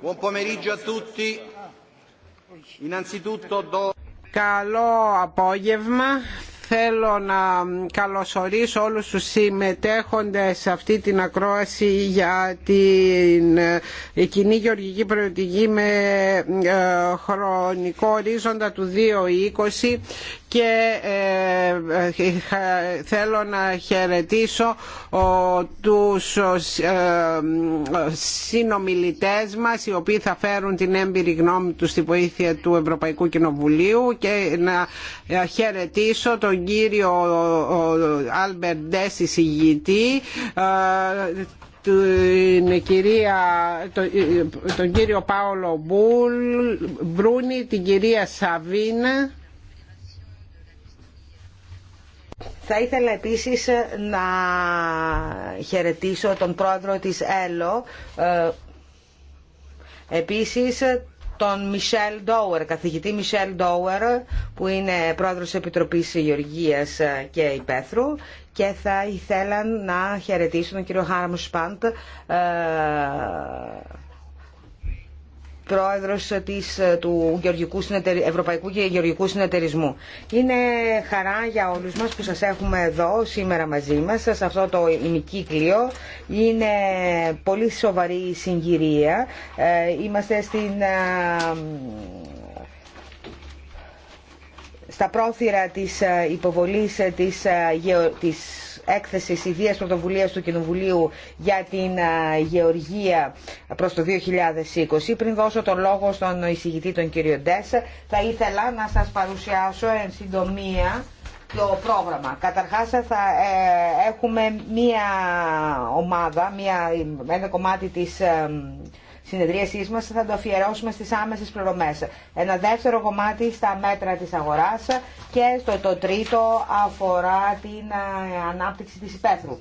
Buon pomeriggio a tutti. Innanzitutto do... Καλό απόγευμα. Θέλω να καλωσορίσω όλους τους συμμετέχοντες σε αυτή την ακρόαση για την ε, κοινή γεωργική προοδηγή με ε, χρονικό ορίζοντα του 2020 και ε, ε, θέλω να χαιρετήσω τους ε, συνομιλητές μας οι οποίοι θα φέρουν την έμπειρη γνώμη τους στη βοήθεια του Ευρωπαϊκού Κοινοβουλίου και να χαιρετήσω τον κύριο Άλμπερ Ντές ε, την κυρία, τον κύριο Πάολο Μπρούνι, την κυρία Σαβίνα θα ήθελα επίσης να χαιρετήσω τον πρόεδρο της ΕΛΟ, ε, επίσης τον Μισελ Ντόουερ, καθηγητή Μισελ Ντόουερ, που είναι πρόεδρος της Επιτροπής Γεωργίας και Υπέθρου και θα ήθελα να χαιρετήσω τον κύριο Χάρμ Σπάντ, ε, πρόεδρος της, ε, του Γεωργικού Ευρωπαϊκού και Γεωργικού Συνεταιρισμού. Είναι χαρά για όλους μας που σας έχουμε εδώ σήμερα μαζί μας, σε αυτό το ημικύκλιο. Είναι πολύ σοβαρή συγκυρία. Ε, είμαστε στην ε, στα πρόθυρα της υποβολής της, της Έκθεση ιδίας πρωτοβουλία του Κοινοβουλίου για την γεωργία προς το 2020. Πριν δώσω το λόγο στον εισηγητή τον κύριο θα ήθελα να σας παρουσιάσω εν συντομία το πρόγραμμα. Καταρχάς θα ε, έχουμε μία ομάδα, μία, ένα κομμάτι της... Συνεδρίασή μα θα το αφιερώσουμε στις άμεσες πληρωμέ. Ένα δεύτερο κομμάτι στα μέτρα της αγοράς και στο το τρίτο αφορά την ε, ανάπτυξη τη υπαίθρου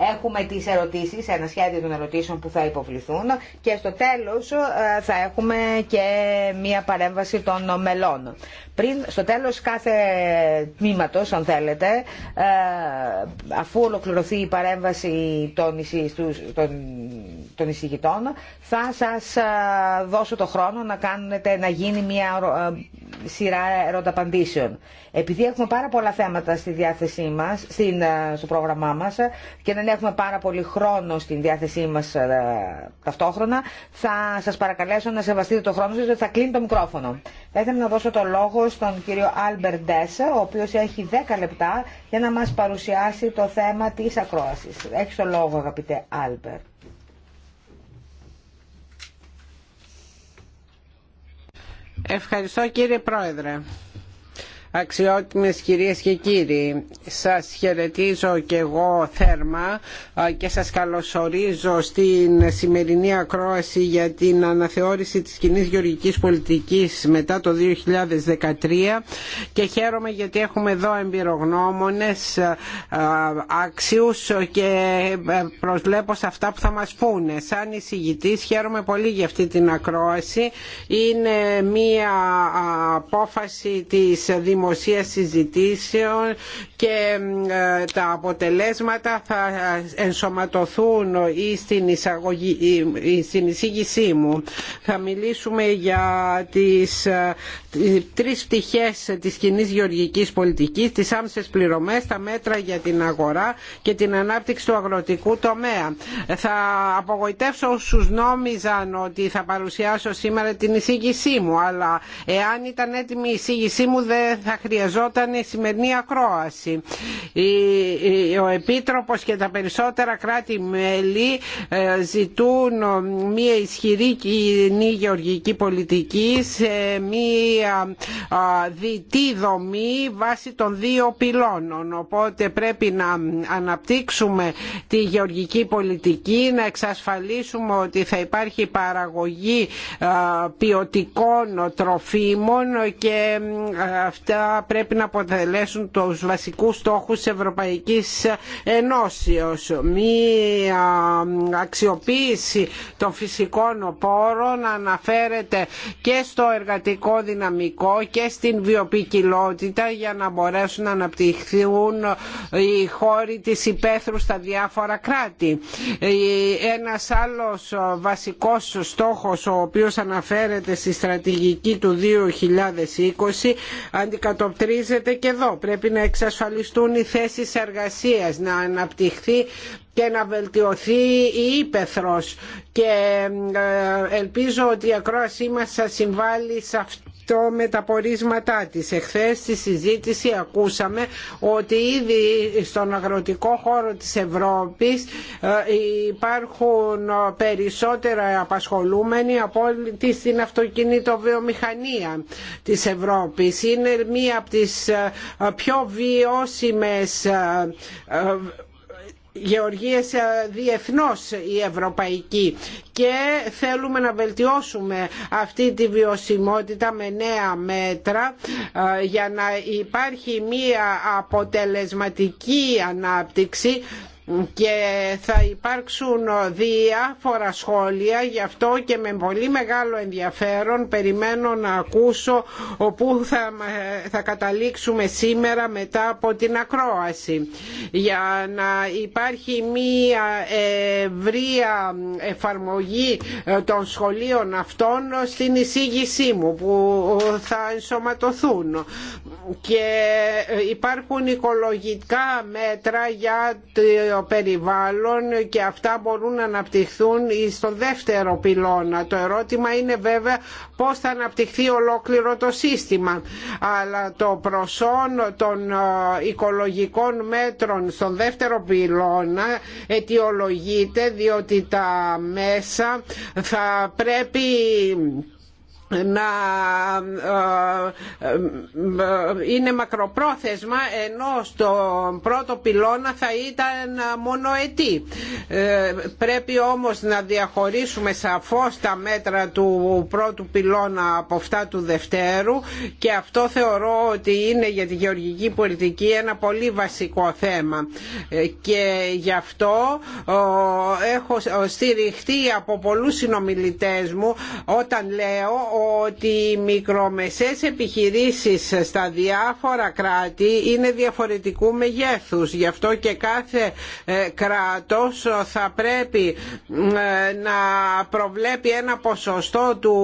έχουμε τις ερωτήσεις, ένα σχέδιο των ερωτήσεων που θα υποβληθούν και στο τέλος ε, θα έχουμε και μία παρέμβαση των μελών. Πριν, στο τέλος κάθε τμήματο, αν θέλετε, ε, αφού ολοκληρωθεί η παρέμβαση των, των, εισηγητών, θα σας ε, δώσω το χρόνο να, κάνετε, να γίνει μία σειρά ερωταπαντήσεων. Επειδή έχουμε πάρα πολλά θέματα στη διάθεσή μας, στο πρόγραμμά μας και να δεν έχουμε πάρα πολύ χρόνο στην διάθεσή μας ε, ταυτόχρονα, θα σας παρακαλέσω να σεβαστείτε το χρόνο σας, γιατί θα κλείνει το μικρόφωνο. Θα ήθελα να δώσω το λόγο στον κύριο Άλμπερ Ντέσσα, ο οποίος έχει 10 λεπτά για να μας παρουσιάσει το θέμα της ακρόασης. Έχει το λόγο, αγαπητέ Άλμπερ. Ευχαριστώ κύριε Πρόεδρε. Αξιότιμες κυρίες και κύριοι, σας χαιρετίζω και εγώ θέρμα και σας καλωσορίζω στην σημερινή ακρόαση για την αναθεώρηση της κοινή γεωργικής πολιτικής μετά το 2013 και χαίρομαι γιατί έχουμε εδώ εμπειρογνώμονες αξιούς και ε, προσβλέπω σε αυτά που θα μας πούνε. Σαν εισηγητής χαίρομαι πολύ για αυτή την ακρόαση. Είναι μία απόφαση της Δημοκρατίας δημοσία συζητήσεων και ε, τα αποτελέσματα θα ενσωματωθούν ή στην, εισαγωγή, ή στην εισήγησή μου. Θα μιλήσουμε για τις ε, τρεις πτυχές της κοινή γεωργικής πολιτικής, τις άμεσες πληρωμές, τα μέτρα για την αγορά και την ανάπτυξη του αγροτικού τομέα. Θα απογοητεύσω όσου νόμιζαν ότι θα παρουσιάσω σήμερα την εισήγησή μου, αλλά εάν ήταν έτοιμη η εισήγησή μου δεν θα χρειαζόταν η σημερινή ακρόαση. Ο Επίτροπος και τα περισσότερα κράτη-μέλη ε, ζητούν ε, μια ισχυρή κοινή γεωργική πολιτική σε μια διτή δομή βάσει των δύο πυλώνων. Οπότε πρέπει να αναπτύξουμε τη γεωργική πολιτική, να εξασφαλίσουμε ότι θα υπάρχει παραγωγή ποιοτικών τροφίμων και ε, αυτά πρέπει να αποτελέσουν τους βασικούς στόχους της Ευρωπαϊκής Ενώσεως. Μία αξιοποίηση των φυσικών πόρων αναφέρεται και στο εργατικό δυναμικό και στην βιοποικιλότητα για να μπορέσουν να αναπτυχθούν οι χώροι της υπαίθρου στα διάφορα κράτη. Ένας άλλος βασικός στόχος ο οποίος αναφέρεται στη στρατηγική του 2020 κατοπτρίζεται και εδώ. Πρέπει να εξασφαλιστούν οι θέσεις εργασίας, να αναπτυχθεί και να βελτιωθεί η ύπεθρος και ε, ελπίζω ότι η ακρόασή μας θα συμβάλλει σε αυτό το με τα πορίσματά της. Εχθές στη συζήτηση ακούσαμε ότι ήδη στον αγροτικό χώρο της Ευρώπης ε, υπάρχουν περισσότερα απασχολούμενοι από όλη στην αυτοκινητοβιομηχανία της Ευρώπης. Είναι μία από τις ε, πιο βιώσιμες ε, γεωργίες ε, διεθνώς η ευρωπαϊκή και θέλουμε να βελτιώσουμε αυτή τη βιωσιμότητα με νέα μέτρα ε, για να υπάρχει μία αποτελεσματική ανάπτυξη και θα υπάρξουν διάφορα σχόλια γι' αυτό και με πολύ μεγάλο ενδιαφέρον περιμένω να ακούσω όπου θα, θα καταλήξουμε σήμερα μετά από την ακρόαση για να υπάρχει μία ευρία εφαρμογή των σχολείων αυτών στην εισήγησή μου που θα ενσωματωθούν και υπάρχουν οικολογικά μέτρα για το περιβάλλον και αυτά μπορούν να αναπτυχθούν στο δεύτερο πυλώνα. Το ερώτημα είναι βέβαια πώς θα αναπτυχθεί ολόκληρο το σύστημα. Αλλά το προσόν των ε, οικολογικών μέτρων στον δεύτερο πυλώνα αιτιολογείται διότι τα μέσα θα πρέπει να ε, είναι μακροπρόθεσμα ενώ στον πρώτο πυλώνα θα ήταν μονοετή. Ε, πρέπει όμως να διαχωρίσουμε σαφώς τα μέτρα του πρώτου πυλώνα από αυτά του δευτέρου και αυτό θεωρώ ότι είναι για τη γεωργική πολιτική ένα πολύ βασικό θέμα ε, και γι' αυτό έχω στηριχτεί από πολλούς συνομιλητές μου όταν λέω ότι οι μικρομεσαίες επιχειρήσεις στα διάφορα κράτη είναι διαφορετικού μεγέθους. Γι' αυτό και κάθε ε, κράτος θα πρέπει ε, να προβλέπει ένα ποσοστό του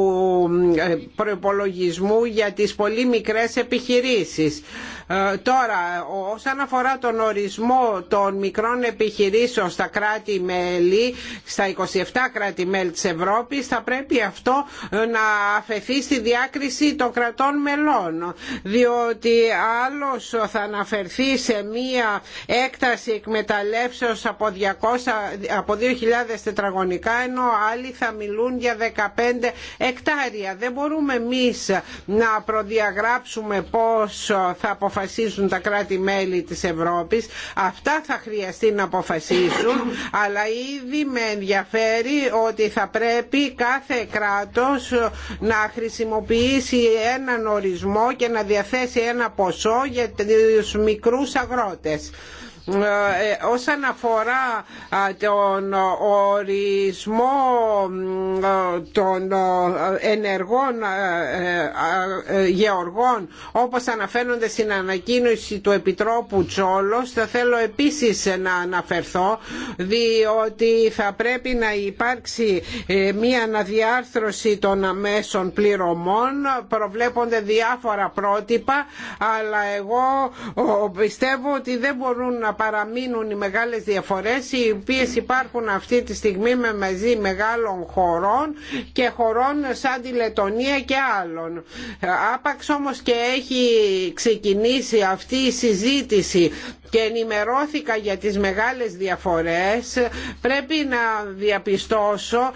ε, προϋπολογισμού για τις πολύ μικρές επιχειρήσεις. Ε, τώρα, όσον αφορά τον ορισμό των μικρών επιχειρήσεων στα κράτη-μέλη, στα 27 κράτη-μέλη της Ευρώπης, θα πρέπει αυτό ε, να αφαιθεί στη διάκριση των κρατών μελών. Διότι άλλος θα αναφερθεί σε μία έκταση εκμεταλλεύσεως από, 200, από 2.000 τετραγωνικά, ενώ άλλοι θα μιλούν για 15 εκτάρια. Δεν μπορούμε εμείς να προδιαγράψουμε πώς θα αποφασίσουμε αποφασίζουν τα κράτη-μέλη της Ευρώπης. Αυτά θα χρειαστεί να αποφασίσουν, αλλά ήδη με ενδιαφέρει ότι θα πρέπει κάθε κράτος να χρησιμοποιήσει έναν ορισμό και να διαθέσει ένα ποσό για τους μικρούς αγρότες. Ε, ε, όσον αφορά τον ορισμό ε, των ενεργών γεωργών όπως αναφέρονται στην ανακοίνωση του Επιτρόπου Τσόλος θα θέλω επίσης να αναφερθώ διότι θα πρέπει να υπάρξει μία αναδιάρθρωση των αμέσων πληρωμών προβλέπονται διάφορα πρότυπα αλλά εγώ πιστεύω ότι δεν μπορούν να παραμείνουν οι μεγάλες διαφορές οι οποίες υπάρχουν αυτή τη στιγμή με μαζί μεγάλων χωρών και χωρών σαν τη Λετωνία και άλλων. Άπαξ όμως και έχει ξεκινήσει αυτή η συζήτηση και ενημερώθηκα για τις μεγάλες διαφορές πρέπει να διαπιστώσω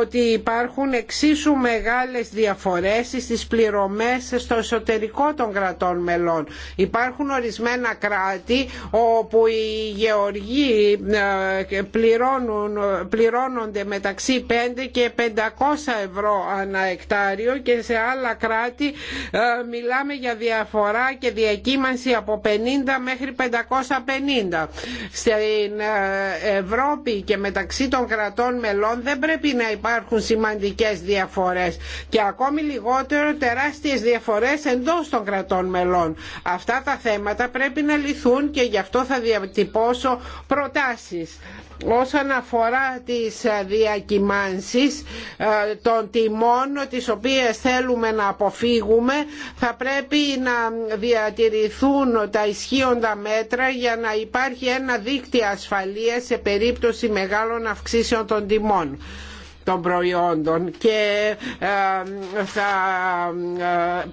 ότι υπάρχουν εξίσου μεγάλες διαφορές στις πληρωμές στο εσωτερικό των κρατών μελών. Υπάρχουν ορισμένα κράτη όπου οι γεωργοί ε, πληρώνουν, πληρώνονται μεταξύ 5 και 500 ευρώ ανά εκτάριο και σε άλλα κράτη ε, μιλάμε για διαφορά και διακύμανση από 50 μέχρι 500 στην ε, Ευρώπη και μεταξύ των κρατών μελών δεν πρέπει να υπάρχουν σημαντικές διαφορές και ακόμη λιγότερο τεράστιες διαφορές εντός των κρατών μελών. Αυτά τα θέματα πρέπει να λυθούν και γι' αυτό θα διατυπώσω προτάσεις όσον αφορά τις ε, διακυμάνσεις ε, των τιμών τις οποίες θέλουμε να αποφύγουμε θα πρέπει να διατηρηθούν τα ισχύοντα μέτρα για να υπάρχει ένα δίκτυο ασφαλείας σε περίπτωση μεγάλων αυξήσεων των τιμών των προϊόντων και θα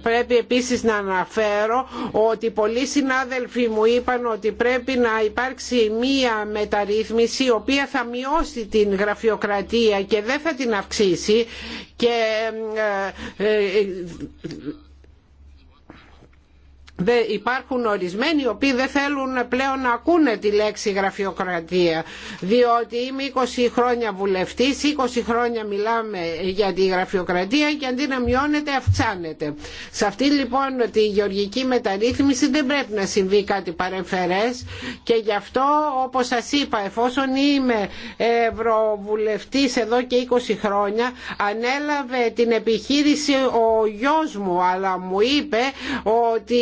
πρέπει επίσης να αναφέρω ότι πολλοί συνάδελφοι μου είπαν ότι πρέπει να υπάρξει μία μεταρρύθμιση η οποία θα μειώσει την γραφειοκρατία και δεν θα την αυξήσει και ε, ε, υπάρχουν ορισμένοι οι οποίοι δεν θέλουν πλέον να ακούνε τη λέξη γραφειοκρατία διότι είμαι 20 χρόνια βουλευτής, 20 χρόνια μιλάμε για τη γραφειοκρατία και αντί να μειώνεται αυξάνεται. Σε αυτή λοιπόν τη γεωργική μεταρρύθμιση δεν πρέπει να συμβεί κάτι παρεμφερές και γι' αυτό όπως σας είπα εφόσον είμαι ευρωβουλευτής εδώ και 20 χρόνια ανέλαβε την επιχείρηση ο γιος μου αλλά μου είπε ότι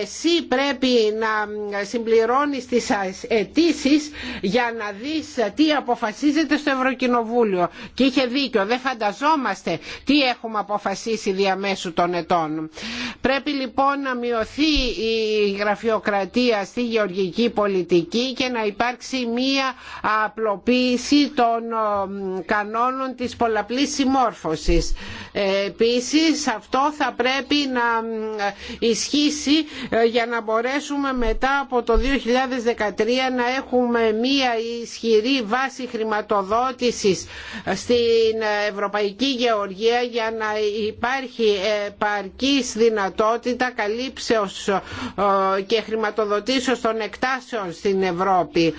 εσύ πρέπει να συμπληρώνεις τις αιτήσει για να δεις τι αποφασίζεται στο Ευρωκοινοβούλιο. Και είχε δίκιο, δεν φανταζόμαστε τι έχουμε αποφασίσει διαμέσου των ετών. Πρέπει λοιπόν να μειωθεί η γραφειοκρατία στη γεωργική πολιτική και να υπάρξει μία απλοποίηση των ε, κανόνων της πολλαπλής συμμόρφωσης. Ε, επίσης αυτό θα πρέπει να ε, ισχύσει ε, για να μπορέσουμε μετά από το 2013 να έχουμε μία ισχυρή βάση χρηματοδότησης στην Ευρωπαϊκή Γεωργία για να υπάρχει παρκής δυνατότητα καλύψεως ε, και χρηματοδοτήσεως των εκτάσεων στην Ευρώπη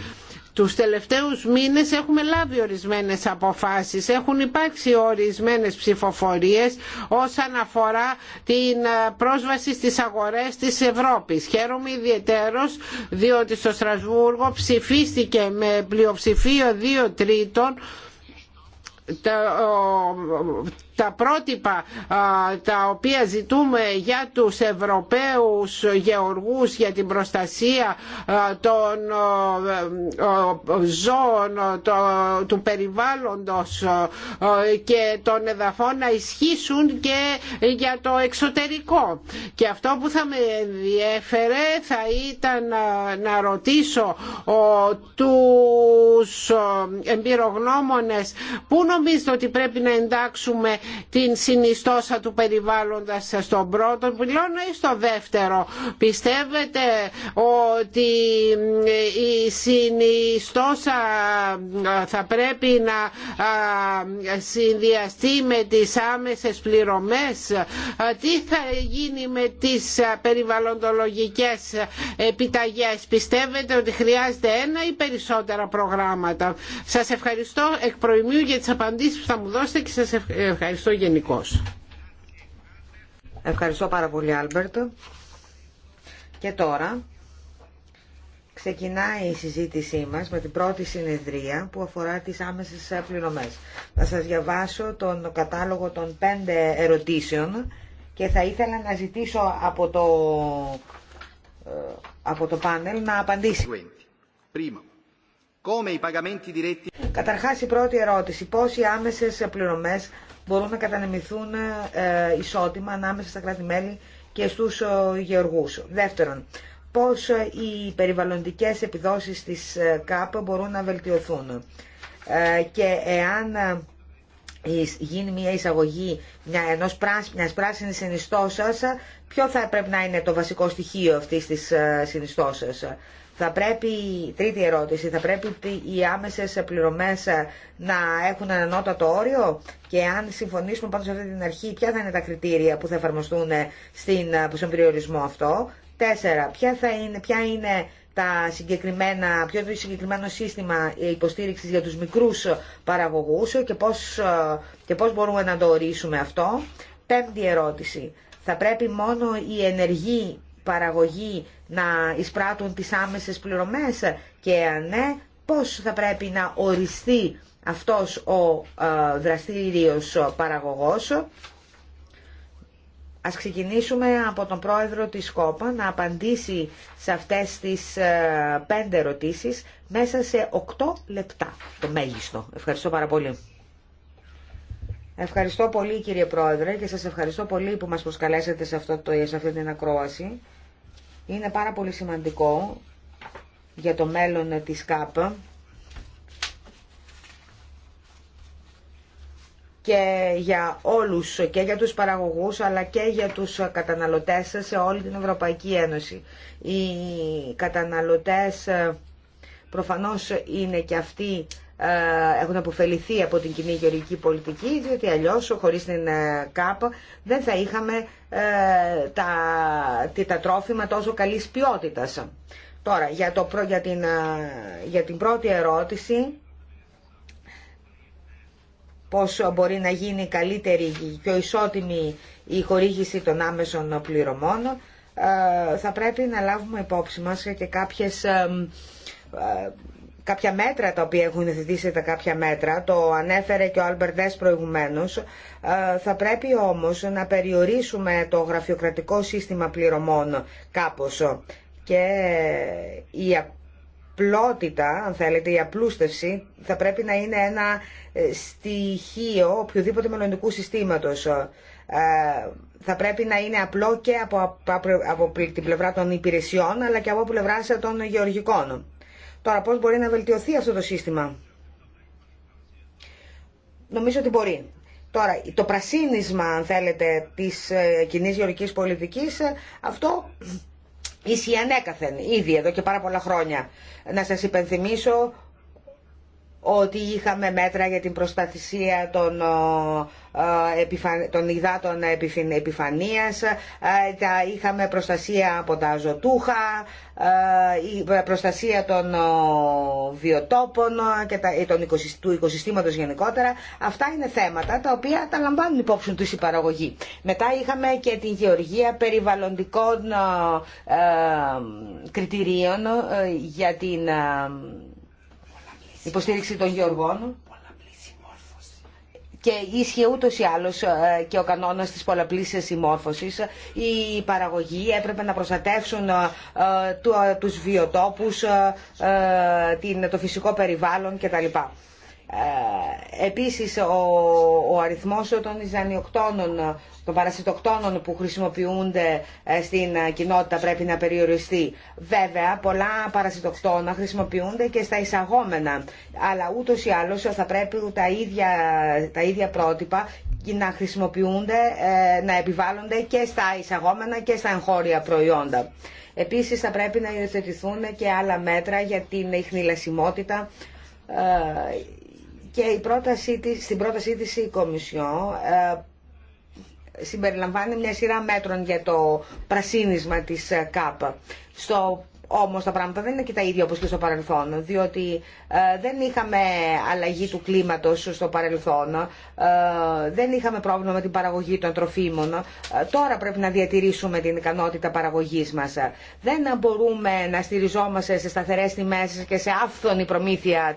τους τελευταίους μήνες έχουμε λάβει ορισμένες αποφάσεις, έχουν υπάρξει ορισμένες ψηφοφορίες όσον αφορά την ε, πρόσβαση στις αγορές της Ευρώπης. Χαίρομαι ιδιαιτέρως διότι στο Στρασβούργο ψηφίστηκε με πλειοψηφίο δύο τρίτων τα πρότυπα τα οποία ζητούμε για τους Ευρωπαίους γεωργούς για την προστασία των ζώων, του περιβάλλοντος και των εδαφών να ισχύσουν και για το εξωτερικό. Και αυτό που θα με ενδιέφερε θα ήταν να ρωτήσω τους εμπειρογνώμονες που νομίζετε ότι πρέπει να εντάξουμε την συνιστόσα του περιβάλλοντα στον πρώτο πυλώνα ή στο δεύτερο. Πιστεύετε ότι η συνιστόσα θα πρέπει να συνδυαστεί με τις άμεσες πληρωμές. Τι θα γίνει με τις περιβαλλοντολογικές επιταγές. Πιστεύετε ότι χρειάζεται ένα ή περισσότερα προγράμματα. Σας ευχαριστώ εκ προημίου για τις απαντήσεις που θα μου δώσετε και σας ευχαριστώ ευχαριστώ γενικώ. Ευχαριστώ πάρα πολύ Άλμπερτο. Και τώρα ξεκινάει η συζήτησή μας με την πρώτη συνεδρία που αφορά τις άμεσες πληρωμές. Θα σας διαβάσω τον κατάλογο των πέντε ερωτήσεων και θα ήθελα να ζητήσω από το, ε, από το πάνελ να απαντήσει. Καταρχάς η πρώτη ερώτηση. Πώς οι άμεσες πληρωμές μπορούν να κατανεμηθούν ε, ισότιμα ανάμεσα στα κράτη-μέλη και στους ε, γεωργούς. Δεύτερον, πώς ε, οι περιβαλλοντικές επιδόσεις της ΚΑΠ μπορούν να βελτιωθούν. Και εάν γίνει μια εισαγωγή μια, ενός πράσι, μιας πράσινης συνιστώσας, ποιο θα πρέπει να είναι το βασικό στοιχείο αυτής της συνιστώσας. Θα πρέπει, τρίτη ερώτηση, θα πρέπει οι άμεσες πληρωμές ε, να έχουν ένα ανώτατο όριο και αν συμφωνήσουμε πάνω σε αυτή την αρχή, ποια θα είναι τα κριτήρια που θα εφαρμοστούν ε, στην, ε, στον περιορισμό αυτό. Τέσσερα, ποια, θα είναι, ποια είναι τα συγκεκριμένα, ποιο είναι το συγκεκριμένο σύστημα υποστήριξης για τους μικρούς παραγωγούς και πώς, και πώς μπορούμε να το ορίσουμε αυτό. Πέμπτη ερώτηση. Θα πρέπει μόνο η ενεργή παραγωγή να εισπράττουν τις άμεσες πληρωμές και αν ναι, πώς θα πρέπει να οριστεί αυτός ο ε, δραστήριος παραγωγός. Ας ξεκινήσουμε από τον πρόεδρο της ΚΟΠΑ να απαντήσει σε αυτές τις ε, πέντε ερωτήσεις μέσα σε οκτώ λεπτά, το μέγιστο. Ευχαριστώ πάρα πολύ. Ευχαριστώ πολύ κύριε Πρόεδρε και σας ευχαριστώ πολύ που μας προσκαλέσατε σε, αυτό το, σε αυτή την ακρόαση είναι πάρα πολύ σημαντικό για το μέλλον της ΚΑΠ και για όλους, και για τους παραγωγούς αλλά και για τους καταναλωτές σε όλη την Ευρωπαϊκή Ένωση. Οι καταναλωτές ε, προφανώς είναι και αυτοί ε, έχουν αποφεληθεί από την κοινή γεωργική πολιτική, διότι αλλιώς χωρίς την ε, ΚΑΠ δεν θα είχαμε ε, τα, τα τρόφιμα τόσο καλής ποιότητας. Τώρα, για, το, για, την, για την πρώτη ερώτηση, πώς μπορεί να γίνει καλύτερη και πιο ισότιμη η χορήγηση των άμεσων πληρωμών, θα πρέπει να λάβουμε υπόψη μας και κάποιες κάποια μέτρα τα οποία έχουν υιοθετήσει τα κάποια μέτρα, το ανέφερε και ο Αλμπερδές προηγουμένως, ε, θα πρέπει όμως να περιορίσουμε το γραφειοκρατικό σύστημα πληρωμών κάπως και η απλότητα, αν θέλετε, η απλούστευση θα πρέπει να είναι ένα ε, στοιχείο οποιοδήποτε μελλοντικού συστήματος. Ε, θα πρέπει να είναι απλό και από, από, από την πλευρά των υπηρεσιών αλλά και από πλευρά των γεωργικών Τώρα πώς μπορεί να βελτιωθεί αυτό το σύστημα. Νομίζω ότι μπορεί. Τώρα, το πρασίνισμα, αν θέλετε, της ε, κοινή γεωργικής πολιτικής, ε, αυτό ίσχυε ανέκαθεν ήδη εδώ και πάρα πολλά χρόνια. Να σας υπενθυμίσω ότι είχαμε μέτρα για την προστασία των ε, ε, των υδάτων επιφανείας, ε, τα είχαμε προστασία από τα ζωτούχα, ε, προστασία των βιοτόπων και του οικοσυστήματος γενικότερα. Αυτά είναι θέματα τα οποία τα λαμβάνουν υπόψη του η παραγωγή. Μετά είχαμε και την γεωργία περιβαλλοντικών κριτηρίων για την υποστήριξη των γεωργών και ίσχυε ούτω ή άλλω ε, και ο κανόνα τη πολλαπλή συμμόρφωση. Οι παραγωγοί έπρεπε να προστατεύσουν ε, ε, του βιοτόπου, το φυσικό περιβάλλον κτλ. Ε, επίσης ο, ο αριθμός των ιζανιοκτώνων, των παρασιτοκτώνων που χρησιμοποιούνται ε, στην κοινότητα πρέπει να περιοριστεί. Βέβαια πολλά παρασιτοκτώνα χρησιμοποιούνται και στα εισαγόμενα, αλλά ούτως ή άλλως θα πρέπει τα ίδια, τα ίδια πρότυπα να χρησιμοποιούνται, ε, να επιβάλλονται και στα εισαγόμενα και στα εγχώρια προϊόντα. Επίσης θα πρέπει να υιοθετηθούν και άλλα μέτρα για την ειχνηλασιμότητα και η πρότασή της, στην πρότασή της η Κομισιό ε, συμπεριλαμβάνει μια σειρά μέτρων για το πρασίνισμα της κάπα Στο όμως τα πράγματα δεν είναι και τα ίδια όπως και στο παρελθόν, διότι ε, δεν είχαμε αλλαγή του κλίματος στο παρελθόν, ε, δεν είχαμε πρόβλημα με την παραγωγή των τροφίμων. Ε, τώρα πρέπει να διατηρήσουμε την ικανότητα παραγωγής μας. Δεν μπορούμε να στηριζόμαστε σε σταθερές τιμέ και σε άφθονη προμήθεια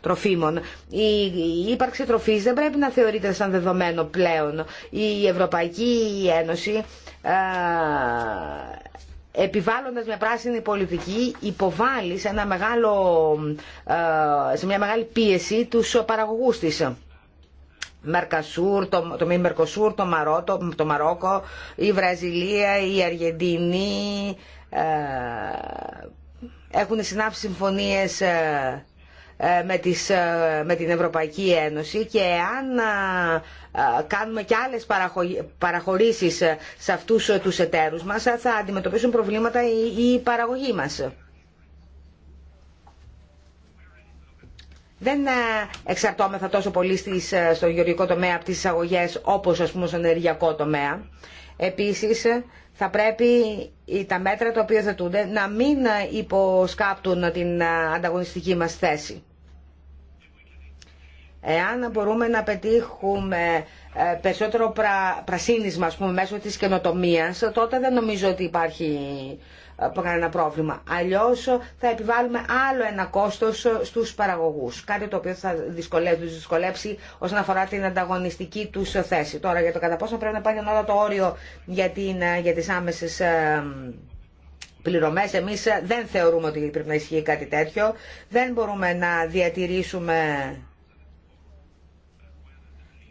τροφίμων. Η ύπαρξη τροφή δεν πρέπει να θεωρείται σαν δεδομένο πλέον. Η Ευρωπαϊκή Ένωση επιβάλλοντας μια πράσινη πολιτική υποβάλλει σε, ένα μεγάλο, ε, σε μια μεγάλη πίεση τους παραγωγούς της. Μερκασούρ, το, το Μερκοσούρ, το, Μαρό, το, Μαρόκο, η Βραζιλία, η Αργεντινή ε, έχουν συνάψει συμφωνίες ε, ε, ε, με την Ευρωπαϊκή Ένωση και αν ε, κάνουμε και άλλες παραχωρήσεις σε αυτούς τους εταίρους μας θα αντιμετωπίσουν προβλήματα η παραγωγή μας. Δεν εξαρτώμεθα τόσο πολύ στις, στο γεωργικό τομέα από τις εισαγωγές όπως ας πούμε στον ενεργειακό τομέα. Επίσης θα πρέπει τα μέτρα τα οποία θετούνται να μην υποσκάπτουν την ανταγωνιστική μας θέση. Εάν μπορούμε να πετύχουμε ε, περισσότερο πρα, πρασίνισμα ας πούμε, μέσω της καινοτομία, τότε δεν νομίζω ότι υπάρχει ε, κανένα πρόβλημα. Αλλιώς ε, θα επιβάλλουμε άλλο ένα κόστος στους παραγωγούς. Κάτι το οποίο θα δυσκολεύσει, τους δυσκολέψει όσον αφορά την ανταγωνιστική τους θέση. Τώρα για το κατά πόσο πρέπει να πάει ένα το όριο για, την, για τις άμεσες πληρωμές. Εμείς δεν θεωρούμε ότι πρέπει να ισχύει κάτι τέτοιο. Δεν μπορούμε να διατηρήσουμε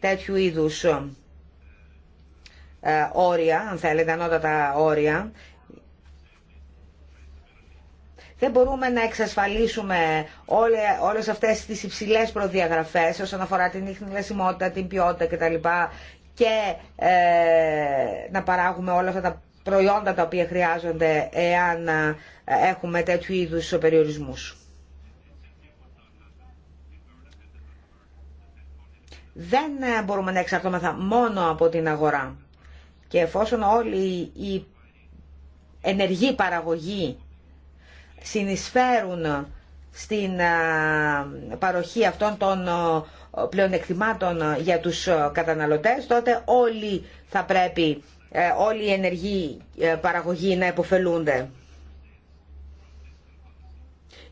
τέτοιου είδους ε, όρια, αν θέλετε, ανώτατα όρια, δεν μπορούμε να εξασφαλίσουμε όλε, όλες αυτές τις υψηλές προδιαγραφές όσον αφορά την ίχνηλασιμότητα, την ποιότητα κτλ. και ε, να παράγουμε όλα αυτά τα προϊόντα τα οποία χρειάζονται εάν ε, έχουμε τέτοιου είδους περιορισμούς. δεν ε, μπορούμε να εξαρτώμεθα μόνο από την αγορά. Και εφόσον όλοι η ενεργοί παραγωγή συνεισφέρουν στην ε, παροχή αυτών των ε, πλεονεκτημάτων για τους καταναλωτές, τότε όλοι θα πρέπει, όλοι οι ενεργοί παραγωγή να υποφελούνται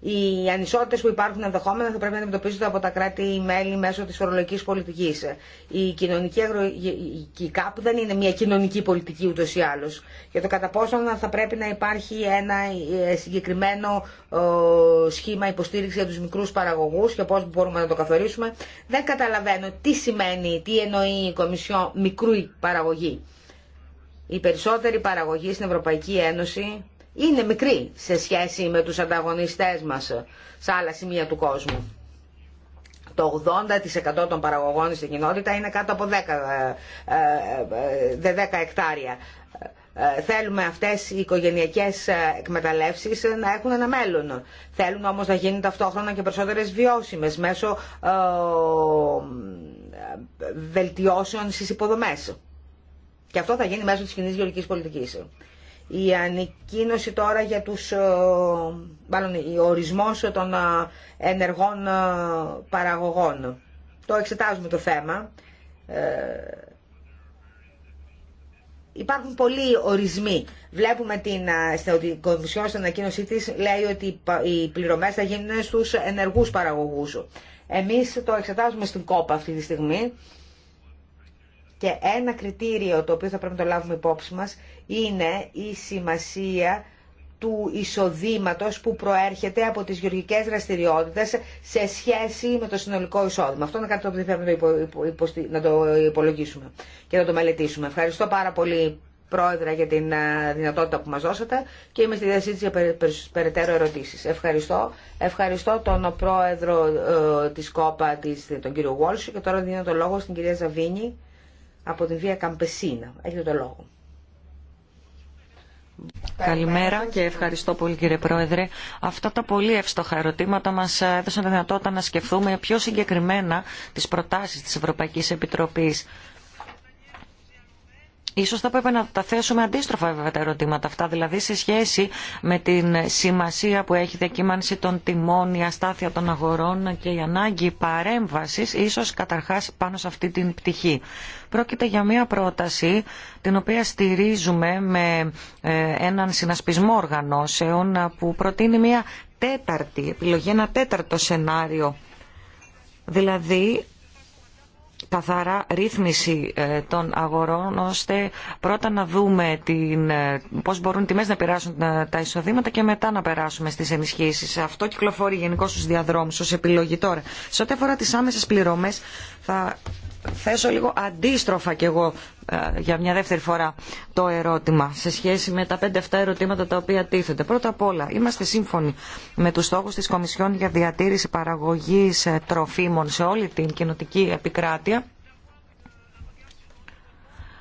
οι ανισότητε που υπάρχουν ενδεχόμενα θα πρέπει να αντιμετωπίζονται από τα κράτη-μέλη μέσω τη φορολογική πολιτική. Η κοινωνική αγρογική κάπου δεν είναι μια κοινωνική πολιτική ούτω ή άλλω. Για το κατά πόσο θα πρέπει να υπάρχει ένα ε, συγκεκριμένο σχήμα υποστήριξη για του μικρούς παραγωγούς και πώ μπορούμε να το καθορίσουμε, δεν καταλαβαίνω τι σημαίνει, τι εννοεί η Κομισιόν μικρού παραγωγή. Οι περισσότεροι παραγωγή στην Ευρωπαϊκή Ένωση είναι μικρή σε σχέση με τους ανταγωνιστές μας σε άλλα σημεία του κόσμου. Το 80% των παραγωγών στην κοινότητα είναι κάτω από 10, ε, ε, ε, εκτάρια. Θέλουμε αυτές οι οικογενειακές εκμεταλλεύσεις να έχουν ένα μέλλον. Θέλουν όμως να γίνουν ταυτόχρονα και περισσότερες βιώσιμες μέσω βελτιώσεων στις υποδομές. Και αυτό θα γίνει μέσω της κοινή γεωργικής πολιτικής. Η ανακοίνωση τώρα για τους, ε, μάλλον ο ορισμός των ε, ενεργών ε, παραγωγών. Το εξετάζουμε το θέμα. Υπάρχουν πολλοί ορισμοί. Βλέπουμε την, στην Κομισιόν στην ανακοίνωσή τη λέει ότι οι πληρωμέ θα γίνουν στου ενεργού παραγωγού. Εμεί το εξετάζουμε στην κόπα αυτή τη στιγμή. Και ένα κριτήριο το οποίο θα πρέπει να το λάβουμε υπόψη μα είναι η σημασία του εισοδήματος που προέρχεται από τις γεωργικές δραστηριότητες σε σχέση με το συνολικό εισόδημα. Αυτό είναι κάτι που πρέπει να το υπολογίσουμε και να το μελετήσουμε. Ευχαριστώ πάρα πολύ Πρόεδρε για την ε, δυνατότητα που μας δώσατε και είμαι στη διάστηση για περαιτέρω ερωτήσεις. Ευχαριστώ. Ευχαριστώ τον Πρόεδρο τη ε, της ΚΟΠΑ, τον κύριο Walsh και τώρα δίνω το λόγο στην κυρία Ζαβίνη από την Βία Καμπεσίνα. Έχετε το λόγο. Καλημέρα και ευχαριστώ πολύ κύριε Πρόεδρε. Αυτά τα πολύ εύστοχα ερωτήματα μας ε, έδωσαν τη δυνατότητα να σκεφτούμε πιο συγκεκριμένα τις προτάσεις της Ευρωπαϊκής Επιτροπής. Ίσως θα πρέπει να τα θέσουμε αντίστροφα βέβαια τα ερωτήματα αυτά, δηλαδή σε σχέση με την σημασία που έχει η διακύμανση των τιμών, η αστάθεια των αγορών και η ανάγκη παρέμβασης, ίσως καταρχάς πάνω σε αυτή την πτυχή. Πρόκειται για μια πρόταση την οποία στηρίζουμε με ε, έναν συνασπισμό οργανώσεων που προτείνει μια τέταρτη επιλογή, ένα τέταρτο σενάριο. Δηλαδή καθαρά ρύθμιση ε, των αγορών ώστε πρώτα να δούμε την, ε, πώς μπορούν οι τιμές να περάσουν ε, τα εισοδήματα και μετά να περάσουμε στις ενισχύσεις. Αυτό κυκλοφορεί γενικώ στους διαδρόμου, ως επιλογή τώρα. Σε ό,τι αφορά τις άμεσες πληρωμές θα θέσω λίγο αντίστροφα κι εγώ ε, για μια δεύτερη φορά το ερώτημα σε σχέση με τα 5-7 ερωτήματα τα οποία τίθενται. Πρώτα απ' όλα, είμαστε σύμφωνοι με τους στόχους της Κομισιόν για διατήρηση παραγωγής ε, τροφίμων σε όλη την κοινοτική επικράτεια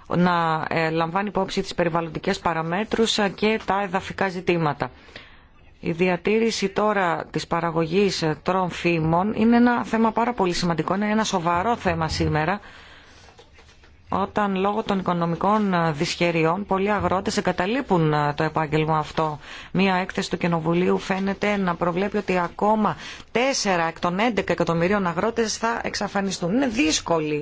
να ε, λαμβάνει υπόψη τις περιβαλλοντικές παραμέτρους και τα εδαφικά ζητήματα. Η διατήρηση τώρα της παραγωγής τρομφίμων είναι ένα θέμα πάρα πολύ σημαντικό, είναι ένα σοβαρό θέμα σήμερα όταν λόγω των οικονομικών ε, δυσχεριών πολλοί αγρότες εγκαταλείπουν ε, το επάγγελμα αυτό. Μία έκθεση του Κοινοβουλίου φαίνεται να προβλέπει ότι ακόμα 4 εκ των 11 εκατομμυρίων αγρότες θα εξαφανιστούν. Είναι δύσκολη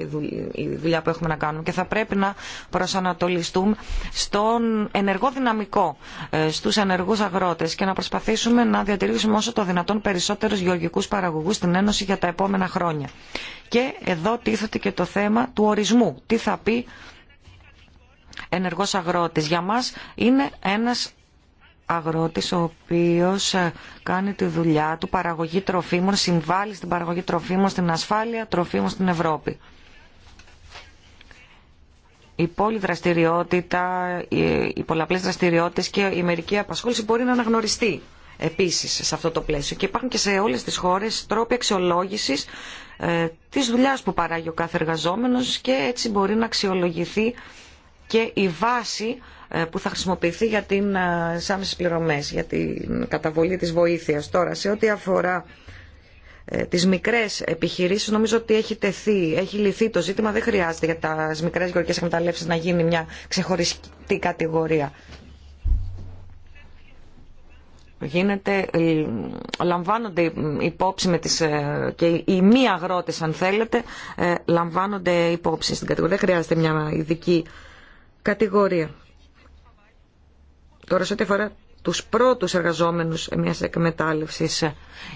η δουλειά που έχουμε να κάνουμε και θα πρέπει να προσανατολιστούμε στον ενεργό δυναμικό, ε, στους ενεργούς αγρότες και να προσπαθήσουμε να διατηρήσουμε όσο το δυνατόν περισσότερους γεωργικούς παραγωγούς στην Ένωση για τα επόμενα χρόνια. Και εδώ τίθεται και το θέμα του ορισμού. Τι θα πει ενεργός αγρότης. Για μας είναι ένας αγρότης ο οποίος ε, κάνει τη δουλειά του παραγωγή τροφίμων, συμβάλλει στην παραγωγή τροφίμων, στην ασφάλεια τροφίμων στην Ευρώπη. Η δραστηριότητα οι πολλαπλές δραστηριότητες και η μερική απασχόληση μπορεί να αναγνωριστεί επίσης σε αυτό το πλαίσιο. Και υπάρχουν και σε όλες τις χώρες τρόποι αξιολόγηση τη ε, της δουλειάς που παράγει ο κάθε εργαζόμενος και έτσι μπορεί να αξιολογηθεί και η βάση ε, που θα χρησιμοποιηθεί για την ε, άμεσες πληρωμές, για την καταβολή της βοήθειας. Τώρα, σε ό,τι αφορά τις μικρές επιχειρήσεις, νομίζω ότι έχει τεθεί, έχει λυθεί το ζήτημα, δεν χρειάζεται για τις μικρές γεωργικές εκμεταλλεύσεις να γίνει μια ξεχωριστή κατηγορία γίνεται, ε, λαμβάνονται υπόψη με τις, ε, και οι μη αγρότες αν θέλετε ε, λαμβάνονται υπόψη στην κατηγορία. Δεν χρειάζεται μια ειδική κατηγορία. Τώρα σε ό,τι αφορά τους πρώτους εργαζόμενους μιας εκμετάλλευσης.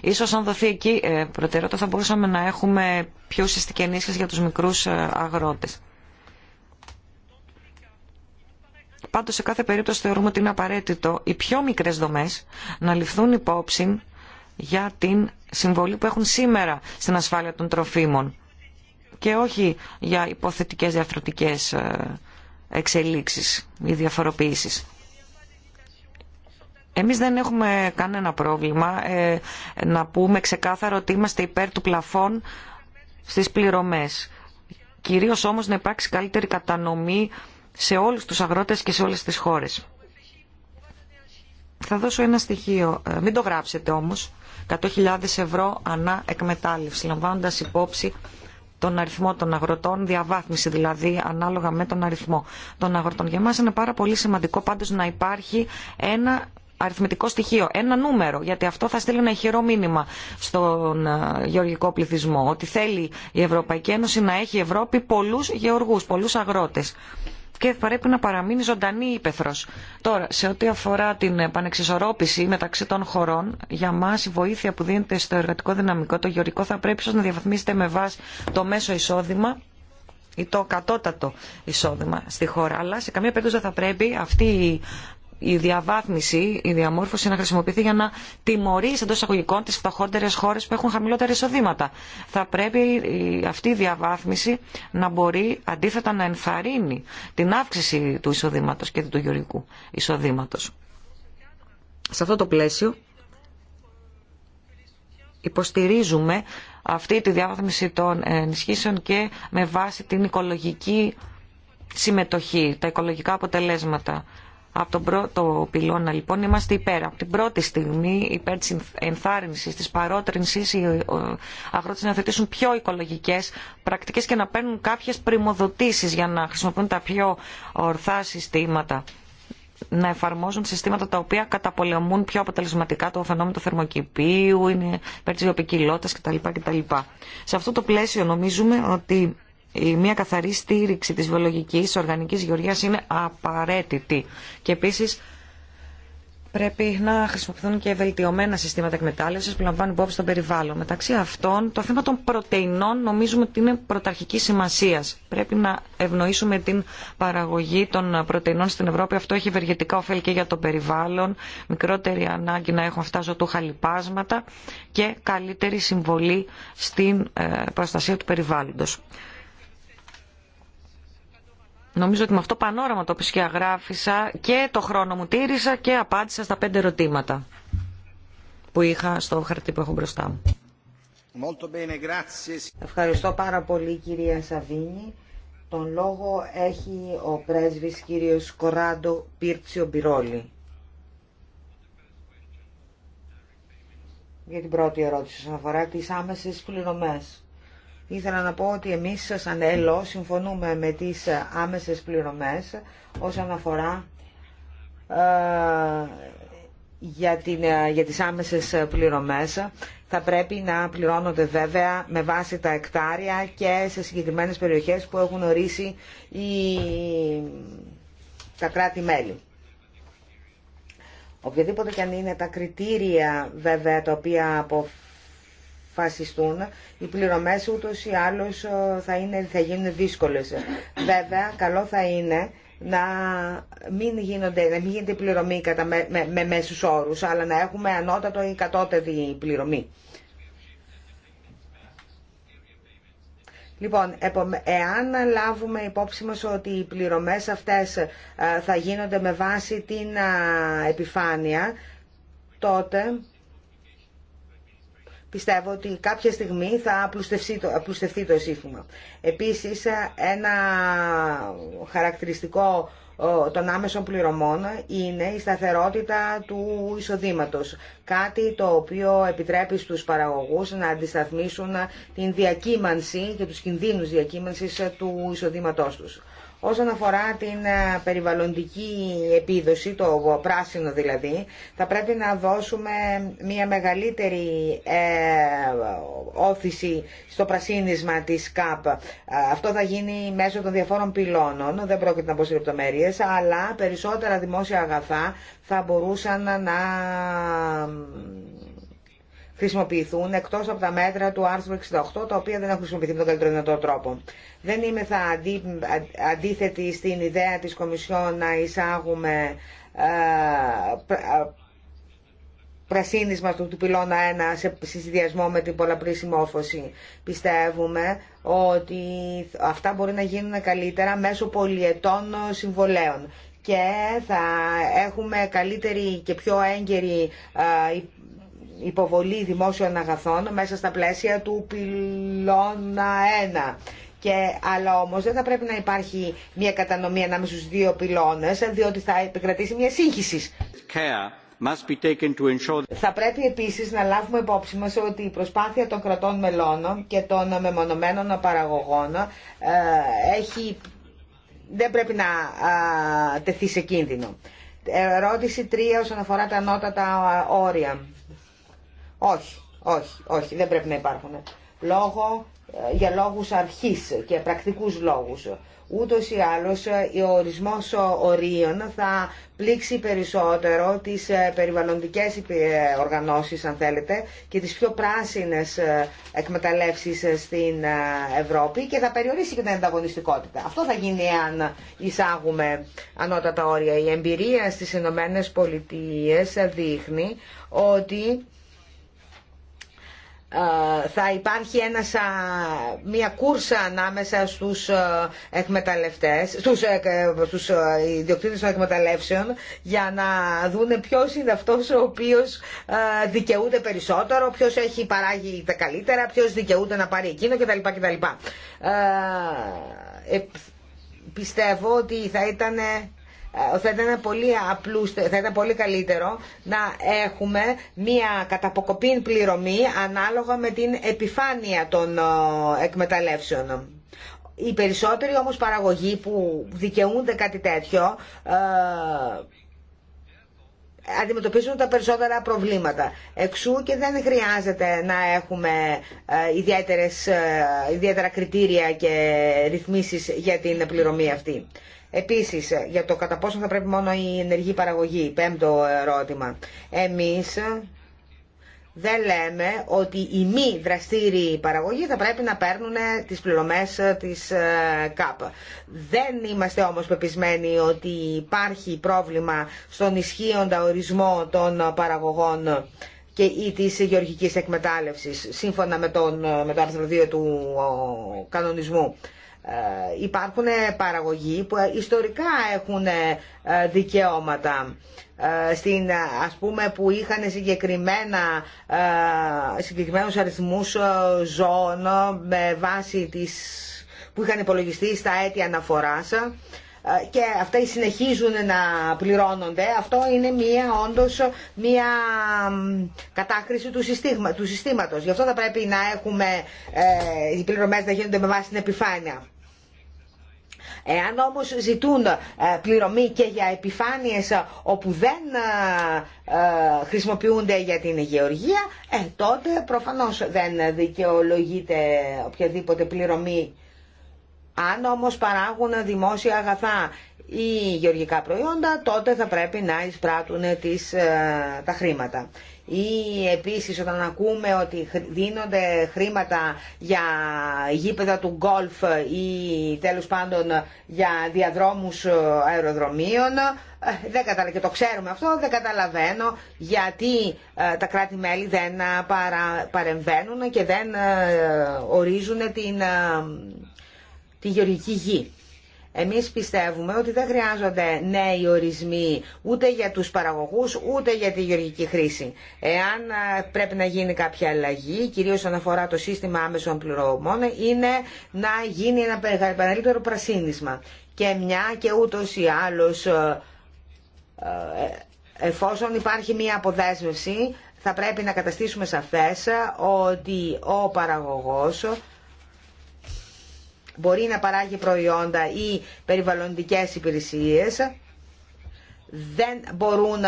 Ίσως αν δοθεί εκεί προτεραιότητα θα μπορούσαμε να έχουμε πιο ουσιαστική για τους μικρούς αγρότες. Πάντως σε κάθε περίπτωση θεωρούμε ότι είναι απαραίτητο οι πιο μικρές δομές να ληφθούν υπόψη για την συμβολή που έχουν σήμερα στην ασφάλεια των τροφίμων και όχι για υποθετικές διαφορετικές ε, εξελίξεις ή διαφοροποίησεις. Εμείς δεν έχουμε κανένα πρόβλημα ε, να πούμε ξεκάθαρο ότι είμαστε υπέρ του πλαφών στις πληρωμές. Κυρίως όμως να υπάρξει καλύτερη κατανομή σε όλους τους αγρότες και σε όλες τις χώρες. Θα δώσω ένα στοιχείο, ε, μην το γράψετε όμως, 100.000 ευρώ ανά εκμετάλλευση, λαμβάνοντας υπόψη τον αριθμό των αγροτών, διαβάθμιση δηλαδή ανάλογα με τον αριθμό των αγροτών. Για μας είναι πάρα πολύ σημαντικό πάντως να υπάρχει ένα αριθμητικό στοιχείο, ένα νούμερο, γιατί αυτό θα στείλει ένα ηχηρό μήνυμα στον ε, γεωργικό πληθυσμό, ότι θέλει η Ευρωπαϊκή Ένωση να έχει Ευρώπη πολλούς γεωργούς, πολλούς αγρότες και πρέπει να παραμείνει ζωντανή η πέθρος. Τώρα, σε ό,τι αφορά την επανεξισορρόπηση μεταξύ των χωρών, για μας η βοήθεια που δίνεται στο εργατικό δυναμικό, το γεωρικό, θα πρέπει ίσω να διαβαθμίσετε με βάση το μέσο εισόδημα ή το κατώτατο εισόδημα στη χώρα. Αλλά σε καμία περίπτωση δεν θα πρέπει αυτή η η διαβάθμιση, η διαμόρφωση να χρησιμοποιηθεί για να τιμωρήσει εντό εισαγωγικών τι φτωχότερε χώρε που έχουν χαμηλότερα εισοδήματα. Θα πρέπει αυτή η διαβάθμιση να μπορεί αντίθετα να ενθαρρύνει την αύξηση του εισοδήματο και του γεωργικού εισοδήματο. Σε αυτό το πλαίσιο υποστηρίζουμε αυτή τη διαβάθμιση των ενισχύσεων και με βάση την οικολογική συμμετοχή, τα οικολογικά αποτελέσματα. Από τον πρώτο πυλώνα λοιπόν είμαστε υπέρ. Από την πρώτη στιγμή υπέρ της ενθάρρυνσης, της παρότρινσης οι αγρότες να θετήσουν πιο οικολογικές πρακτικές και να παίρνουν κάποιες πρημοδοτήσεις για να χρησιμοποιούν τα πιο ορθά συστήματα να εφαρμόζουν συστήματα τα οποία καταπολεμούν πιο αποτελεσματικά το φαινόμενο του θερμοκηπίου, είναι υπέρ της βιοπικιλότητας κτλ. Σε αυτό το πλαίσιο νομίζουμε ότι η μια καθαρή στήριξη της βιολογικής οργανικής γεωργίας είναι απαραίτητη. Και επίσης πρέπει να χρησιμοποιηθούν και βελτιωμένα συστήματα εκμετάλλευσης που λαμβάνουν υπόψη στο περιβάλλον. Μεταξύ αυτών, το θέμα των πρωτεϊνών νομίζουμε ότι είναι πρωταρχική σημασία. Πρέπει να ευνοήσουμε την παραγωγή των πρωτεϊνών στην Ευρώπη. Αυτό έχει ευεργετικά ωφέλη και για το περιβάλλον, μικρότερη ανάγκη να έχουν αυτά ζωτούχα λοιπάσματα και καλύτερη συμβολή στην ε, προστασία του περιβάλλοντος. Νομίζω ότι με αυτό πανόραμα το σκιαγράφησα και το χρόνο μου τήρησα και απάντησα στα πέντε ερωτήματα που είχα στο χαρτί που έχω μπροστά μου. Ευχαριστώ πάρα πολύ κυρία Σαβίνη. Τον λόγο έχει ο πρέσβης κύριος Κοράντο Πίρτσιο Μπυρόλη. Για την πρώτη ερώτηση σχετικά αφορά τις άμεσες πληρωμές. Ήθελα να πω ότι εμείς σαν ΕΛΟ συμφωνούμε με τις άμεσες πληρωμές όσον αφορά ε, για, την, ε, για τις άμεσες πληρωμές. Θα πρέπει να πληρώνονται βέβαια με βάση τα εκτάρια και σε συγκεκριμένες περιοχές που έχουν ορίσει τα κράτη-μέλη. Οποιαδήποτε και αν είναι τα κριτήρια βέβαια τα οποία αποφασίζονται φασιστούν, οι πληρωμές ούτως ή άλλως ε, θα, είναι, θα γίνουν δύσκολες. Βέβαια, καλό θα είναι να μην, γίνονται, να μην γίνεται πληρωμή κατά με, με, με μέσους όρους, αλλά να έχουμε ανώτατο ή κατώτερη πληρωμή. Λοιπόν, εάν λάβουμε υπόψη μας ότι οι πληρωμές αυτές ε, θα γίνονται με βάση την επιφάνεια, τότε πιστεύω ότι κάποια στιγμή θα απλουστευτεί το, απλουστευτεί το σύστημα. Επίσης, ε, ένα χαρακτηριστικό των άμεσων πληρωμών είναι η σταθερότητα του εισοδήματος. Κάτι το οποίο επιτρέπει στους παραγωγούς να αντισταθμίσουν την διακύμανση και τους κινδύνους διακύμανσης ε, του εισοδήματός τους. Όσον αφορά την ε, περιβαλλοντική επίδοση, το πράσινο δηλαδή, θα πρέπει να δώσουμε μια μεγαλύτερη ε, όθηση στο πρασίνισμα της ΚΑΠ. Ε, αυτό θα γίνει μέσω των διαφόρων πυλώνων, δεν πρόκειται να πω σε λεπτομέρειες, αλλά περισσότερα δημόσια αγαθά θα μπορούσαν να χρησιμοποιηθούν εκτό από τα μέτρα του άρθρου 68, τα οποία δεν έχουν χρησιμοποιηθεί με τον καλύτερο δυνατό τρόπο. Δεν είμαι θα αντί, αντίθετη στην ιδέα τη Κομισιόν να εισάγουμε ε, ε, πρασίνισμα του, του πυλώνα 1 σε συνδυασμό με την πολλαπλή συμμόρφωση. Πιστεύουμε ότι αυτά μπορεί να γίνουν καλύτερα μέσω πολιετών συμβολέων και θα έχουμε καλύτερη και πιο έγκαιρη ε, υποβολή δημόσιων αγαθών μέσα στα πλαίσια του πυλώνα 1. Και, αλλά όμως δεν θα πρέπει να υπάρχει μια κατανομή ανάμεσα στους δύο πυλώνες, διότι θα επικρατήσει μια σύγχυση. ensure... Θα πρέπει επίσης να λάβουμε υπόψη μας ότι η προσπάθεια των κρατών μελών και των μεμονωμένων παραγωγών ε, έχει, δεν πρέπει να ε, τεθεί σε κίνδυνο. Ερώτηση 3 όσον αφορά τα ανώτατα όρια. Όχι, όχι, όχι, δεν πρέπει να υπάρχουν. Λόγω, ε, για λόγους αρχής και πρακτικούς λόγους. Ούτως ή άλλως, ε, ο ορισμός ορίων θα πλήξει περισσότερο τις ε, περιβαλλοντικές οργανώσεις, αν θέλετε, και τις πιο πράσινες εκμεταλλεύσεις στην Ευρώπη και θα περιορίσει και την ανταγωνιστικότητα. Αυτό θα γίνει αν εισάγουμε ανώτατα όρια. Η εμπειρία στις Ηνωμένε Πολιτείες δείχνει ότι ε, θα υπάρχει μια κούρσα ανάμεσα στους ε, εκμεταλλευτές, στους, ε, στους ιδιοκτήτες των εκμεταλλεύσεων για να δούνε ποιος είναι αυτός ο οποίος δικαιούται περισσότερο, ποιος έχει παράγει τα καλύτερα, ποιος δικαιούται να πάρει εκείνο κτλ. πιστεύω ότι θα ήταν ε, θα ήταν πολύ, θα ήταν πολύ καλύτερο να έχουμε μια καταποκοπή πληρωμή ανάλογα με την επιφάνεια των ε, εκμεταλλεύσεων. Οι περισσότεροι όμως παραγωγοί που δικαιούνται κάτι τέτοιο ε, αντιμετωπίζουν τα περισσότερα προβλήματα. Εξού και δεν χρειάζεται να έχουμε ιδιαίτερες, ιδιαίτερα κριτήρια και ρυθμίσεις για την πληρωμή αυτή. Επίσης, για το κατά πόσο θα πρέπει μόνο η ενεργή παραγωγή, πέμπτο ερώτημα. Εμείς δεν λέμε ότι οι μη δραστήριοι παραγωγοί θα πρέπει να παίρνουν τις πληρωμές ε, της ε, ΚΑΠ. Δεν είμαστε όμως πεπισμένοι ότι υπάρχει πρόβλημα στον ισχύοντα ορισμό των παραγωγών και ή της γεωργικής εκμετάλλευσης, σύμφωνα με, τον, ε, με το άρθρο 2 του κανονισμού. Ε, υπάρχουν παραγωγοί που ε, ιστορικά έχουν ε, δικαιώματα στην, ας πούμε που είχαν συγκεκριμένα, συγκεκριμένους αριθμούς ζώων με βάση τις, που είχαν υπολογιστεί στα αίτια αναφοράς και αυτά συνεχίζουν να πληρώνονται. Αυτό είναι μία όντως μία κατάκριση του, συστήμα, του συστήματος. Γι' αυτό θα πρέπει να έχουμε ε, οι πληρωμές να γίνονται με βάση την επιφάνεια. Εάν όμως ζητούν ε, πληρωμή και για επιφάνειες ε, όπου δεν ε, χρησιμοποιούνται για την γεωργία, τότε προφανώς δεν δικαιολογείται οποιαδήποτε πληρωμή. Αν όμως παράγουν δημόσια αγαθά ή γεωργικά προϊόντα, τότε θα πρέπει να εισπράττουν τις, τα χρήματα ή επίσης όταν ακούμε ότι δίνονται χρήματα για γήπεδα του γκολφ ή τέλος πάντων για διαδρόμους αεροδρομίων ε, δεν καταλαβαίνω και το ξέρουμε αυτό δεν καταλαβαίνω γιατί ε, τα κράτη-μέλη δεν ε, παρα, παρεμβαίνουν και δεν ορίζουν την, τη γεωργική γη. Εμείς πιστεύουμε ότι δεν χρειάζονται νέοι ορισμοί ούτε για τους παραγωγούς ούτε για τη γεωργική χρήση. Εάν ε, πρέπει να γίνει κάποια αλλαγή, κυρίως αν αφορά το σύστημα άμεσων πληρωμών, είναι να γίνει ένα μεγαλύτερο πρασίνισμα. Και μια και ούτως ή άλλως ε, ε, εφόσον υπάρχει μια αποδέσμευση θα πρέπει να καταστήσουμε σαφές ότι ο παραγωγός μπορεί να παράγει προϊόντα ή περιβαλλοντικές υπηρεσίες δεν μπορούν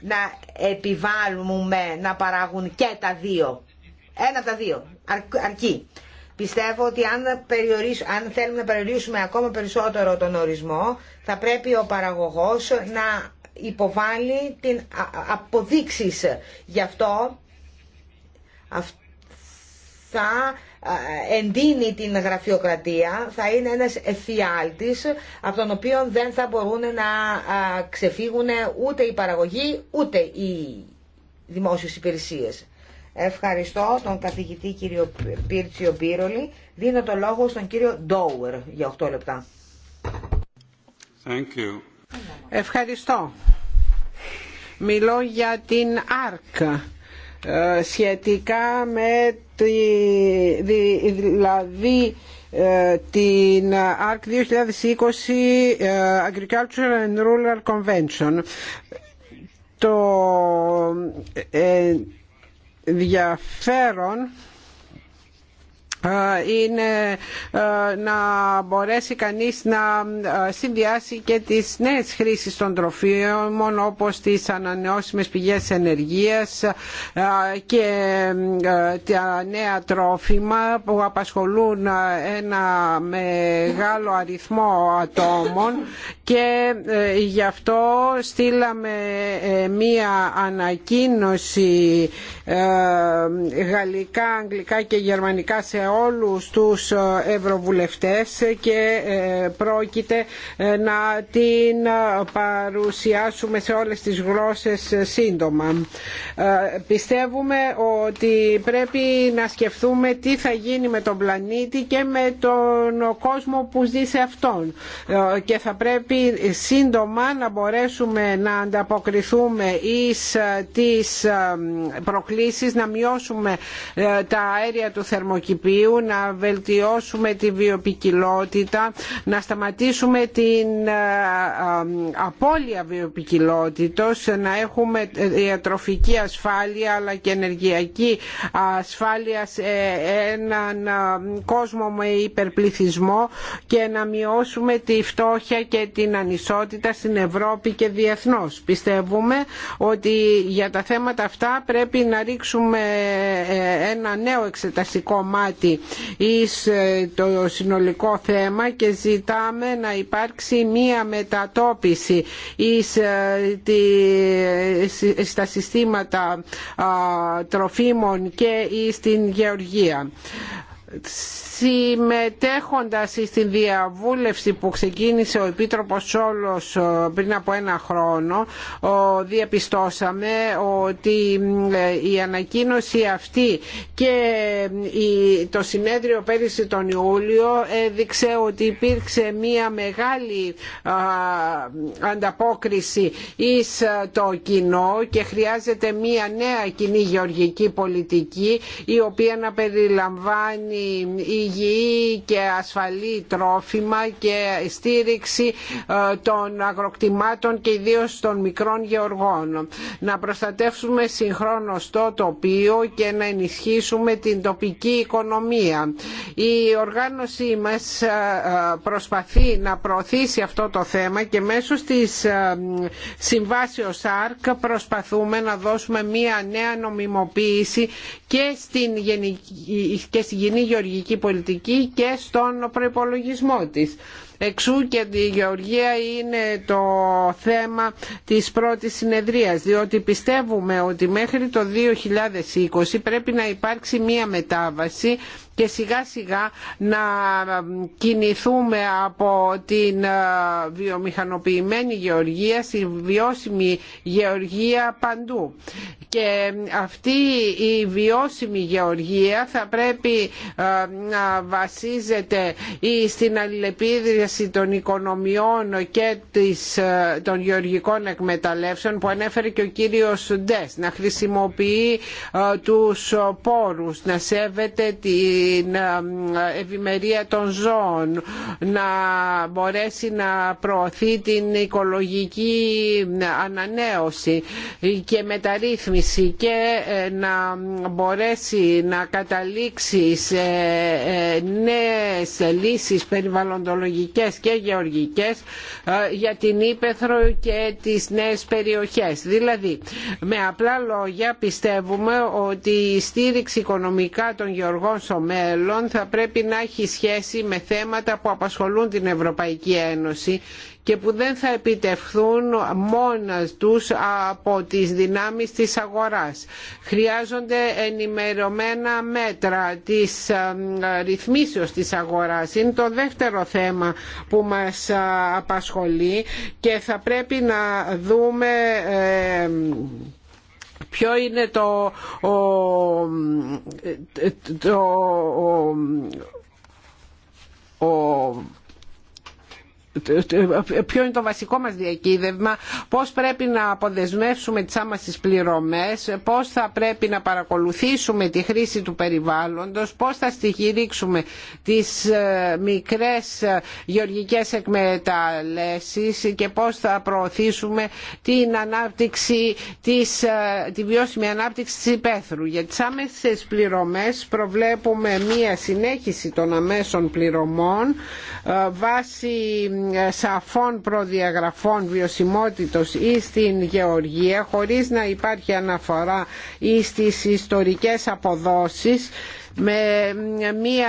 να επιβάλλουμε να παράγουν και τα δύο. Ένα από τα δύο. Αρκεί. Πιστεύω ότι αν, αν θέλουμε να περιορίσουμε ακόμα περισσότερο τον ορισμό, θα πρέπει ο παραγωγός να υποβάλει την αποδείξεις. Γι' αυτό θα εντείνει την γραφειοκρατία, θα είναι ένας εφιάλτης από τον οποίο δεν θα μπορούν να ξεφύγουν ούτε η παραγωγή ούτε οι δημόσιες υπηρεσίες. Ευχαριστώ τον καθηγητή κύριο Πίρτσιο Πύρολη. Δίνω το λόγο στον κύριο Ντόουερ για 8 λεπτά. Thank you. Ευχαριστώ. Μιλώ για την ΑΡΚ σχετικά με τη, δηλαδή την ARC 2020 Agricultural and Rural Convention. Το ενδιαφέρον ε, είναι ε, να μπορέσει κανείς να ε, συνδυάσει και τις νέες χρήσεις των τροφίμων όπως τις ανανεώσιμες πηγές ενεργείας και τα νέα τρόφιμα που απασχολούν ένα μεγάλο αριθμό ατόμων και ε, γι' αυτό στείλαμε ε, μία ανακοίνωση ε, γαλλικά, αγγλικά και γερμανικά σε όλους τους ευρωβουλευτές και πρόκειται να την παρουσιάσουμε σε όλες τις γλώσσες σύντομα. Πιστεύουμε ότι πρέπει να σκεφτούμε τι θα γίνει με τον πλανήτη και με τον κόσμο που ζει σε αυτόν και θα πρέπει πρέπει σύντομα να μπορέσουμε να ανταποκριθούμε εις ε, τις ε, προκλήσεις, να μειώσουμε ε, τα αέρια του θερμοκηπίου, να βελτιώσουμε τη βιοπικιλότητα, να σταματήσουμε την απώλεια βιοπικιλότητος, να έχουμε διατροφική ασφάλεια αλλά και ενεργειακή ασφάλεια σε έναν κόσμο με υπερπληθυσμό και να μειώσουμε τη φτώχεια και την την ανισότητα στην Ευρώπη και διεθνώς. Πιστεύουμε ότι για τα θέματα αυτά πρέπει να ρίξουμε ε, ένα νέο εξεταστικό μάτι εις ε, το συνολικό θέμα και ζητάμε να υπάρξει μία μετατόπιση εις ε, στα συστήματα τροφίμων και στην γεωργία συμμετέχοντας στη διαβούλευση που ξεκίνησε ο Επίτροπος Τσόλος ε, πριν από ένα χρόνο διαπιστώσαμε ότι ε, η ανακοίνωση αυτή και ε, το συνέδριο πέρυσι τον Ιούλιο έδειξε ότι υπήρξε μια μεγάλη ανταπόκριση εις το κοινό και χρειάζεται μια νέα κοινή γεωργική πολιτική η οποία να περιλαμβάνει υγιή και ασφαλή τρόφιμα και στήριξη ε, των αγροκτημάτων και ιδίως των μικρών γεωργών. Να προστατεύσουμε συγχρόνως το τοπίο και να ενισχύσουμε την τοπική οικονομία. Η οργάνωσή μας ε, προσπαθεί να προωθήσει αυτό το θέμα και μέσω της ε, συμβάσεως ΑΡΚ προσπαθούμε να δώσουμε μία νέα νομιμοποίηση και στην γενική και γεωργική πολιτική και στον προϋπολογισμό της. Εξού και η γεωργία είναι το θέμα της πρώτης συνεδρίας, διότι πιστεύουμε ότι μέχρι το 2020 πρέπει να υπάρξει μία μετάβαση και σιγά σιγά να κινηθούμε από την ε, βιομηχανοποιημένη γεωργία στη βιώσιμη γεωργία παντού. Και αυτή η βιώσιμη γεωργία θα πρέπει ε, να βασίζεται στην αλληλεπίδραση των οικονομιών και ε, των γεωργικών εκμεταλλεύσεων που ανέφερε και ο κύριος Ντες, να χρησιμοποιεί τους πόρους, να σέβεται τη την ευημερία των ζώων, να μπορέσει να προωθεί την οικολογική ανανέωση και μεταρρύθμιση και ε, να μπορέσει να καταλήξει σε ε, νέες λύσεις περιβαλλοντολογικές και γεωργικές ε, για την Ήπεθρο και τις νέες περιοχές. Δηλαδή, με απλά λόγια πιστεύουμε ότι η στήριξη οικονομικά των γεωργών μέλλον μέλλον θα πρέπει να έχει σχέση με θέματα που απασχολούν την Ευρωπαϊκή Ένωση και που δεν θα επιτευχθούν μόνας τους από τις δυνάμεις της αγοράς. Χρειάζονται ενημερωμένα μέτρα της ρυθμίσεως της αγοράς. Είναι το δεύτερο θέμα που μας απασχολεί και θα πρέπει να δούμε Ποιο είναι το, ο, το ο, ο ποιο είναι το βασικό μας διακύδευμα, πώς πρέπει να αποδεσμεύσουμε τις άμασες πληρωμές, πώς θα πρέπει να παρακολουθήσουμε τη χρήση του περιβάλλοντος, πώς θα στοιχηρίξουμε τις ε, μικρές ε, γεωργικές εκμεταλλεύσεις και πώς θα προωθήσουμε την ανάπτυξη, της, ε, τη βιώσιμη ανάπτυξη της υπαίθρου. Για τις άμεσες πληρωμές προβλέπουμε μία συνέχιση των αμέσων πληρωμών βάσει σαφών προδιαγραφών βιωσιμότητος ή στην γεωργία χωρίς να υπάρχει αναφορά ή στις ιστορικές αποδόσεις με μια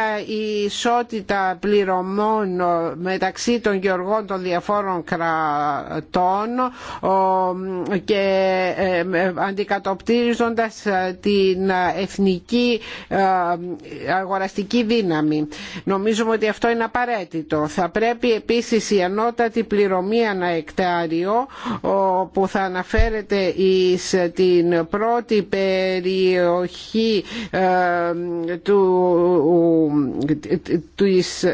ισότητα πληρωμών μεταξύ των γεωργών των διαφόρων κρατών και ε, αντικατοπτρίζοντας την εθνική ε, αγοραστική δύναμη. Νομίζουμε ότι αυτό είναι απαραίτητο. Θα πρέπει επίσης η ανώτατη πληρωμή ανά εκτάριο που θα αναφέρεται εις την πρώτη περιοχή ε, του, της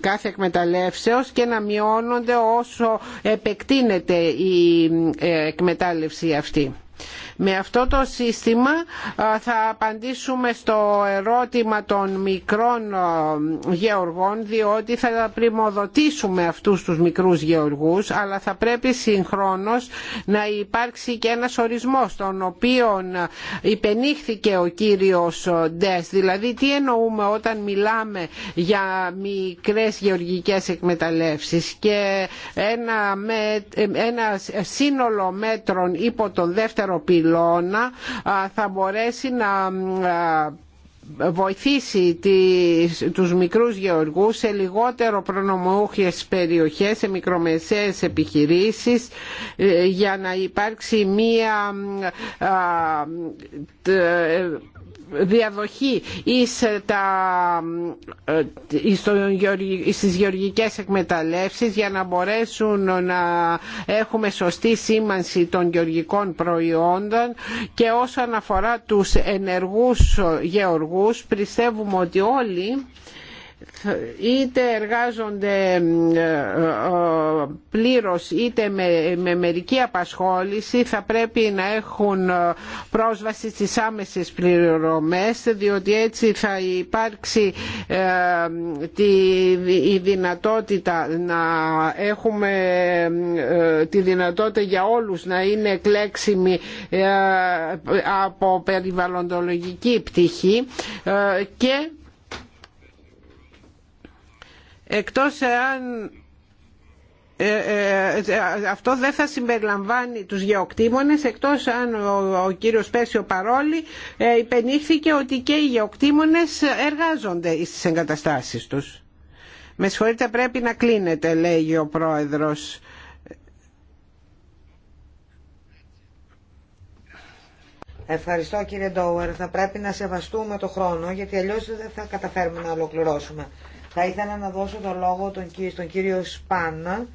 κάθε εκμεταλλεύσεως και να μειώνονται όσο επεκτείνεται η ε, εκμετάλλευση αυτή. Με αυτό το σύστημα θα απαντήσουμε στο ερώτημα των μικρών γεωργών διότι θα πρημοδοτήσουμε αυτούς τους μικρούς γεωργούς αλλά θα πρέπει συγχρόνως να υπάρξει και ένας ορισμός τον οποίο υπενήχθηκε ο κύριος Ντες δηλαδή τι εννοούμε όταν μιλάμε για μικρές γεωργικές εκμεταλλεύσεις και ένα, με, ε, ένα σύνολο μέτρων υπό τον δεύτερο πυλό θα μπορέσει να βοηθήσει τους μικρούς γεωργούς σε λιγότερο προνομούχες περιοχές, σε μικρομεσαίες επιχειρήσεις ε, για να υπάρξει μία διαδοχή στι ε, τα, στο, ε, στις γεωργικές εκμεταλλεύσεις για να μπορέσουν να έχουμε σωστή σήμανση των γεωργικών προϊόντων και όσον αφορά τους ενεργούς γεωργούς πιστεύουμε ότι όλοι είτε εργάζονται ε, πλήρως είτε με, με μερική απασχόληση θα πρέπει να έχουν ε, πρόσβαση στις άμεσες πληρωμές διότι έτσι θα υπάρξει ε, τη, η δυνατότητα να έχουμε τη δυνατότητα για όλους να είναι εκλέξιμοι από περιβαλλοντολογική πτυχή και εκτός εάν ε, ε, αυτό δεν θα συμπεριλαμβάνει τους γεωκτήμονες εκτός αν ο κύριος Πέσιο Παρόλη ε, υπενήχθηκε ότι και οι γεωκτήμονες εργάζονται στις εγκαταστάσεις τους. Με συγχωρείτε πρέπει να κλείνετε λέγει ο πρόεδρος. Ευχαριστώ κύριε Ντόουερ. Θα πρέπει να σεβαστούμε το χρόνο γιατί αλλιώς δεν θα καταφέρουμε να ολοκληρώσουμε. Θα ήθελα να δώσω το λόγο στον κύριο Σπάν,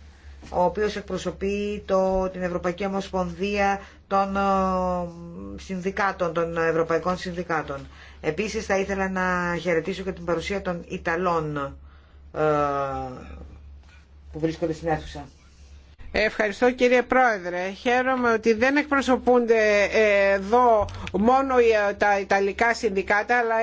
ο οποίος εκπροσωπεί το, την Ευρωπαϊκή Ομοσπονδία των ε, συνδικάτων, των Ευρωπαϊκών Συνδικάτων. Επίσης θα ήθελα να χαιρετήσω και την παρουσία των Ιταλών ε, που βρίσκονται στην αίθουσα. Ευχαριστώ κύριε Πρόεδρε. Χαίρομαι ότι δεν εκπροσωπούνται ε, εδώ μόνο ε, τα Ιταλικά συνδικάτα αλλά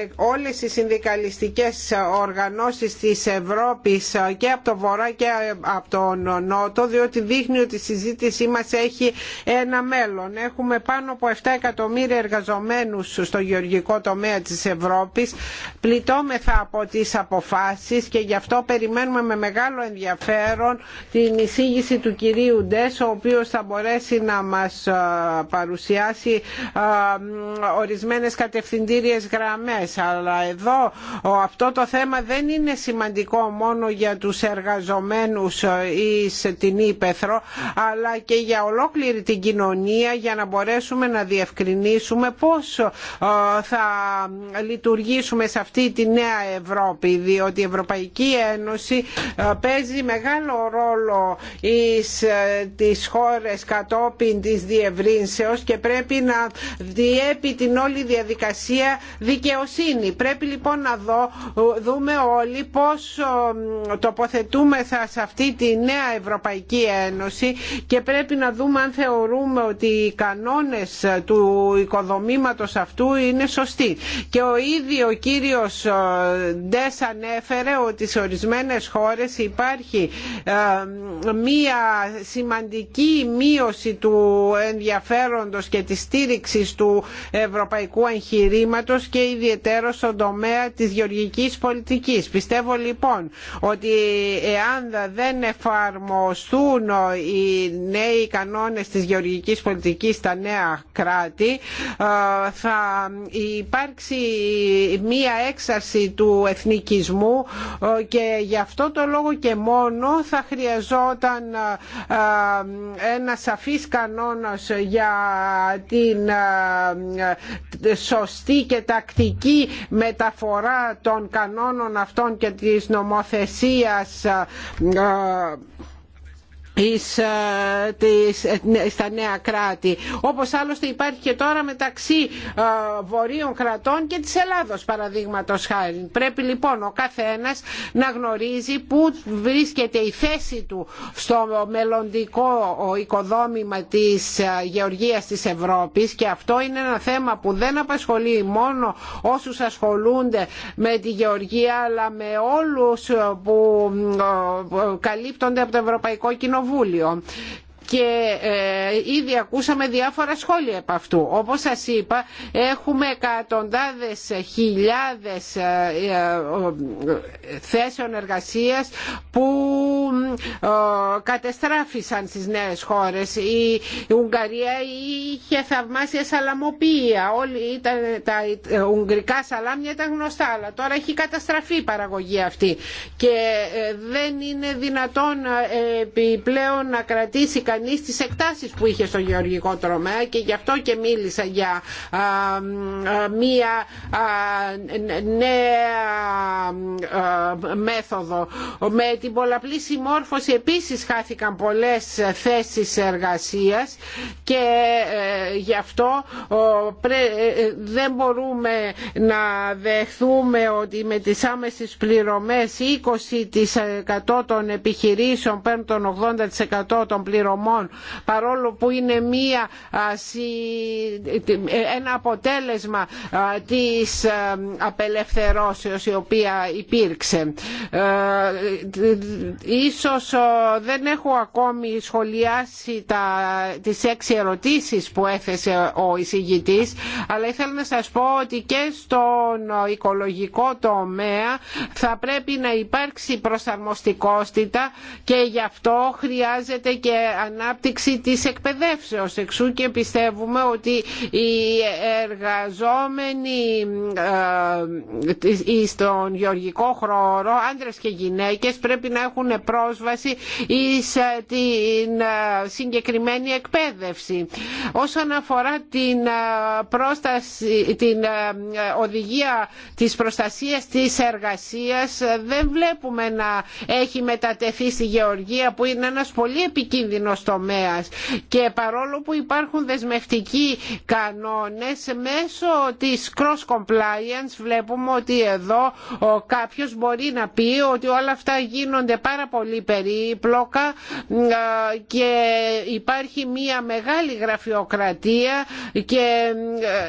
ε, όλες οι συνδικαλιστικές οργανώσεις της Ευρώπης και από το Βορρά και από τον Νότο διότι δείχνει ότι η συζήτησή μας έχει ένα μέλλον. Έχουμε πάνω από 7 εκατομμύρια εργαζομένους στο γεωργικό τομέα της Ευρώπης. Πληττόμεθα από τις αποφάσεις και γι' αυτό περιμένουμε με μεγάλο ενδιαφέρον την εισήγηση του κυρίου Ντες ο οποίος θα μπορέσει να μας παρουσιάσει ορισμένες κατευθυντήριες γραμμές αλλά εδώ αυτό το θέμα δεν είναι σημαντικό μόνο για τους εργαζομένους ή την Ήπεθρο αλλά και για ολόκληρη την κοινωνία για να μπορέσουμε να διευκρινίσουμε πώς θα λειτουργήσουμε σε αυτή τη νέα Ευρώπη διότι η Ευρωπαϊκή Ένωση παίζει μεγάλο ρόλο εις ε, τις χώρες κατόπιν της διευρύνσεως και πρέπει να διέπει την όλη διαδικασία δικαιοσύνη. Πρέπει λοιπόν να δω, δούμε όλοι πώς τοποθετούμεθα σε αυτή τη νέα Ευρωπαϊκή Ένωση και πρέπει να δούμε αν θεωρούμε ότι οι κανόνες ε, του οικοδομήματος αυτού είναι σωστοί. Και ο ίδιος ο κύριος ε, Ντες ανέφερε ότι σε ορισμένες χώρες υπάρχει μία σημαντική μείωση του ενδιαφέροντος και της στήριξης του ευρωπαϊκού εγχειρήματο και ιδιαίτερο στον τομέα της γεωργικής πολιτικής. Πιστεύω λοιπόν ότι εάν δεν εφαρμοστούν οι νέοι κανόνες της γεωργικής πολιτικής στα νέα κράτη ε, θα υπάρξει μία έξαρση του εθνικισμού ε, και γι' αυτό το λόγο και μόνο θα χρειαζόταν ε, ένα σαφής κανόνας για την ε, ε, σωστή και τακτική μεταφορά των κανόνων αυτών και της νομοθεσίας ε, ε, στα νέα κράτη όπως άλλωστε υπάρχει και τώρα μεταξύ ε, βορείων κρατών και της Ελλάδος παραδείγματος χάρη πρέπει λοιπόν ο καθένας να γνωρίζει που βρίσκεται η θέση του στο μελλοντικό οικοδόμημα της γεωργίας της Ευρώπης και αυτό είναι ένα θέμα που δεν απασχολεί μόνο όσους ασχολούνται με τη γεωργία αλλά με όλους που καλύπτονται από το Ευρωπαϊκό Κοινοβούλιο Κοινοβούλιο και ε, ήδη ακούσαμε διάφορα σχόλια από αυτού. Όπως σας είπα έχουμε εκατοντάδες χιλιάδες ε, ε, θέσεων εργασίας που κατεστράφησαν στις νέες χώρες. Η Ουγγαρία είχε θαυμάσια σαλαμοποίια. Όλοι ήταν, τα ουγγρικά σαλάμια ήταν γνωστά αλλά τώρα έχει καταστραφεί η παραγωγή αυτή και δεν είναι δυνατόν επιπλέον να κρατήσει κανείς κανείς τις εκτάσεις που είχε στο γεωργικό τρομέα και γι' αυτό και μίλησα για μία νέα μέθοδο. Με την πολλαπλή συμμόρφωση επίσης χάθηκαν πολλές θέσεις εργασίας και ε, γι' αυτό ε, δεν μπορούμε να δεχθούμε ότι με τις άμεσες πληρωμές 20% των επιχειρήσεων παίρνουν τον 80% των πληρωμών παρόλο που είναι μία, ένα αποτέλεσμα της απελευθερώσεως η οποία υπήρξε. Ε, ίσως δεν έχω ακόμη σχολιάσει τα, τις έξι ερωτήσεις που έθεσε ο εισηγητής αλλά ήθελα να σας πω ότι και στον οικολογικό τομέα θα πρέπει να υπάρξει προσαρμοστικότητα και γι' αυτό χρειάζεται και ανάπτυξη της εκπαιδεύσεως εξού και πιστεύουμε ότι οι εργαζόμενοι στον ε, γεωργικό χώρο άντρες και γυναίκες πρέπει να έχουν πρόσβαση εις ε, την ε, συγκεκριμένη εκπαίδευση. Όσον αφορά την, πρόσταση, την οδηγία της προστασίας της εργασίας δεν βλέπουμε να έχει μετατεθεί στη γεωργία που είναι ένας πολύ επικίνδυνος και παρόλο που υπάρχουν δεσμευτικοί κανόνες μέσω της cross compliance βλέπουμε ότι εδώ ο κάποιος μπορεί να πει ότι όλα αυτά γίνονται πάρα πολύ περίπλοκα και υπάρχει μια μεγάλη γραφειοκρατία και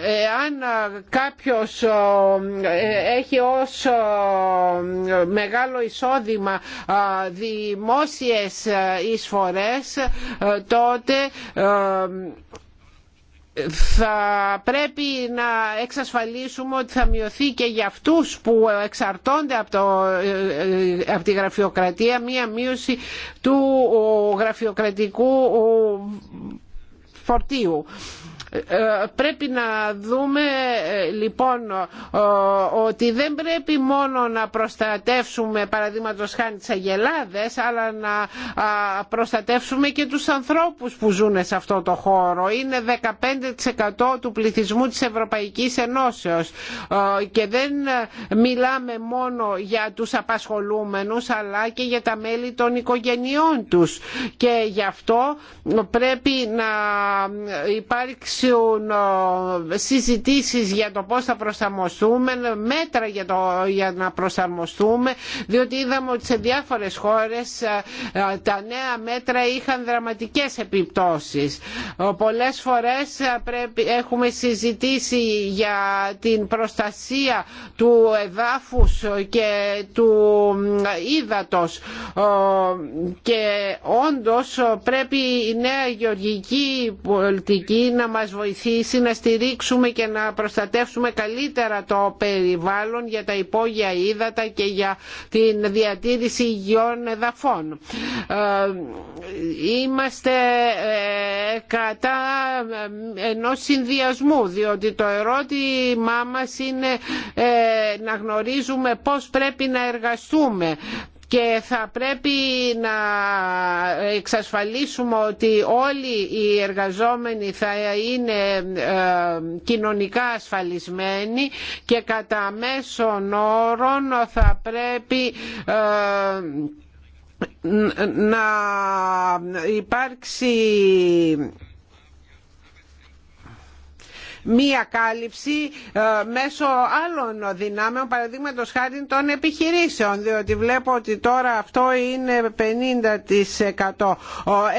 ε, αν κάποιος ε, έχει ως μεγάλο εισόδημα δημόσιες ε, εισφορές ε, τότε ε, θα πρέπει να εξασφαλίσουμε ότι θα μειωθεί και για αυτούς που εξαρτώνται από, ε, από τη γραφειοκρατία μία μείωση του γραφειοκρατικού φορτίου ε, πρέπει να δούμε ε, λοιπόν ότι δεν πρέπει μόνο να προστατεύσουμε παραδείγματο χάνει τις αγελάδες αλλά να προστατεύσουμε και τους ανθρώπους που ζουν σε αυτό το χώρο. Είναι 15% του πληθυσμού της Ευρωπαϊκής Ενώσεως ε, και δεν μιλάμε μόνο για τους απασχολούμενους αλλά και για τα μέλη των οικογενειών τους και γι' αυτό πρέπει να υπάρξει υπάρξουν συζητήσεις για το πώς θα προσαρμοστούμε, μέτρα για, το, για να προσαρμοστούμε, διότι είδαμε ότι σε διάφορες χώρες τα νέα μέτρα είχαν δραματικές επιπτώσεις. Πολλές φορές έχουμε συζητήσει για την προστασία του εδάφους και του ύδατος και όντως πρέπει η νέα γεωργική πολιτική να μας μας βοηθήσει να στηρίξουμε και να προστατεύσουμε καλύτερα το περιβάλλον για τα υπόγεια ύδατα και για την διατήρηση υγιών εδαφών. Ε, είμαστε ε, κατά ε, ενός συνδυασμού διότι το ερώτημά μας είναι να γνωρίζουμε πώς πρέπει να εργαστούμε και θα πρέπει να εξασφαλίσουμε ότι όλοι οι εργαζόμενοι θα είναι ε, κοινωνικά ασφαλισμένοι και κατά μέσον όρον θα πρέπει ε, να υπάρξει μία κάλυψη ε, μέσω άλλων δυνάμεων παραδείγματο χάρη των επιχειρήσεων διότι βλέπω ότι τώρα αυτό είναι 50%.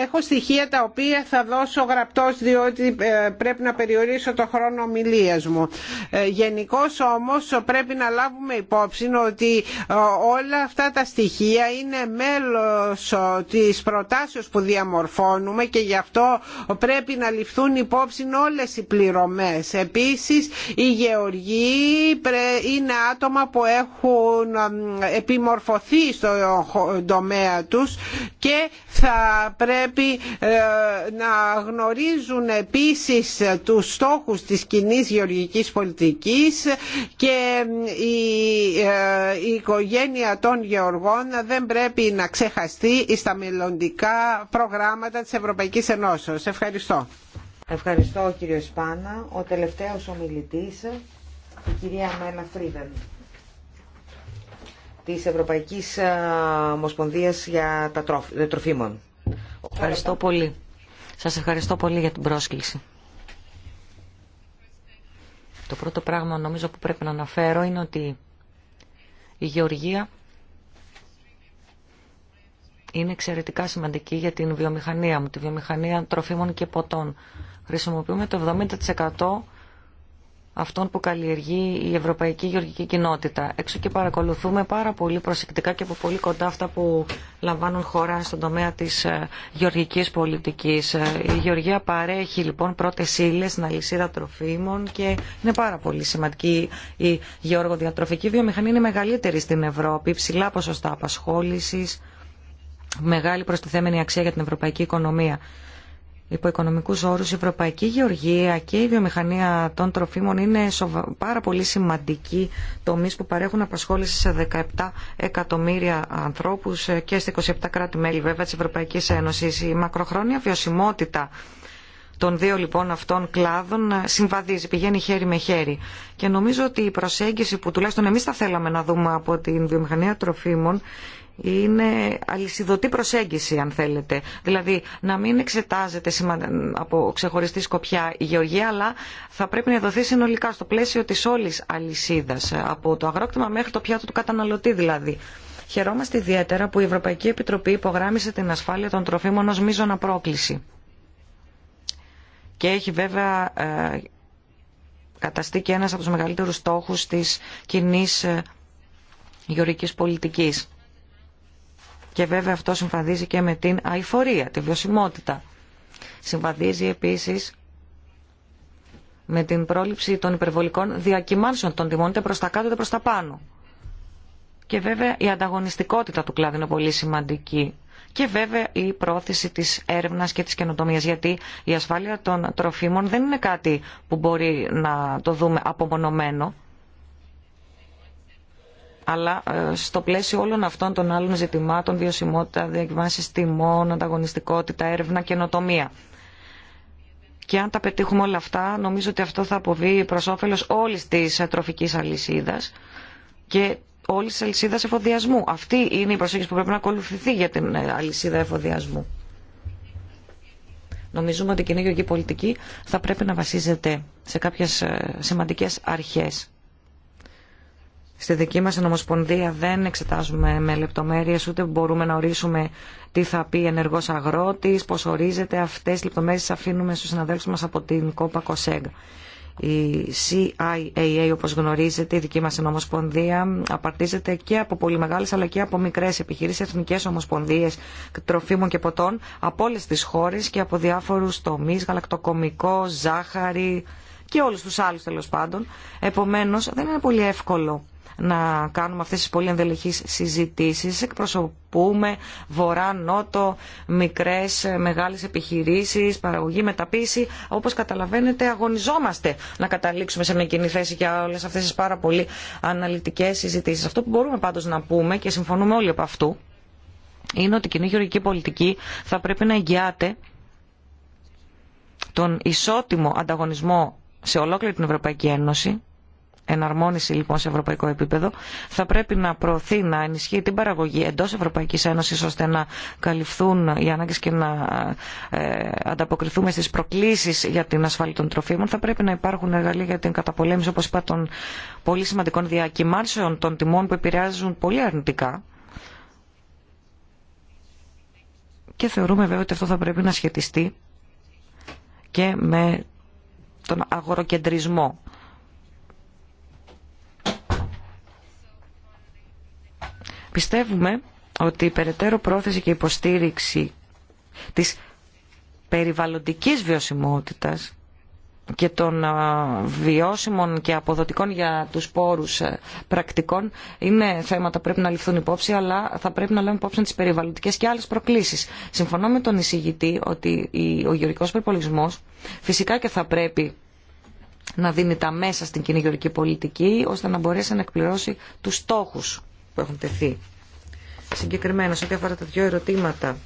Έχω στοιχεία τα οποία θα δώσω γραπτός διότι ε, πρέπει να περιορίσω το χρόνο ομιλία μου. Ε, Γενικώ όμως πρέπει να λάβουμε υπόψη ότι όλα αυτά τα στοιχεία είναι μέλος της προτάσεως που διαμορφώνουμε και γι' αυτό πρέπει να ληφθούν υπόψη όλες οι πληρωμές Επίση, Επίσης οι γεωργοί είναι άτομα που έχουν επιμορφωθεί στο τομέα τους και θα πρέπει ε, να γνωρίζουν επίσης τους στόχους της κοινή γεωργικής πολιτικής και ε, η οικογένεια των γεωργών δεν πρέπει να ξεχαστεί στα μελλοντικά προγράμματα της Ευρωπαϊκής Ενώσεως. Ευχαριστώ. Ευχαριστώ κύριο Σπάνα. Ο τελευταίος ομιλητής, η κυρία Μένα Φρίδεν της Ευρωπαϊκής Ομοσπονδίας για τα ε, τροφίμων. Ευχαριστώ πολύ. Σας ευχαριστώ πολύ για την πρόσκληση. Το πρώτο πράγμα νομίζω που πρέπει να αναφέρω είναι ότι η γεωργία είναι εξαιρετικά σημαντική για την βιομηχανία μου, τη βιομηχανία τροφίμων και ποτών χρησιμοποιούμε το 70% αυτών που καλλιεργεί η Ευρωπαϊκή Γεωργική Κοινότητα. Έξω και παρακολουθούμε πάρα πολύ προσεκτικά και από πολύ κοντά αυτά που λαμβάνουν χώρα στον τομέα της ε, γεωργικής πολιτικής. Ε, η γεωργία παρέχει λοιπόν πρώτες ύλε στην αλυσίδα τροφίμων και είναι πάρα πολύ σημαντική η γεωργοδιατροφική βιομηχανία είναι μεγαλύτερη στην Ευρώπη, ψηλά ποσοστά απασχόλησης, μεγάλη προστιθέμενη αξία για την ευρωπαϊκή οικονομία υπό οικονομικού όρου, η Ευρωπαϊκή Γεωργία και η βιομηχανία των τροφίμων είναι πάρα πολύ σημαντικοί τομεί που παρέχουν απασχόληση σε 17 εκατομμύρια ανθρώπου ε, και στα 27 κράτη-μέλη βέβαια τη Ευρωπαϊκή Ένωση. Η μακροχρόνια βιωσιμότητα των δύο λοιπόν αυτών κλάδων ε, συμβαδίζει, πηγαίνει χέρι με χέρι. Και νομίζω ότι η προσέγγιση που τουλάχιστον εμεί θα θέλαμε να δούμε από την βιομηχανία τροφίμων είναι αλυσιδωτή προσέγγιση αν θέλετε. Δηλαδή να μην εξετάζεται από ξεχωριστή σκοπιά η γεωργία αλλά θα πρέπει να δοθεί συνολικά στο πλαίσιο της όλης αλυσίδας από το αγρόκτημα μέχρι το πιάτο του καταναλωτή δηλαδή. Χαιρόμαστε ιδιαίτερα που η Ευρωπαϊκή Επιτροπή υπογράμμισε την ασφάλεια των τροφίμων ως μείζωνα πρόκληση. Και έχει βέβαια ε, καταστεί και ένας από τους μεγαλύτερους στόχους της κοινή ε, γεωργικής πολιτικής. Και βέβαια αυτό συμβαδίζει και με την αηφορία, τη βιωσιμότητα. Συμβαδίζει επίσης με την πρόληψη των υπερβολικών διακυμάνσεων των τιμών, είτε προς τα κάτω είτε προς τα πάνω. Και βέβαια η ανταγωνιστικότητα του κλάδου είναι πολύ σημαντική. Και βέβαια η πρόθεση της έρευνας και της καινοτομίας, γιατί η ασφάλεια των τροφίμων δεν είναι κάτι που μπορεί να το δούμε απομονωμένο αλλά ε, στο πλαίσιο όλων αυτών των άλλων ζητημάτων, βιωσιμότητα, διακυβάσεις τιμών, ανταγωνιστικότητα, έρευνα, καινοτομία. Και αν τα πετύχουμε όλα αυτά, νομίζω ότι αυτό θα αποβεί προς όφελος όλη τη τροφική αλυσίδα και όλης τη αλυσίδα εφοδιασμού. Αυτή είναι η προσέγγιση που πρέπει να ακολουθηθεί για την ε, αλυσίδα εφοδιασμού. Νομίζουμε ότι η κοινή γεωργική πολιτική θα πρέπει να βασίζεται σε κάποιες ε, σημαντικέ αρχές. Στη δική μας νομοσπονδία δεν εξετάζουμε με λεπτομέρειες, ούτε μπορούμε να ορίσουμε τι θα πει ενεργός αγρότης, πώς ορίζεται. Αυτές τις λεπτομέρειες αφήνουμε στους συναδέλφους μας από την κόπα ΚΟΣΕΓ. Η CIAA, όπως γνωρίζετε, η δική μας νομοσπονδία, απαρτίζεται και από πολύ μεγάλες αλλά και από μικρές επιχειρήσεις, εθνικές ομοσπονδίες τροφίμων και ποτών, από όλες τις χώρες και από διάφορους τομείς, γαλακτοκομικό, ζάχαρη και όλους τους άλλους τέλος πάντων. Επομένως, δεν είναι πολύ εύκολο να κάνουμε αυτές τις πολύ ενδελεχείς συζητήσεις. Εκπροσωπούμε βορρά, νότο, μικρές, μεγάλες επιχειρήσεις, παραγωγή, μεταπίση. Όπως καταλαβαίνετε αγωνιζόμαστε να καταλήξουμε σε μια κοινή θέση για όλες αυτές τις πάρα πολύ αναλυτικές συζητήσεις. Αυτό που μπορούμε πάντως να πούμε και συμφωνούμε όλοι από αυτού είναι ότι η κοινή γεωργική πολιτική θα πρέπει να εγγυάται τον ισότιμο ανταγωνισμό σε ολόκληρη την Ευρωπαϊκή Ένωση εναρμόνιση λοιπόν σε ευρωπαϊκό επίπεδο θα πρέπει να προωθεί να ενισχύει την παραγωγή εντός ευρωπαϊκής ένωσης ώστε να καλυφθούν οι ανάγκες και να ε, ανταποκριθούμε στις προκλήσεις για την ασφάλεια των τροφίμων θα πρέπει να υπάρχουν εργαλεία για την καταπολέμηση όπως είπα των πολύ σημαντικών διακυμάνσεων των τιμών που επηρεάζουν πολύ αρνητικά και θεωρούμε βέβαια ότι αυτό θα πρέπει να σχετιστεί και με τον αγοροκεντρισμό Πιστεύουμε ότι η περαιτέρω πρόθεση και υποστήριξη της περιβαλλοντικής βιωσιμότητας και των βιώσιμων και αποδοτικών για τους πόρους πρακτικών είναι θέματα που πρέπει να ληφθούν υπόψη αλλά θα πρέπει να λέμε υπόψη τις περιβαλλοντικές και άλλες προκλήσεις. Συμφωνώ με τον εισηγητή ότι ο γεωρικός περιπολισμός φυσικά και θα πρέπει να δίνει τα μέσα στην κοινή γεωρική πολιτική ώστε να μπορέσει να εκπληρώσει τους στόχους που έχουν τεθεί. Συγκεκριμένα, σε ό,τι αφορά τα δύο ερωτήματα,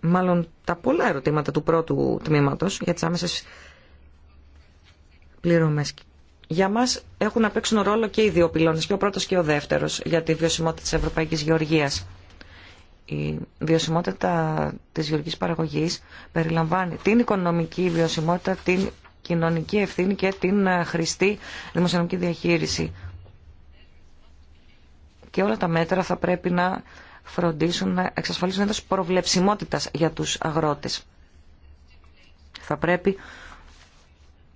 μάλλον τα πολλά ερωτήματα του πρώτου τμήματος για τις άμεσες πληρωμές. Για μας έχουν να παίξουν ρόλο και οι δύο πυλώνες, και ο πρώτος και ο δεύτερος, για τη βιωσιμότητα της Ευρωπαϊκής Γεωργίας. Η βιωσιμότητα της γεωργικής παραγωγής περιλαμβάνει την οικονομική βιωσιμότητα, την κοινωνική ευθύνη και την ε, χρηστή δημοσιονομική διαχείριση και όλα τα μέτρα θα πρέπει να φροντίσουν να εξασφαλίσουν ένταση προβλεψιμότητας για τους αγρότες. Θα πρέπει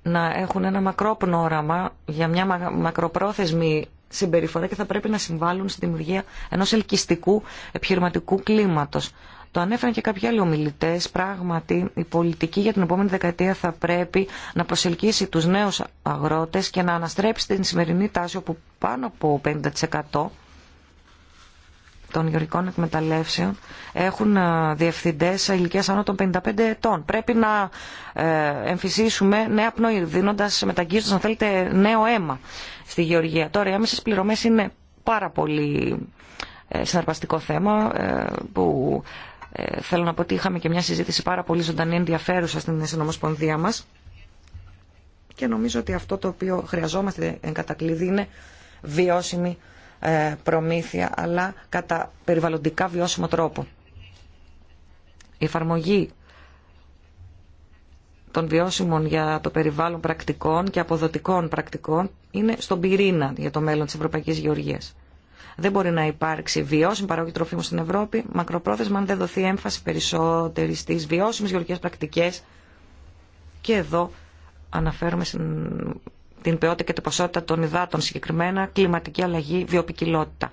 να έχουν ένα μακρόπνο όραμα για μια μακροπρόθεσμη συμπεριφορά και θα πρέπει να συμβάλλουν στη δημιουργία ενός ελκυστικού επιχειρηματικού κλίματος. Το ανέφεραν και κάποιοι άλλοι ομιλητέ. Πράγματι, η πολιτική για την επόμενη δεκαετία θα πρέπει να προσελκύσει του νέου αγρότε και να αναστρέψει την σημερινή τάση όπου πάνω από 50% των γεωργικών εκμεταλλεύσεων έχουν ε, διευθυντές ηλικίας άνω των 55 ετών. Πρέπει να ε, εμφυσίσουμε νέα πνοή, δίνοντας, μεταγγίζοντας, αν θέλετε, νέο αίμα στη γεωργία. Τώρα, οι άμεσες πληρωμές είναι πάρα πολύ ε, συναρπαστικό θέμα που θέλω να πω ότι είχαμε και μια συζήτηση πάρα πολύ ζωντανή ενδιαφέρουσα στην Συνομοσπονδία μας και νομίζω ότι αυτό το οποίο χρειαζόμαστε εν είναι βιώσιμη ε, προμήθεια, αλλά κατά περιβαλλοντικά βιώσιμο τρόπο. Η εφαρμογή των βιώσιμων για το περιβάλλον πρακτικών και αποδοτικών πρακτικών είναι στον πυρήνα για το μέλλον της Ευρωπαϊκής Γεωργίας. Δεν μπορεί να υπάρξει βιώσιμη παραγωγή τροφίμων στην Ευρώπη μακροπρόθεσμα αν δεν δοθεί έμφαση περισσότερη στι βιώσιμε γεωργικέ πρακτικέ. Και εδώ αναφέρομαι στην την ποιότητα και την ποσότητα των υδάτων συγκεκριμένα, κλιματική αλλαγή, βιοπικιλότητα.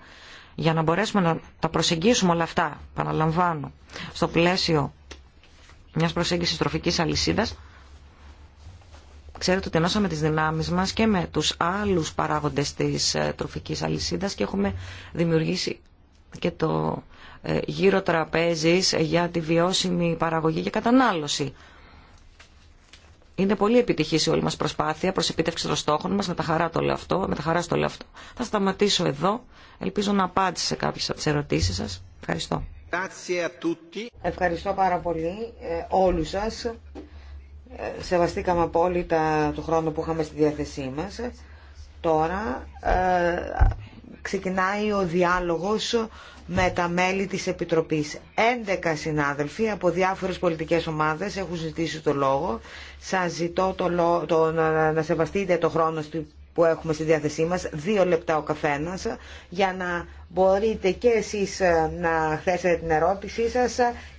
Για να μπορέσουμε να τα προσεγγίσουμε όλα αυτά, παραλαμβάνω, στο πλαίσιο μιας προσέγγισης τροφικής αλυσίδας, Ξέρετε ότι ενώσαμε τις δυνάμεις μας και με τους άλλους παράγοντες της ε, τροφικής αλυσίδας και έχουμε δημιουργήσει και το ε, γύρο τραπέζης για τη βιώσιμη παραγωγή και κατανάλωση είναι πολύ επιτυχή η όλη μα προσπάθεια προ επίτευξη των στόχων μα. Με τα χαρά το λέω Με τα χαρά στο λέω αυτό. Θα σταματήσω εδώ. Ελπίζω να απάντησε σε κάποιε από τι ερωτήσει σα. Ευχαριστώ. Ευχαριστώ πάρα πολύ ε, όλους σας. Ε, σεβαστήκαμε απόλυτα το χρόνο που είχαμε στη διάθεσή μα. Τώρα ε, ξεκινάει ο διάλογος με τα μέλη της Επιτροπής. 11 συνάδελφοι από διάφορες πολιτικές ομάδες έχουν ζητήσει το λόγο. Σας ζητώ το, να σεβαστείτε το χρόνο που έχουμε στη διάθεσή μας, δύο λεπτά ο καθένας, για να μπορείτε και εσείς ε, να θέσετε την ερώτησή σας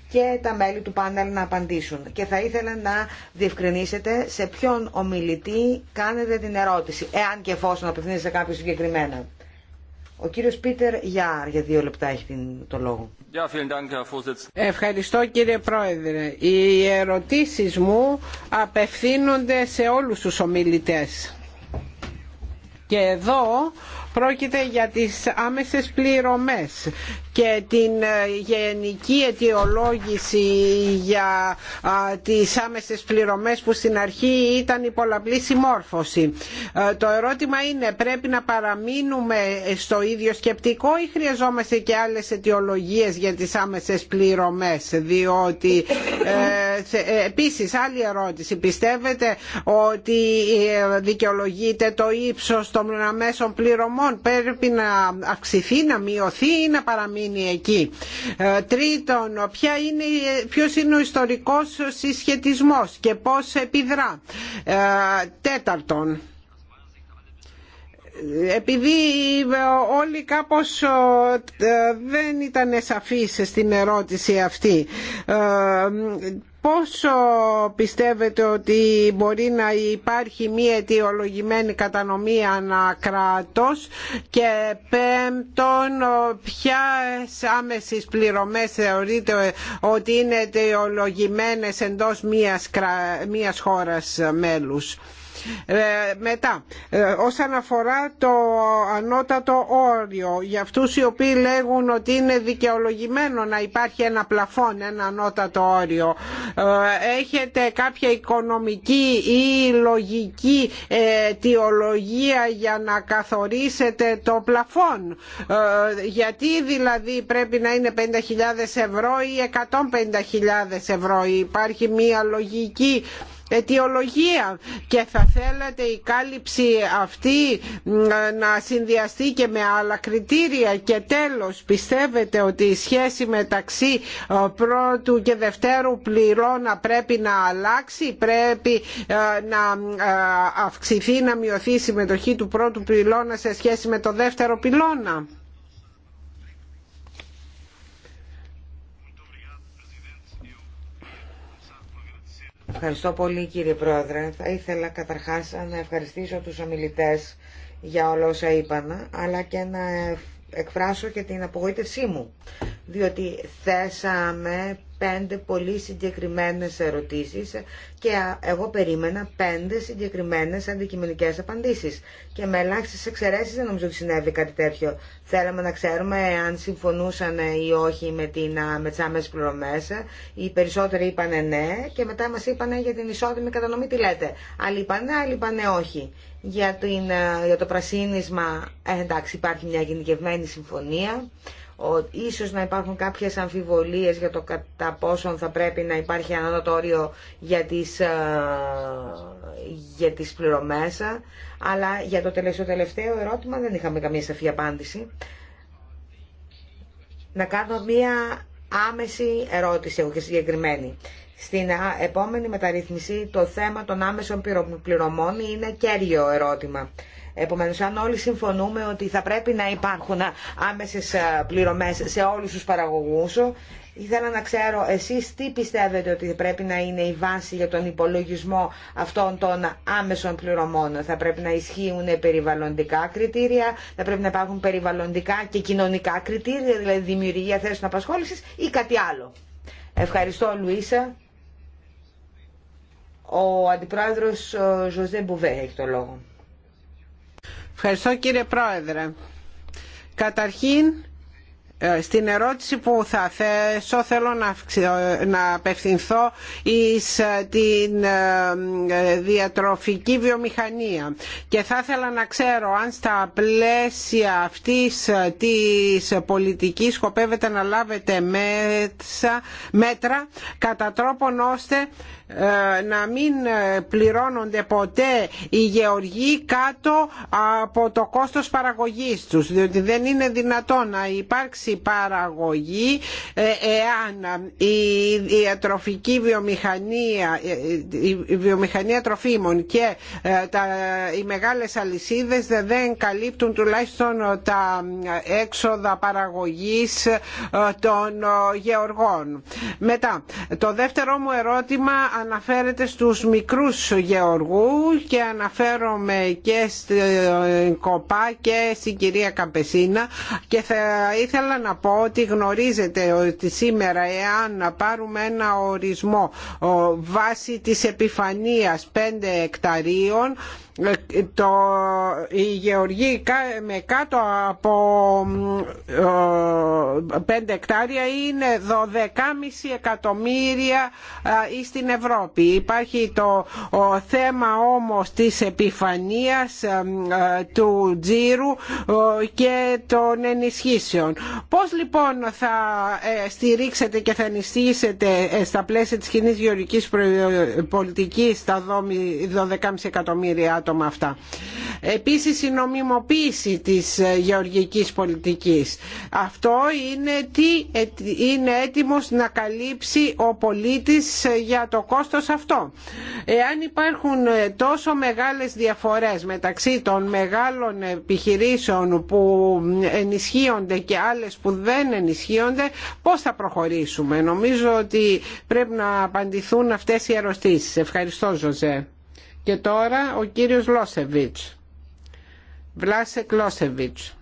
και τα μέλη του πάνελ να απαντήσουν. Και θα ήθελα να διευκρινίσετε σε ποιον ομιλητή κάνετε την ερώτηση, εάν και εφόσον απευθύνεστε κάποιο συγκεκριμένα. Ο κύριος Πίτερ Γιάρ για δύο λεπτά έχει το λόγο. Ευχαριστώ κύριε Πρόεδρε. Οι ερωτήσεις μου απευθύνονται σε όλους τους ομιλητές. Και εδώ πρόκειται για τις άμεσες πληρωμές και την ε, γενική αιτιολόγηση για τις άμεσες πληρωμές που στην αρχή ήταν η πολλαπλή συμμόρφωση. Ε, το ερώτημα είναι πρέπει να παραμείνουμε στο ίδιο σκεπτικό ή χρειαζόμαστε και άλλες αιτιολογίες για τις άμεσες πληρωμές διότι ε, επίσης άλλη ερώτηση πιστεύετε ότι δικαιολογείται το ύψος των αμέσων πληρωμών πρέπει να αυξηθεί, να μειωθεί ή να εκεί. Ε, τρίτον, ποια είναι, ποιος είναι ο ιστορικός συσχετισμός και πώς επιδρά. Ε, τέταρτον, επειδή ε, όλοι κάπως ε, ε, δεν ήταν σαφείς στην ερώτηση αυτή πόσο πιστεύετε ότι μπορεί να υπάρχει μία αιτιολογημένη κατανομή ανακράτος και πέμπτον ποια άμεσης πληρωμές θεωρείτε ότι είναι αιτιολογημένες εντός μίας, μίας χώρας μέλους. Ε, μετά, ε, όσον αφορά το ανώτατο όριο, για αυτούς οι οποίοι λέγουν ότι είναι δικαιολογημένο να υπάρχει ένα πλαφόν, ένα ανώτατο όριο, ε, έχετε κάποια οικονομική ή λογική αιτιολογία για να καθορίσετε το πλαφόν. Γιατί δηλαδή πρέπει να είναι 50.000 ευρώ ή 150.000 ευρώ. Υπάρχει μία λογική αιτιολογία και θα θέλατε η κάλυψη αυτή να συνδυαστεί και με άλλα κριτήρια και τέλος πιστεύετε ότι η σχέση μεταξύ ε, πρώτου και δευτέρου πληρώνα πρέπει να αλλάξει πρέπει ε, να ε, αυξηθεί να μειωθεί η συμμετοχή του πρώτου πυλώνα σε σχέση με το δεύτερο πυλώνα Ευχαριστώ πολύ κύριε Πρόεδρε. Θα ήθελα καταρχάς να ευχαριστήσω τους ομιλητές για όλα όσα είπαν, αλλά και να εκφράσω και την απογοήτευσή μου, διότι θέσαμε πέντε πολύ συγκεκριμένες ερωτήσεις και εγώ περίμενα πέντε συγκεκριμένες αντικειμενικές απαντήσεις. Και με ελάχιστες εξαιρέσεις δεν νομίζω ότι συνέβη κάτι τέτοιο. Θέλαμε να ξέρουμε αν συμφωνούσαν ή όχι με, την, με τις άμεσες πληρωμές. Οι περισσότεροι είπαν ναι και μετά μας είπαν για την ισότιμη κατανομή τι λέτε. Άλλοι είπαν ναι, άλλοι είπαν όχι. Για, την, για το πρασίνισμα, ε, εντάξει υπάρχει μια γενικευμένη συμφωνία ίσως να υπάρχουν κάποιες αμφιβολίες για το κατά πόσον θα πρέπει να υπάρχει ανατοτόριο για τις, ε, για τις πληρωμές, αλλά για το τελευταίο ερώτημα δεν είχαμε καμία σαφή απάντηση. Να κάνω μία άμεση ερώτηση, εγώ και συγκεκριμένη. Στην επόμενη μεταρρύθμιση το θέμα των άμεσων πληρωμών είναι κέριο ερώτημα. Επομένως, αν όλοι συμφωνούμε ότι θα πρέπει να υπάρχουν άμεσες ε, πληρωμές σε όλους τους παραγωγούς, ήθελα να ξέρω εσείς τι πιστεύετε ότι πρέπει να είναι η βάση για τον υπολογισμό αυτών των άμεσων πληρωμών. Θα πρέπει να ισχύουν περιβαλλοντικά κριτήρια, θα πρέπει να υπάρχουν περιβαλλοντικά και κοινωνικά κριτήρια, δηλαδή δημιουργία θέσεων απασχόληση ή κάτι άλλο. Ευχαριστώ Λουίσα. Ο Αντιπρόεδρος Ζωζέ Μπουβέ έχει το λόγο. Ευχαριστώ κύριε Πρόεδρε. Καταρχήν, ε, στην ερώτηση που θα θέσω θέλω να απευθυνθώ εις ε, την ε, διατροφική βιομηχανία και θα ήθελα να ξέρω αν στα πλαίσια αυτής της πολιτικής σκοπεύετε να λάβετε μέτρα κατά τρόπον ώστε ε, να μην ε, πληρώνονται ποτέ οι γεωργοί κάτω από το κόστος παραγωγής τους διότι δεν είναι δυνατόν να υπάρξει παραγωγή ε, εάν η διατροφική βιομηχανία η βιομηχανία τροφίμων και τα, οι μεγάλες αλυσίδες δεν καλύπτουν τουλάχιστον τα έξοδα παραγωγής των γεωργών. Μετά, το δεύτερο μου ερώτημα αναφέρεται στους μικρούς γεωργού και αναφέρομαι και στην Κοπά και στην κυρία Καπεσίνα και θα ήθελα να πω ότι γνωρίζετε ότι σήμερα εάν να πάρουμε ένα ορισμό βάσει της επιφανείας 5 εκταρίων το, η με κάτω από 5 ε, εκτάρια είναι 12,5 εκατομμύρια στην ε, Ευρώπη. Υπάρχει το θέμα όμως της επιφανίας ε, του τζίρου και των ενισχύσεων. Πώς λοιπόν θα στηρίξετε και θα ενισχύσετε στα πλαίσια της κοινή γεωργικής πολιτικής τα 12,5 εκατομμύρια άτομα αυτά. Επίσης η νομιμοποίηση της ε, γεωργικής πολιτικής. Αυτό είναι, ε, τι, είναι έτοιμος να καλύψει ο πολίτης ε, για το κόστος αυτό. Εάν υπάρχουν τόσο μεγάλες διαφορές μεταξύ των μεγάλων επιχειρήσεων που ενισχύονται και άλλες που δεν ενισχύονται, πώς θα προχωρήσουμε. Νομίζω ότι πρέπει να απαντηθούν αυτές οι ερωτήσει. Ευχαριστώ Ζωζέ. Και τώρα ο κύριος Λόσεβιτς. Βλάσεκ Λόσεβιτς.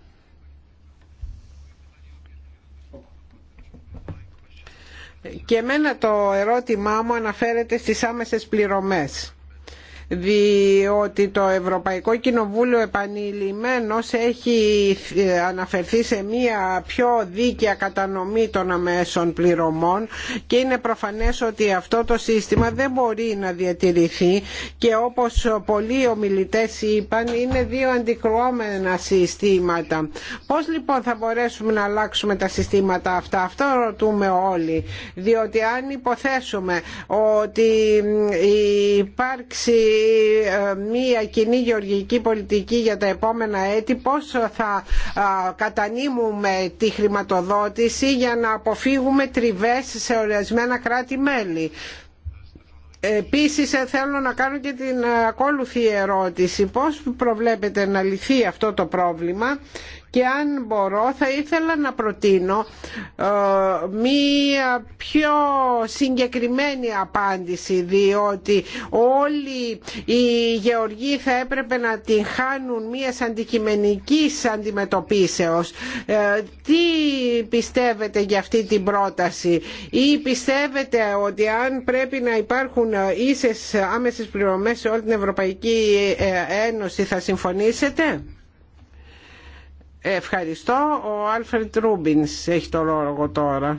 Και εμένα το ερώτημά μου αναφέρεται στις άμεσες πληρωμές διότι το Ευρωπαϊκό Κοινοβούλιο επανειλημμένως έχει ε, αναφερθεί σε μια πιο δίκαια κατανομή των αμέσων πληρωμών και είναι προφανές ότι αυτό το σύστημα δεν μπορεί να διατηρηθεί και όπως πολλοί ομιλητές είπαν είναι δύο αντικρουόμενα συστήματα. Πώς λοιπόν θα μπορέσουμε να αλλάξουμε τα συστήματα αυτά, αυτό ρωτούμε όλοι, διότι αν υποθέσουμε ότι υπάρξει ε, μια κοινή γεωργική πολιτική για τα επόμενα έτη πώς θα κατανείμουμε τη χρηματοδότηση για να αποφύγουμε τριβές σε ορισμένα κράτη-μέλη. Επίσης ε, θέλω να κάνω και την ε, ακόλουθη ερώτηση. Πώς προβλέπετε να λυθεί αυτό το πρόβλημα και αν μπορώ θα ήθελα να προτείνω ε, μία πιο συγκεκριμένη απάντηση διότι όλοι οι γεωργοί θα έπρεπε να την χάνουν μια αντικειμενική αντιμετωπίσεως. Ε, τι πιστεύετε για αυτή την πρόταση ή πιστεύετε ότι αν πρέπει να υπάρχουν ίσες άμεσες πληρωμές σε όλη την Ευρωπαϊκή ε, Ένωση θα συμφωνήσετε. Ευχαριστώ. Ο Άλφρεντ Ρούμπιν έχει το λόγο τώρα.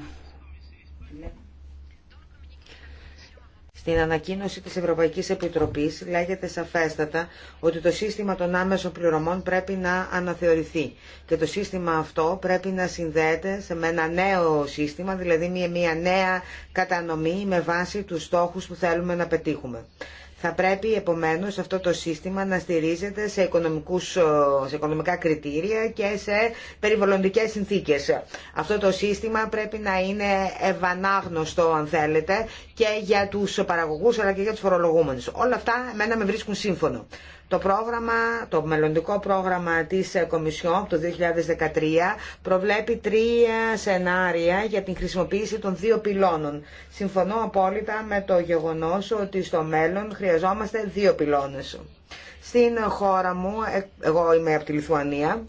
Στην ανακοίνωση της Ευρωπαϊκής Επιτροπής λέγεται σαφέστατα ότι το σύστημα των άμεσων πληρωμών πρέπει να αναθεωρηθεί και το σύστημα αυτό πρέπει να συνδέεται σε με ένα νέο σύστημα, δηλαδή μια, μια νέα κατανομή με βάση τους στόχους που θέλουμε να πετύχουμε. Θα πρέπει επομένως αυτό το σύστημα να στηρίζεται σε, οικονομικούς, σε οικονομικά κριτήρια και σε περιβαλλοντικές συνθήκες. Αυτό το σύστημα πρέπει να είναι ευανάγνωστο αν θέλετε και για τους παραγωγούς αλλά και για τους φορολογούμενους. Όλα αυτά μένα με βρίσκουν σύμφωνο. Το πρόγραμμα, το μελλοντικό πρόγραμμα της Κομισιόν το 2013 προβλέπει τρία σενάρια για την χρησιμοποίηση των δύο πυλώνων. Συμφωνώ απόλυτα με το γεγονός ότι στο μέλλον χρειαζόμαστε δύο πυλώνες. Στην χώρα μου, ε, εγώ είμαι από τη Λιθουανία,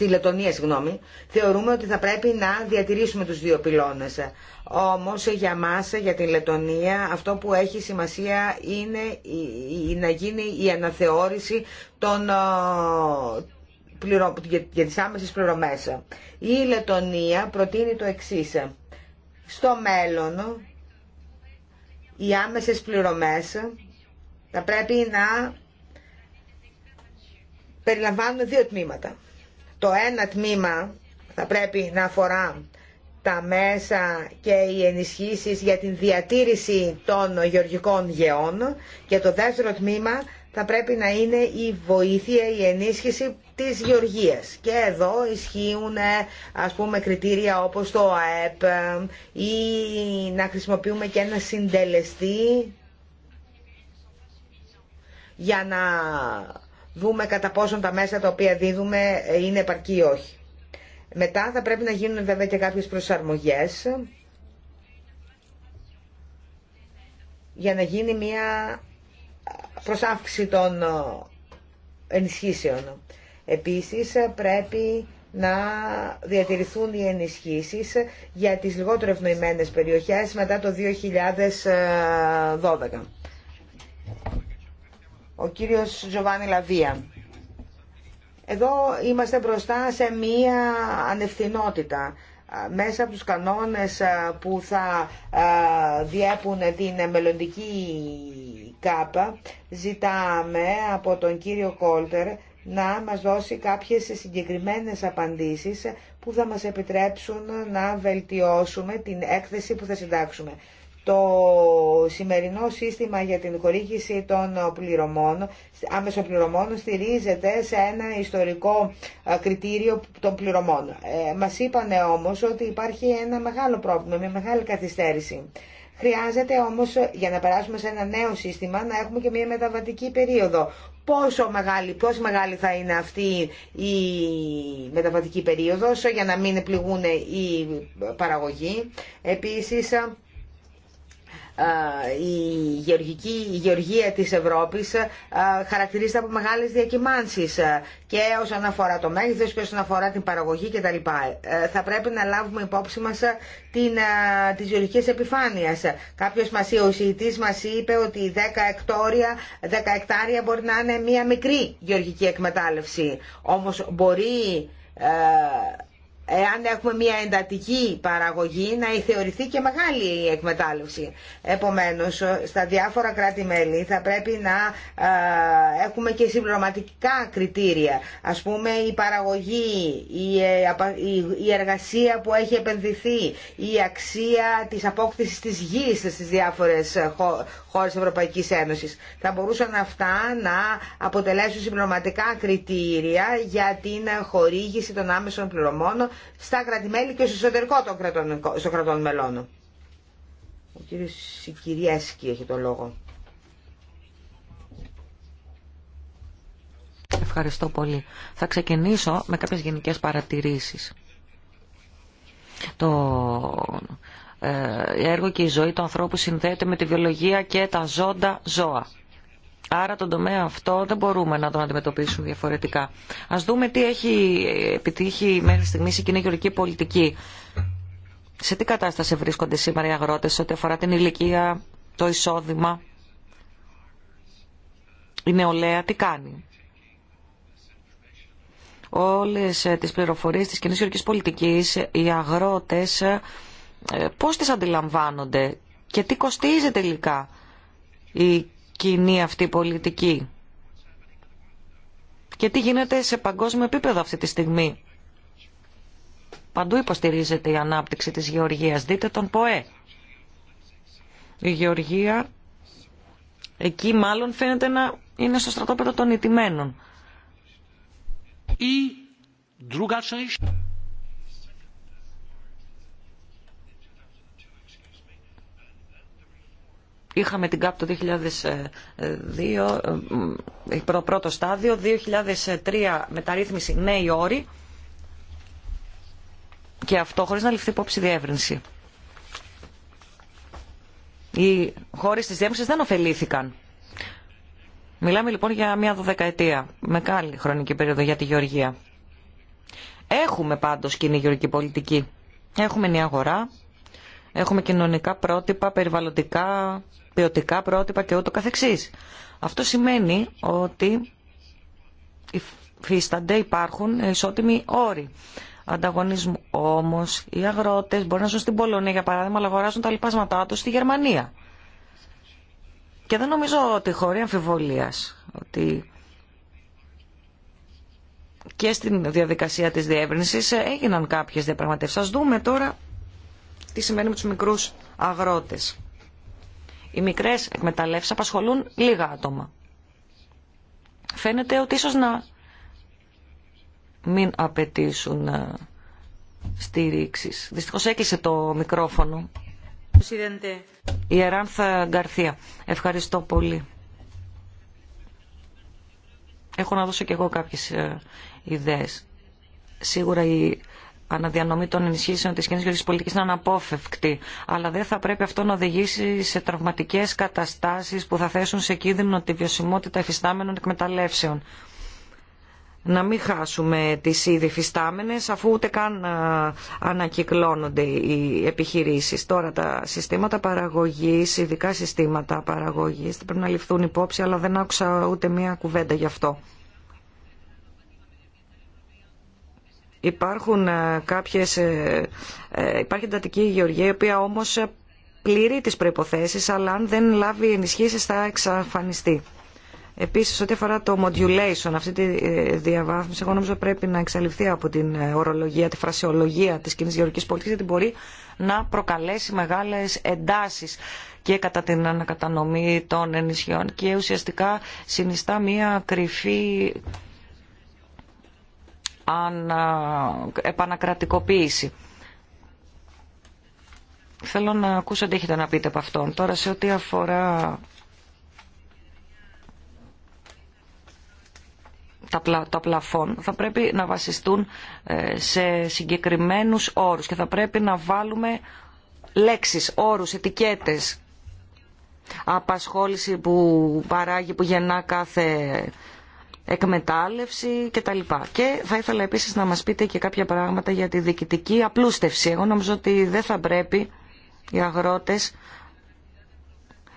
στη Λετωνία, συγγνώμη, θεωρούμε ότι θα πρέπει να διατηρήσουμε τους δύο πυλώνες. Όμως για μας, για τη Λετωνία, αυτό που έχει σημασία είναι να γίνει η αναθεώρηση των, ε, για τις άμεσες πληρωμές. Η Λετωνία προτείνει το εξής. Στο μέλλον, οι άμεσες πληρωμές θα πρέπει να περιλαμβάνουν δύο τμήματα το ένα τμήμα θα πρέπει να αφορά τα μέσα και οι ενισχύσεις για την διατήρηση των γεωργικών γεών και το δεύτερο τμήμα θα πρέπει να είναι η βοήθεια, η ενίσχυση της γεωργίας. Και εδώ ισχύουν ε, ας πούμε κριτήρια όπως το ΑΕΠ ε, ή να χρησιμοποιούμε και ένα συντελεστή για να δούμε κατά πόσον τα μέσα τα οποία δίδουμε ε, είναι επαρκή ή όχι. Μετά θα πρέπει να γίνουν βέβαια και κάποιες προσαρμογές για να γίνει μια προσάυξη των ε, ενισχύσεων. Επίσης ε, πρέπει να διατηρηθούν οι ενισχύσεις για τις λιγότερο ευνοημένες περιοχές μετά το 2012 ο κύριος Τζοβάνι Λαβία. Εδώ είμαστε μπροστά σε μία ανευθυνότητα μέσα από τους κανόνες που θα διέπουν την μελλοντική ΚΑΠΑ ζητάμε από τον κύριο Κόλτερ να μας δώσει κάποιες συγκεκριμένες απαντήσεις που θα μας επιτρέψουν να βελτιώσουμε την έκθεση που θα συντάξουμε το σημερινό σύστημα για την χορήγηση των πληρωμών, άμεσο πληρωμών, στηρίζεται σε ένα ιστορικό ε, κριτήριο των πληρωμών. Ε, μας είπανε όμως ότι υπάρχει ένα μεγάλο πρόβλημα, μια μεγάλη καθυστέρηση. Χρειάζεται όμως για να περάσουμε σε ένα νέο σύστημα να έχουμε και μια μεταβατική περίοδο. Πόσο μεγάλη, πόσο μεγάλη θα είναι αυτή η μεταβατική περίοδος για να μην πληγούν οι παραγωγοί. Επίσης, η γεωργική η γεωργία της Ευρώπης χαρακτηρίζεται από μεγάλες διακυμάνσεις και όσον αφορά το μέγεθος και όσον αφορά την παραγωγή κτλ. Ε, θα πρέπει να λάβουμε υπόψη μας την, τις γεωργικές επιφάνειες. Κάποιος μας, ο εισηγητής μας είπε ότι 10 εκτόρια, 10 εκτάρια μπορεί να είναι μια μικρή γεωργική εκμετάλλευση. Όμως μπορεί ε, αν έχουμε μια εντατική παραγωγή να θεωρηθεί και μεγάλη η εκμετάλλευση. Επομένως, στα διάφορα κράτη-μέλη θα πρέπει να ε, έχουμε και συμπληρωματικά κριτήρια. Ας πούμε η παραγωγή, ε, η εργασία που έχει επενδυθεί, η αξία της απόκτησης της γης στις διάφορες ε, χώρες Ευρωπαϊκής Ένωσης. Θα μπορούσαν αυτά να αποτελέσουν συμπληρωματικά κριτήρια για την χορήγηση των άμεσων πληρωμών στα κρατημέλη και στο εσωτερικό των κρατών, μελών. Ο κύριος Σικυριέσκη έχει το λόγο. Ευχαριστώ πολύ. Θα ξεκινήσω με κάποιες γενικές παρατηρήσεις. Το ε, έργο και η ζωή του ανθρώπου συνδέεται με τη βιολογία και τα ζώντα ζώα. Άρα τον τομέα αυτό δεν μπορούμε να τον αντιμετωπίσουμε διαφορετικά. Ας δούμε τι έχει επιτύχει μέχρι στιγμής η κοινή γεωργική πολιτική. Σε τι κατάσταση βρίσκονται σήμερα οι αγρότες ό,τι αφορά την ηλικία, το εισόδημα, η νεολαία, τι κάνει. Όλες ε, τις πληροφορίες της κοινής γεωργικής πολιτικής, οι αγρότες ε, πώς τις αντιλαμβάνονται και τι κοστίζει τελικά η κοινή αυτή πολιτική. Και τι γίνεται σε παγκόσμιο επίπεδο αυτή τη στιγμή. Παντού υποστηρίζεται η ανάπτυξη της γεωργίας. Δείτε τον ΠΟΕ. Η γεωργία εκεί μάλλον φαίνεται να είναι στο στρατόπεδο των ιτημένων. Η... Είχαμε την ΚΑΠ το 2002, ε, ε, πρώτο στάδιο, 2003 μεταρρύθμιση νέοι όροι και αυτό χωρίς να ληφθεί υπόψη διεύρυνση. Οι χώρες της διεύρυνσης δεν ωφελήθηκαν. Μιλάμε λοιπόν για μια δωδεκαετία, με χρονική περίοδο για τη Γεωργία. Έχουμε πάντως κοινή γεωργική πολιτική. Έχουμε νέα αγορά, Έχουμε κοινωνικά πρότυπα, περιβαλλοντικά, ποιοτικά πρότυπα και ούτω καθεξής. Αυτό σημαίνει ότι υφίστανται, υπάρχουν ισότιμοι όροι ανταγωνισμού. Όμως οι αγρότες μπορεί να ζουν στην Πολωνία για παράδειγμα, αλλά αγοράζουν τα λοιπάσματά τους στη Γερμανία. Και δεν νομίζω ότι χωρεί αμφιβολίας ότι και στην διαδικασία της διεύρυνσης έγιναν κάποιες διαπραγματεύσεις. Ας δούμε τώρα τι σημαίνει με τους μικρούς αγρότες. Οι μικρές εκμεταλλεύσεις απασχολούν λίγα άτομα. Φαίνεται ότι ίσω να μην απαιτήσουν ε, στήριξης. Δυστυχώ έκλεισε το μικρόφωνο. Η Εράνθα Γκαρθία. Ευχαριστώ πολύ. Έχω να δώσω και εγώ κάποιες ε, ιδέες. Σίγουρα η αναδιανομή των ενισχύσεων τη κοινή γεωργική Πολιτική είναι αναπόφευκτη. Αλλά δεν θα πρέπει αυτό να οδηγήσει σε τραυματικέ καταστάσει που θα θέσουν σε κίνδυνο τη βιωσιμότητα εφιστάμενων εκμεταλλεύσεων. Να μην χάσουμε τις ήδη φυστάμενες αφού ούτε καν ανακυκλώνονται οι επιχειρήσεις. Τώρα τα συστήματα παραγωγής, ειδικά συστήματα παραγωγής, πρέπει να ληφθούν υπόψη, αλλά δεν άκουσα ούτε μία κουβέντα γι' αυτό. Υπάρχουν ε, κάποιες, ε, ε, υπάρχει εντατική γεωργία η οποία όμως πληρεί τις προϋποθέσεις αλλά αν δεν λάβει ενισχύσεις θα εξαφανιστεί. Επίσης ό,τι αφορά το modulation, αυτή τη διαβάθμιση, εγώ νομίζω πρέπει να εξαλειφθεί από την ορολογία, τη φρασιολογία της κοινή γεωργικής πολιτικής γιατί μπορεί να προκαλέσει μεγάλες εντάσεις και κατά την ανακατανομή των ενισχυών και ουσιαστικά συνιστά μια κρυφή αν επανακρατικοποίηση. Θέλω να ακούσω τι έχετε να πείτε από αυτόν. Τώρα σε ό,τι αφορά τα, πλα, τα πλαφόν θα πρέπει να βασιστούν ε, σε συγκεκριμένους όρους και θα πρέπει να βάλουμε λέξεις, όρους, ετικέτες. Απασχόληση που παράγει, που γεννά κάθε εκμετάλλευση κτλ. Και θα ήθελα επίσης να μας πείτε και κάποια πράγματα για τη διοικητική απλούστευση. Εγώ νομίζω ότι δεν θα πρέπει οι αγρότες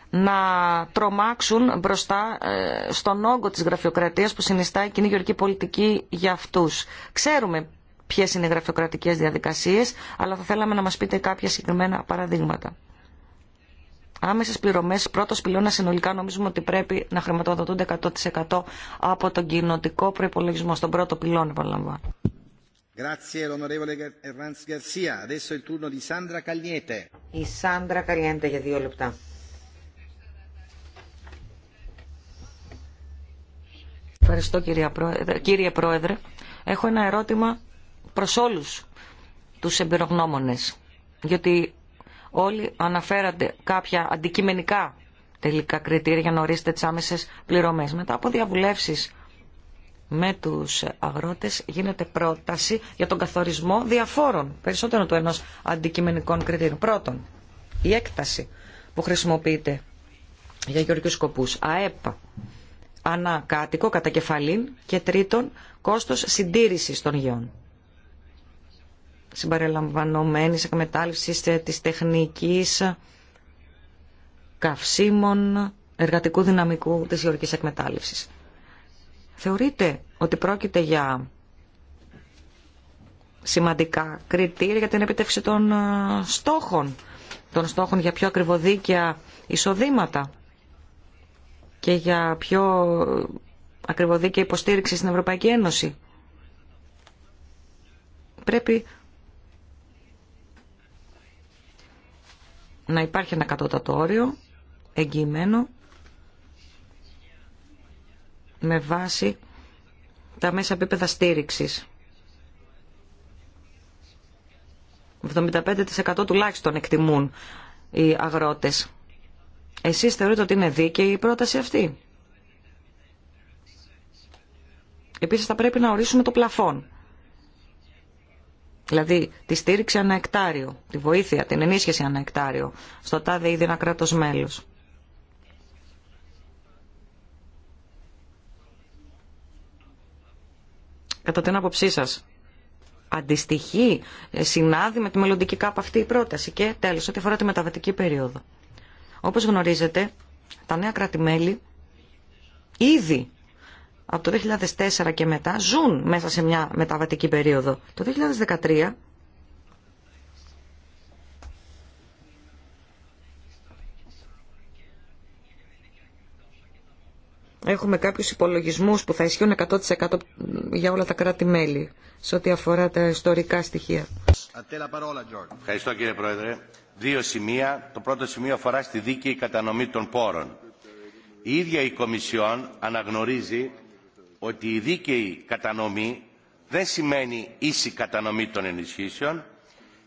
να τρομάξουν μπροστά ε, στον όγκο της γραφειοκρατίας που συνιστά η κοινή γεωργική πολιτική για αυτούς. Ξέρουμε ποιες είναι οι γραφειοκρατικές διαδικασίες, αλλά θα θέλαμε να μας πείτε κάποια συγκεκριμένα παραδείγματα άμεσε πληρωμέ πρώτο πυλώνα συνολικά νομίζουμε ότι πρέπει να χρηματοδοτούνται 100% από τον κοινοτικό προπολογισμό. στον πρώτο πυλώνα επαναλαμβάνω. Ευχαριστώ κύριε Πρόεδρε. Έχω ένα ερώτημα προς όλους τους εμπειρογνώμονες. Γιατί Όλοι αναφέρατε κάποια αντικειμενικά τελικά κριτήρια για να ορίσετε τις άμεσες πληρωμές. Μετά από διαβουλεύσεις με τους αγρότες γίνεται πρόταση για τον καθορισμό διαφόρων, περισσότερο του ενός αντικειμενικών κριτήριων. Πρώτον, η έκταση που χρησιμοποιείται για γεωργικούς σκοπούς, ΑΕΠΑ, ανακάτοικο κατά κεφαλήν και τρίτον, κόστος συντήρησης των γεών συμπαρελαμβανομένης εκμετάλλευση της τεχνικής καυσίμων εργατικού δυναμικού της γεωργικής εκμετάλλευσης. Θεωρείτε ότι πρόκειται για σημαντικά κριτήρια για την επιτεύξη των ε, στόχων, των στόχων για πιο ακριβοδίκαια εισοδήματα και για πιο ακριβοδίκαια υποστήριξη στην Ευρωπαϊκή Ένωση. Πρέπει να υπάρχει ένα κατώτατο όριο εγγυημένο με βάση τα μέσα επίπεδα στήριξης. 75% τουλάχιστον εκτιμούν οι αγρότες. Εσείς θεωρείτε ότι είναι δίκαιη η πρόταση αυτή. Επίσης θα πρέπει να ορίσουμε το πλαφόν Δηλαδή τη στήριξη ανά εκτάριο, τη βοήθεια, την ενίσχυση ανά εκτάριο στο τάδε ήδη ένα κράτος μέλος. Κατά την άποψή σας, αντιστοιχεί, ε, συνάδει με τη μελλοντική κάπα αυτή η πρόταση και τέλος, ό,τι αφορά τη μεταβατική περίοδο. Όπως γνωρίζετε, τα νέα κράτη-μέλη ήδη από το 2004 και μετά ζουν μέσα σε μια μεταβατική περίοδο. Το 2013 έχουμε κάποιους υπολογισμούς που θα ισχύουν 100% για όλα τα κράτη-μέλη σε ό,τι αφορά τα ιστορικά στοιχεία. Ευχαριστώ κύριε Πρόεδρε. Δύο σημεία. Το πρώτο σημείο αφορά στη δίκαιη κατανομή των πόρων. Η ίδια η Κομισιόν αναγνωρίζει ότι η δίκαιη κατανομή δεν σημαίνει ίση κατανομή των ενισχύσεων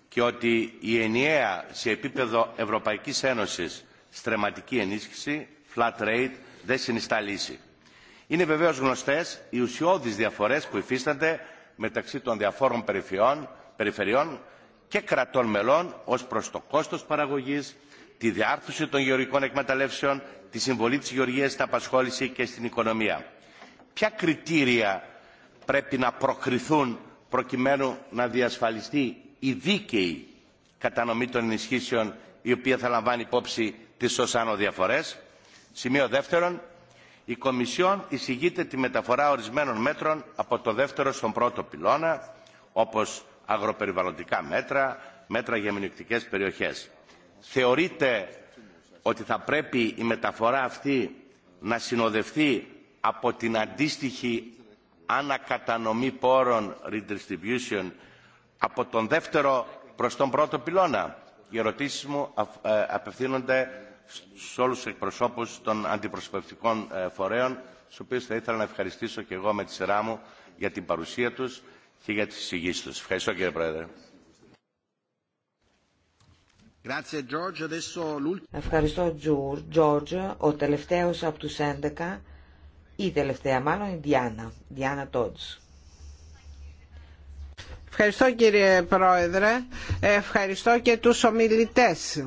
και ότι η ενιαία σε επίπεδο Ευρωπαϊκής Ένωσης στρεματική ενίσχυση, flat rate, δεν συνιστά λύση. Είναι βεβαίως γνωστές οι ουσιώδεις διαφορές που υφίστανται μεταξύ των διαφόρων περιφερειών, και κρατών μελών ως προς το κόστος παραγωγής, τη διάρθρωση των γεωργικών εκμεταλλεύσεων, τη συμβολή της γεωργίας στην απασχόληση και στην οικονομία ποια κριτήρια πρέπει να προκριθούν προκειμένου να διασφαλιστεί η δίκαιη κατανομή των ενισχύσεων η οποία θα λαμβάνει υπόψη τις σωσάνω διαφορές. Σημείο δεύτερον, η Κομισιόν εισηγείται τη μεταφορά ορισμένων μέτρων από το δεύτερο στον πρώτο πυλώνα, όπως αγροπεριβαλλοντικά μέτρα, μέτρα για μηνυκτικές περιοχές. Θεωρείται ότι θα πρέπει η μεταφορά αυτή να συνοδευτεί από την αντίστοιχη ανακατανομή πόρων redistribution από τον δεύτερο προς τον πρώτο πυλώνα. Οι ερωτήσει μου ε, απευθύνονται σε όλους τους εκπροσώπους των αντιπροσωπευτικών ε, φορέων, στους οποίους θα ήθελα να ευχαριστήσω και εγώ με τη σειρά μου για την παρουσία τους και για τις εισηγήσεις τους. Ευχαριστώ κύριε Πρόεδρε. Ευχαριστώ George. Ο τελευταίος από τους 11 η τελευταία μάλλον η Διάννα, Διάννα Τόντς. Ευχαριστώ κύριε Πρόεδρε, ευχαριστώ και τους ομιλητές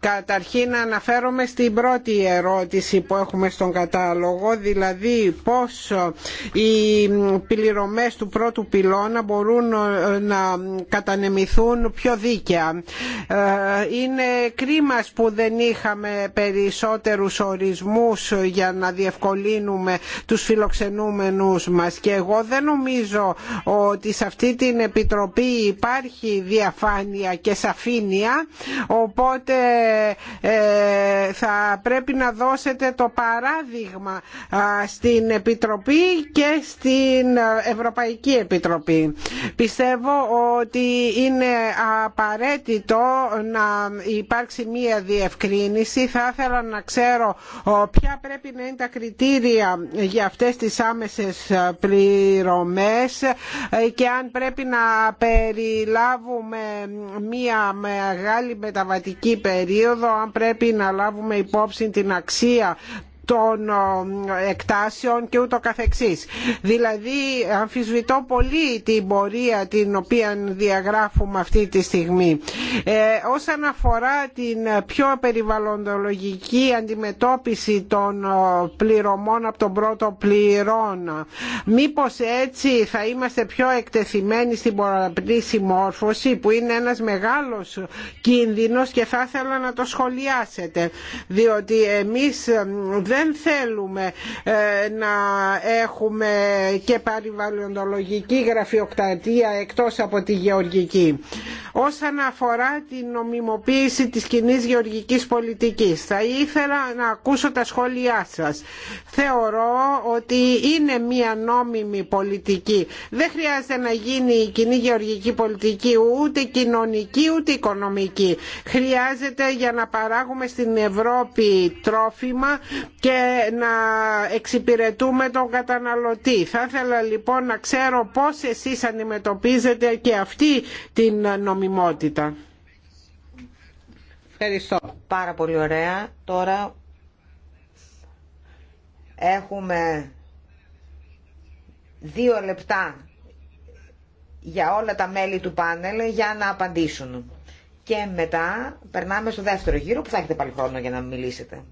Καταρχήν αναφέρομαι στην πρώτη ερώτηση που έχουμε στον κατάλογο, δηλαδή πώς οι πληρωμές του πρώτου πυλώνα μπορούν να κατανεμηθούν πιο δίκαια. Ε, είναι κρίμα που δεν είχαμε περισσότερους ορισμούς για να διευκολύνουμε τους φιλοξενούμενους μας και εγώ δεν νομίζω ότι σε αυτή την Επιτροπή υπάρχει διαφάνεια και σαφήνεια, οπότε ε, θα πρέπει να δώσετε το παράδειγμα στην Επιτροπή και στην Ευρωπαϊκή Επιτροπή. Πιστεύω ότι είναι απαραίτητο να υπάρξει μία διευκρίνηση. Θα ήθελα να ξέρω ποια πρέπει να είναι τα κριτήρια για αυτές τις άμεσες πληρωμές ε, και αν πρέπει να περιλάβουμε μία μεγάλη μεταβατική περίοδο περίοδο αν πρέπει να λάβουμε υπόψη την αξία των εκτάσεων και ούτω καθεξής. Δηλαδή αμφισβητώ πολύ την πορεία την οποία διαγράφουμε αυτή τη στιγμή. Ε, όσον αφορά την πιο περιβαλλοντολογική αντιμετώπιση των πληρωμών από τον πρώτο πληρών, μήπως έτσι θα είμαστε πιο εκτεθειμένοι στην πολλαπλή συμμόρφωση που είναι ένας μεγάλος κίνδυνος και θα ήθελα να το σχολιάσετε διότι εμείς δεν θέλουμε ε, να έχουμε και περιβαλλοντολογική γραφειοκτατία εκτός από τη γεωργική. Όσον αφορά την νομιμοποίηση της κοινή γεωργικής πολιτικής, θα ήθελα να ακούσω τα σχόλιά σας. Θεωρώ ότι είναι μία νόμιμη πολιτική. Δεν χρειάζεται να γίνει η κοινή γεωργική πολιτική ούτε κοινωνική ούτε οικονομική. Χρειάζεται για να παράγουμε στην Ευρώπη τρόφιμα και να εξυπηρετούμε τον καταναλωτή. Θα ήθελα λοιπόν να ξέρω πώς εσείς αντιμετωπίζετε και αυτή την νομιμότητα. Ευχαριστώ. Πάρα πολύ ωραία. Τώρα έχουμε δύο λεπτά για όλα τα μέλη του πάνελ για να απαντήσουν. Και μετά περνάμε στο δεύτερο γύρο που θα έχετε πάλι χρόνο για να μιλήσετε.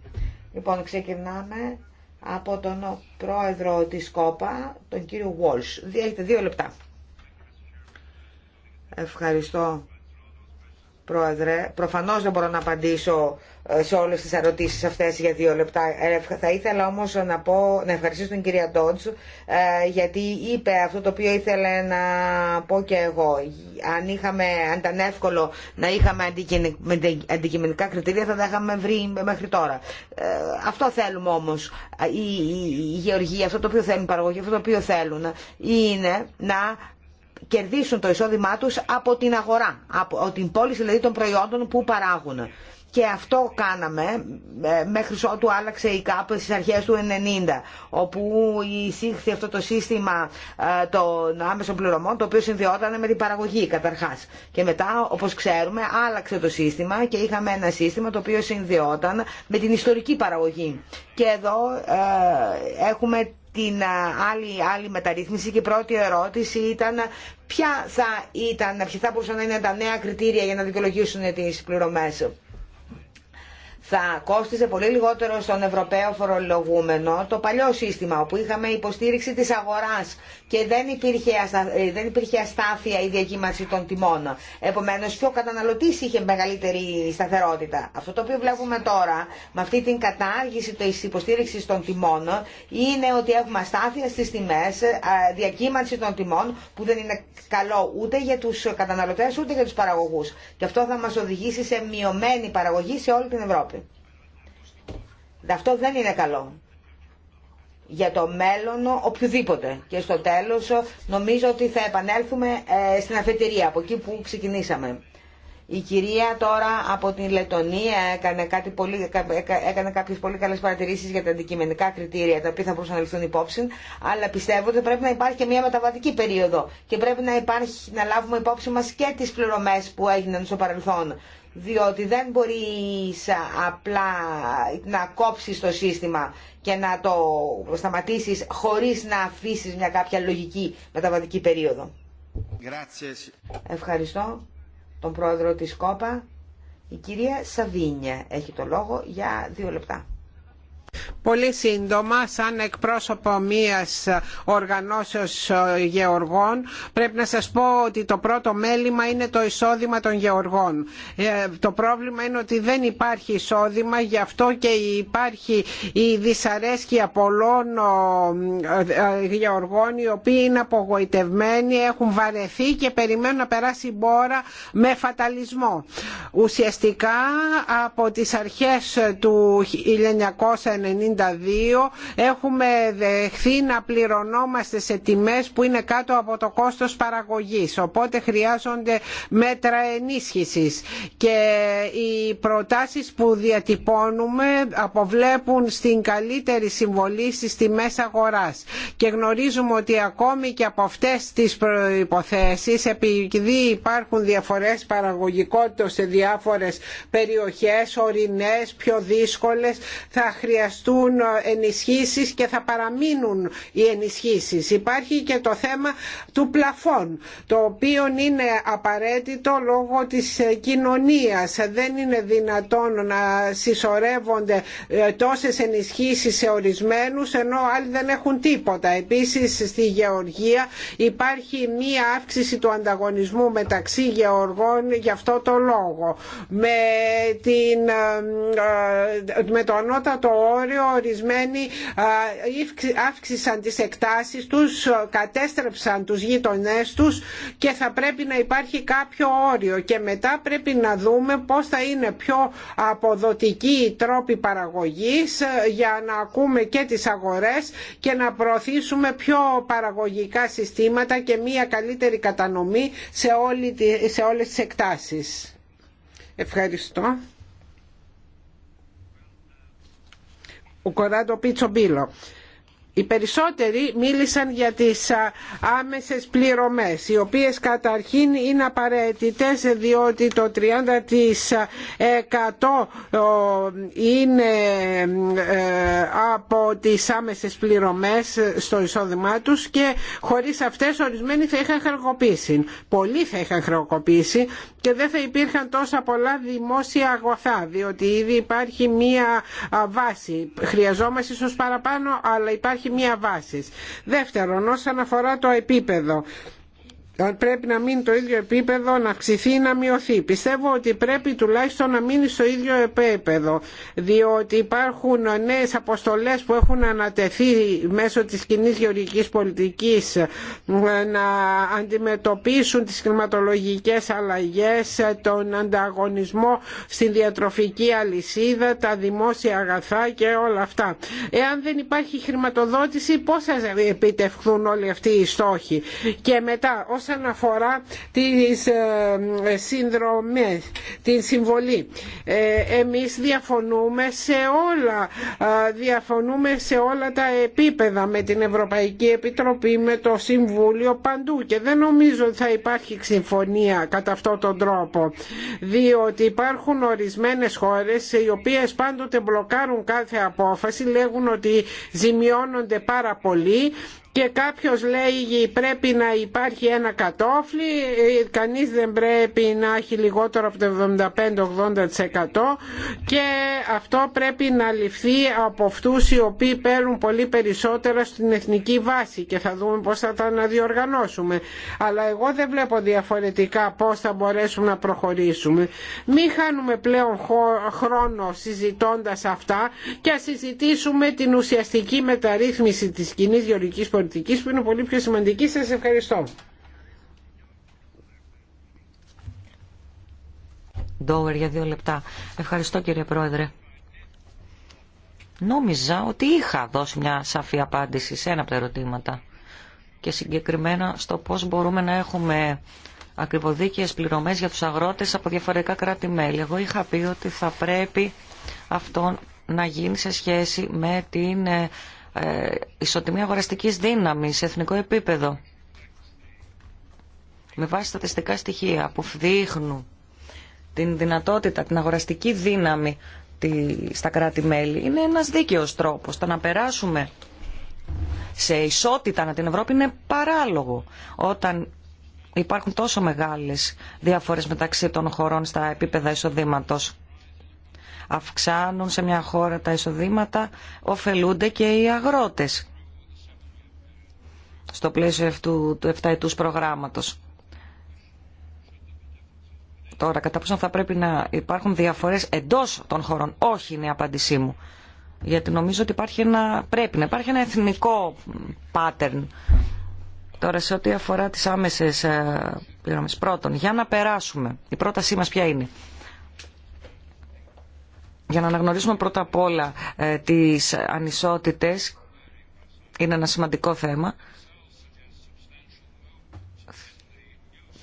Λοιπόν, ξεκινάμε από τον πρόεδρο της ΚΟΠΑ, τον κύριο Walsh. Έχετε δύο λεπτά. Ευχαριστώ Πρόεδρε, προφανώς δεν μπορώ να απαντήσω ε, σε όλες τις ερωτήσεις αυτές για δύο λεπτά. Ε, θα ήθελα όμως να, πω, να ευχαριστήσω την κυρία Ντότζ ε, γιατί είπε αυτό το οποίο ήθελε να πω και εγώ. Αν, είχαμε, ήταν εύκολο να είχαμε αντικειμενικά κριτήρια θα τα είχαμε βρει μέχρι τώρα. Αυτό θέλουμε όμως. η γεωργία, αυτό το οποίο θέλουν οι παραγωγοί, αυτό το οποίο θέλουν είναι να κερδίσουν το εισόδημά τους από την αγορά, από την πώληση δηλαδή των προϊόντων που παράγουν. Και αυτό κάναμε ε, μέχρι ότου άλλαξε η ΚΑΠ στις αρχές του 90, όπου εισήχθη αυτό το σύστημα ε, των άμεσων πληρωμών, το οποίο συνδυόταν με την παραγωγή καταρχάς. Και μετά, όπως ξέρουμε, άλλαξε το σύστημα και είχαμε ένα σύστημα το οποίο συνδυόταν με την ιστορική παραγωγή. Και εδώ ε, έχουμε την άλλη, άλλη μεταρρύθμιση και η πρώτη ερώτηση ήταν ποια θα ήταν, ποια θα μπορούσαν να είναι τα νέα κριτήρια για να δικαιολογήσουν τις πληρωμές θα κόστιζε πολύ λιγότερο στον Ευρωπαίο φορολογούμενο το παλιό σύστημα όπου είχαμε υποστήριξη της αγοράς και δεν υπήρχε, ε, δεν υπήρχε αστάθεια η διακύμανση των τιμών. Επομένως και ο καταναλωτής είχε μεγαλύτερη σταθερότητα. Αυτό το οποίο βλέπουμε τώρα με αυτή την κατάργηση της υποστήριξης των τιμών είναι ότι έχουμε αστάθεια στις τιμές, ε, διακύμανση των τιμών που δεν είναι καλό ούτε για τους καταναλωτές ούτε για τους παραγωγούς. Και αυτό θα μας οδηγήσει σε μειωμένη παραγωγή σε όλη την Ευρώπη. Αυτό δεν είναι καλό για το μέλλον οποιοδήποτε. Και στο τέλος νομίζω ότι θα επανέλθουμε ε, στην αφετηρία, από εκεί που ξεκινήσαμε. Η κυρία τώρα από την Λετωνία έκανε, κάτι πολύ, έκανε κάποιες πολύ καλές παρατηρήσεις για τα αντικειμενικά κριτήρια τα οποία θα μπορούσαν να ληφθούν υπόψη αλλά πιστεύω ότι πρέπει να υπάρχει και μια μεταβατική περίοδο και πρέπει να, υπάρχει, να λάβουμε υπόψη μας και τις πληρωμές που έγιναν στο παρελθόν διότι δεν μπορείς απλά να κόψεις το σύστημα και να το σταματήσεις χωρίς να αφήσεις μια κάποια λογική μεταβατική περίοδο. Ευχαριστώ τον πρόεδρο της ΚΟΠΑ. Η κυρία Σαβίνια έχει το λόγο για δύο λεπτά πολύ σύντομα σαν εκπρόσωπο μίας οργανώσεως ε, γεωργών πρέπει να σας πω ότι το πρώτο μέλημα είναι το εισόδημα των γεωργών. Ε, το πρόβλημα είναι ότι δεν υπάρχει εισόδημα γι' αυτό και υπάρχει η δυσαρέσκεια πολλών ε, γεωργών οι οποίοι είναι απογοητευμένοι, έχουν βαρεθεί και περιμένουν να περάσει η μπόρα με φαταλισμό. Ουσιαστικά από τις αρχές του 1990 έχουμε δεχθεί να πληρωνόμαστε σε τιμές που είναι κάτω από το κόστος παραγωγής οπότε χρειάζονται μέτρα ενίσχυσης και οι προτάσεις που διατυπώνουμε αποβλέπουν στην καλύτερη συμβολή στις τιμές αγοράς και γνωρίζουμε ότι ακόμη και από αυτές τις προϋποθέσεις επειδή υπάρχουν διαφορές παραγωγικότητας σε διάφορες περιοχές, ορεινές, πιο δύσκολες θα χρειαστούν υπάρχουν ενισχύσεις και θα παραμείνουν οι ενισχύσεις. Υπάρχει και το θέμα του πλαφών, το οποίο είναι απαραίτητο λόγω της κοινωνίας. Δεν είναι δυνατόν να συσσωρεύονται ε, τόσες ενισχύσεις σε ορισμένους, ενώ άλλοι δεν έχουν τίποτα. Επίσης στη Γεωργία υπάρχει μία αύξηση του ανταγωνισμού μεταξύ γεωργών για αυτό το λόγο. Με, την, ε, ε, με το ανώτατο όριο ορισμένοι αύξησαν τις εκτάσεις τους, κατέστρεψαν τους γείτονές τους και θα πρέπει να υπάρχει κάποιο όριο και μετά πρέπει να δούμε πώς θα είναι πιο αποδοτικοί οι τρόποι παραγωγής για να ακούμε και τις αγορές και να προωθήσουμε πιο παραγωγικά συστήματα και μια καλύτερη κατανομή σε, σε όλες τις εκτάσεις. Ευχαριστώ. Ο Κοράντο Πίτσο Μπίλο οι περισσότεροι μίλησαν για τις άμεσες πληρωμές, οι οποίες καταρχήν είναι απαραίτητες διότι το 30% είναι ε, από τις άμεσες πληρωμές στο εισόδημά τους και χωρίς αυτές ορισμένοι θα είχαν χρεοκοπήσει. Πολλοί θα είχαν χρεοκοπήσει και δεν θα υπήρχαν τόσα πολλά δημόσια αγωθά, διότι ήδη υπάρχει μία βάση. Χρειαζόμαστε ίσως παραπάνω, αλλά υπάρχει υπάρχει μια βάση. Δεύτερον, όσον αφορά το επίπεδο, πρέπει να μείνει το ίδιο επίπεδο, να αυξηθεί ή να μειωθεί. Πιστεύω ότι πρέπει τουλάχιστον να μείνει στο ίδιο επίπεδο, διότι υπάρχουν νέες αποστολές που έχουν ανατεθεί μέσω της κοινή γεωργικής πολιτικής να αντιμετωπίσουν τις κλιματολογικές αλλαγές, τον ανταγωνισμό στην διατροφική αλυσίδα, τα δημόσια αγαθά και όλα αυτά. Εάν δεν υπάρχει χρηματοδότηση, πώς θα επιτευχθούν όλοι αυτοί οι στόχοι. Και μετά, όσον αφορά τις ε, συνδρομές, την συμβολή. Ε, εμείς διαφωνούμε σε όλα, ε, διαφωνούμε σε όλα τα επίπεδα με την Ευρωπαϊκή Επιτροπή, με το Συμβούλιο παντού και δεν νομίζω ότι θα υπάρχει συμφωνία κατά αυτόν τον τρόπο διότι υπάρχουν ορισμένες χώρες οι οποίες πάντοτε μπλοκάρουν κάθε απόφαση λέγουν ότι ζημιώνονται πάρα πολύ και κάποιος λέει πρέπει να υπάρχει ένα κατόφλι, ε, κανείς δεν πρέπει να έχει λιγότερο από το 75-80% και αυτό πρέπει να ληφθεί από αυτούς οι οποίοι παίρνουν πολύ περισσότερα στην εθνική βάση και θα δούμε πώς θα τα αναδιοργανώσουμε. Αλλά εγώ δεν βλέπω διαφορετικά πώς θα μπορέσουμε να προχωρήσουμε. Μην χάνουμε πλέον χρόνο συζητώντας αυτά και ας συζητήσουμε την ουσιαστική μεταρρύθμιση της κοινή γεωργικής πολιτικής πολιτικής που είναι πολύ πιο σημαντική. Σας ευχαριστώ. Ντόουερ για δύο λεπτά. Ευχαριστώ κύριε Πρόεδρε. Νόμιζα ότι είχα δώσει μια σαφή απάντηση σε ένα από τα ερωτήματα και συγκεκριμένα στο πώς μπορούμε να έχουμε ακριβοδίκαιες πληρωμές για τους αγρότες από διαφορετικά κράτη-μέλη. Εγώ είχα πει ότι θα πρέπει αυτό να γίνει σε σχέση με την ε, ε, ισοτιμία αγοραστικής δύναμης σε εθνικό επίπεδο με βάση στατιστικά στοιχεία που δείχνουν την δυνατότητα, την αγοραστική δύναμη στα κράτη-μέλη είναι ένας δίκαιος τρόπος. Το να περάσουμε σε ισότητα να την Ευρώπη είναι παράλογο όταν υπάρχουν τόσο μεγάλες διαφορές μεταξύ των χωρών στα επίπεδα εισοδήματος αυξάνουν σε μια χώρα τα εισοδήματα, ωφελούνται και οι αγρότες στο πλαίσιο αυτού του 7 ετούς προγράμματος. Τώρα, κατά πόσο θα πρέπει να υπάρχουν διαφορές εντός των χωρών. Όχι είναι η απάντησή μου. Γιατί νομίζω ότι υπάρχει ένα, πρέπει να υπάρχει ένα εθνικό πάτερν. Τώρα, σε ό,τι αφορά τις άμεσες ε, πληρωμές. Πρώτον, για να περάσουμε, η πρότασή μας ποια είναι για να αναγνωρίσουμε πρώτα απ' όλα ε, τις ανισότητες είναι ένα σημαντικό θέμα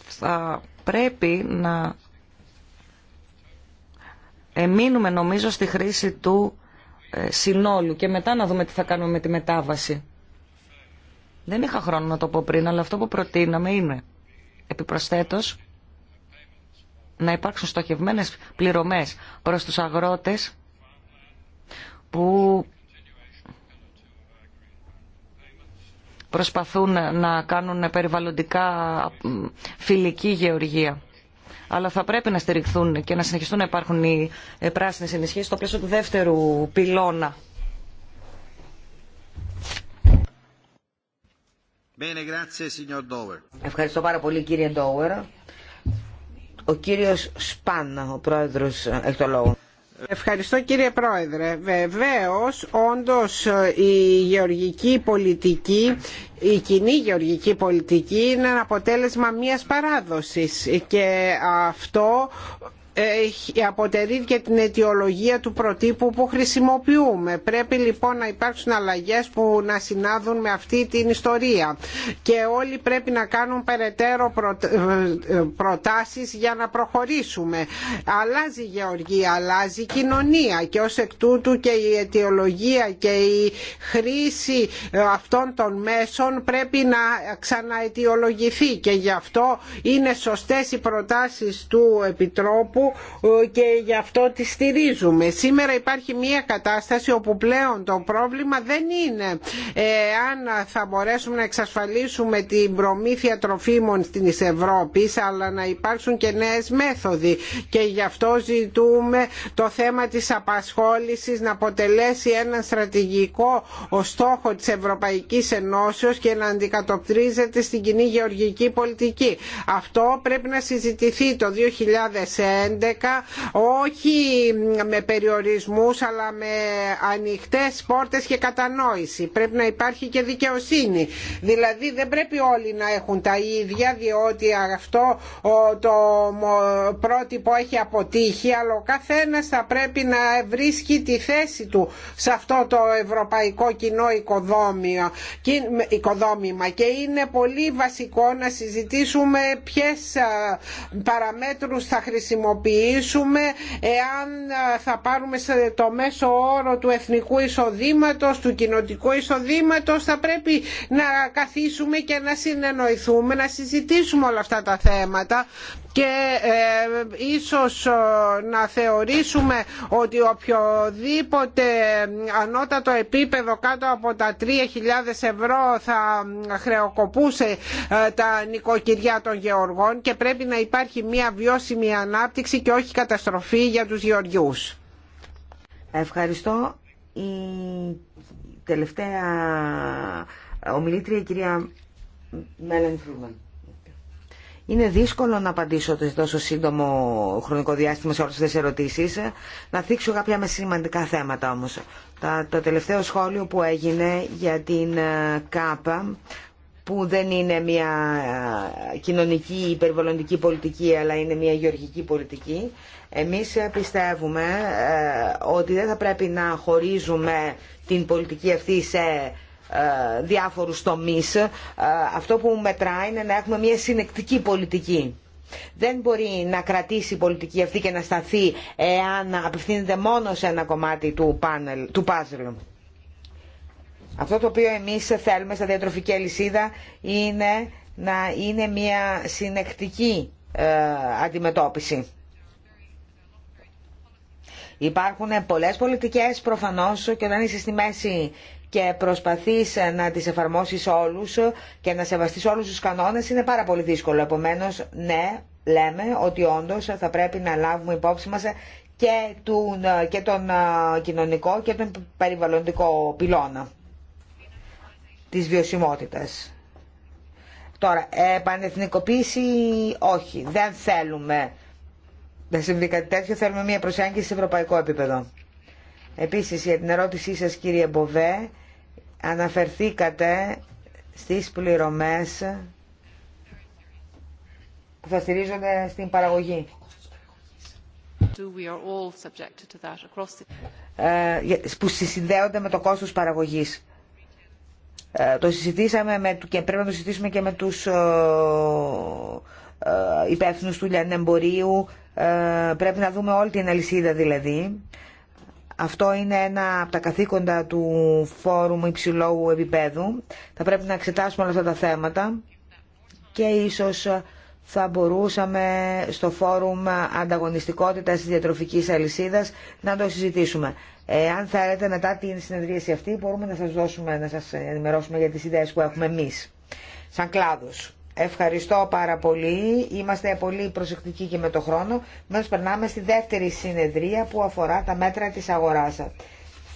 θα πρέπει να εμείνουμε νομίζω στη χρήση του ε, συνόλου και μετά να δούμε τι θα κάνουμε με τη μετάβαση. Δεν είχα χρόνο να το πω πριν, αλλά αυτό που προτείναμε είναι επιπροσθέτως να υπάρξουν στοχευμένες πληρωμές προς τους αγρότες που προσπαθούν να κάνουν περιβαλλοντικά φιλική γεωργία. Αλλά θα πρέπει να στηριχθούν και να συνεχιστούν να υπάρχουν οι ε, πράσινες ενισχύσεις στο πλαίσιο του δεύτερου πυλώνα. Ευχαριστώ πάρα πολύ κύριε Ντόουερ. Ο κύριος Σπάν, ο πρόεδρος, έχει Ευχαριστώ κύριε Πρόεδρε. Βεβαίως, όντως η γεωργική πολιτική η κοινή γεωργική πολιτική είναι ένα αποτέλεσμα μιας παράδοσης και αυτό αποτελεί και την αιτιολογία του προτύπου που χρησιμοποιούμε. Πρέπει λοιπόν να υπάρξουν αλλαγές που να συνάδουν με αυτή την ιστορία και όλοι πρέπει να κάνουν περαιτέρω ε, προτάσεις για να προχωρήσουμε. Αλλάζει η γεωργία, αλλάζει η κοινωνία και ως εκ τούτου και η αιτιολογία και η χρήση αυτών των μέσων πρέπει να ξανααιτιολογηθεί και γι' αυτό είναι σωστές οι προτάσεις του Επιτρόπου ε, και γι' αυτό τη στηρίζουμε. Σήμερα υπάρχει μια κατάσταση όπου πλέον το πρόβλημα δεν είναι ε, αν θα μπορέσουμε να εξασφαλίσουμε την προμήθεια τροφίμων στην Ευρώπη αλλά να υπάρξουν και νέες μέθοδοι και γι' αυτό ζητούμε το θέμα της απασχόλησης να αποτελέσει ένα στρατηγικό στόχο της Ευρωπαϊκής Ενώσεως και να αντικατοπτρίζεται στην κοινή γεωργική πολιτική. Αυτό πρέπει να συζητηθεί το 2001 όχι με περιορισμούς αλλά με ανοιχτές πόρτες και κατανόηση. Πρέπει να υπάρχει και δικαιοσύνη. Δηλαδή δεν πρέπει όλοι να έχουν τα ίδια διότι αυτό το πρότυπο έχει αποτύχει αλλά ο καθένας θα πρέπει να βρίσκει τη θέση του σε αυτό το ευρωπαϊκό κοινό οικοδόμημα και είναι πολύ βασικό να συζητήσουμε ποιες παραμέτρους θα χρησιμοποιήσουμε χρησιμοποιήσουμε εάν θα πάρουμε το μέσο όρο του εθνικού εισοδήματος, του κοινοτικού εισοδήματος θα πρέπει να καθίσουμε και να συνεννοηθούμε, να συζητήσουμε όλα αυτά τα θέματα και ε, ίσως ε, να θεωρήσουμε ότι οποιοδήποτε ανώτατο επίπεδο κάτω από τα 3.000 ευρώ θα χρεοκοπούσε ε, τα νοικοκυριά των γεωργών και πρέπει να υπάρχει μια βιώσιμη ανάπτυξη και όχι καταστροφή για τους γεωργιούς. Ευχαριστώ. Η τελευταία ομιλήτρια η κυρία Μέλλον είναι δύσκολο να απαντήσω σε τόσο σύντομο χρονικό διάστημα σε όλες τι ερωτήσεις. Να θίξω κάποια με σημαντικά θέματα όμως. Το τελευταίο σχόλιο που έγινε για την ε, ΚΑΠΑ που δεν είναι μια ε, κοινωνική υπερβολοντική πολιτική αλλά είναι μια γεωργική πολιτική. Εμείς πιστεύουμε ε, ότι δεν θα πρέπει να χωρίζουμε την πολιτική αυτή σε ε, διάφορους τομείς. Ε, αυτό που μετράει είναι να έχουμε μια συνεκτική πολιτική. Δεν μπορεί να κρατήσει η πολιτική αυτή και να σταθεί εάν απευθύνεται μόνο σε ένα κομμάτι του, πάνελ, του πάζλ. Αυτό το οποίο εμείς θέλουμε στα διατροφική αλυσίδα είναι να είναι μια συνεκτική ε, αντιμετώπιση. Υπάρχουν πολλές πολιτικές προφανώς και όταν είσαι στη μέση και προσπαθείς ε, να τις εφαρμόσεις όλους και να σεβαστείς όλους τους κανόνες είναι πάρα πολύ δύσκολο. Επομένως, ναι, λέμε ότι όντως θα πρέπει να λάβουμε υπόψη μας και τον, ε, και τον ε, κοινωνικό και τον περιβαλλοντικό πυλώνα της βιωσιμότητας. Τώρα, επανεθνικοποίηση όχι, δεν θέλουμε. Δεν συμβεί κάτι τέτοιο, θέλουμε μια προσέγγιση σε ευρωπαϊκό επίπεδο. Επίσης για την ερώτησή σας κύριε Μποβέ αναφερθήκατε στις πληρωμές που θα στηρίζονται στην παραγωγή. Ε, που συνδέονται με το κόστος παραγωγής. Ε, το συζητήσαμε με, και πρέπει να το συζητήσουμε και με τους ε, υπεύθυνους του λιανεμπορίου. πρέπει να δούμε όλη την αλυσίδα δηλαδή. Αυτό είναι ένα από τα καθήκοντα του φόρουμ υψηλού επίπεδου. Θα πρέπει να εξετάσουμε όλα αυτά τα θέματα και ίσως θα μπορούσαμε στο φόρουμ ανταγωνιστικότητας της διατροφικής αλυσίδας να το συζητήσουμε. Ε, αν θέλετε μετά την συνεδρίαση αυτή μπορούμε να σας, δώσουμε, να σας ενημερώσουμε για τις ιδέες που έχουμε εμείς σαν κλάδος. Ευχαριστώ πάρα πολύ. Είμαστε πολύ προσεκτικοί και με το χρόνο. Μας περνάμε στη δεύτερη συνεδρία που αφορά τα μέτρα της αγοράς.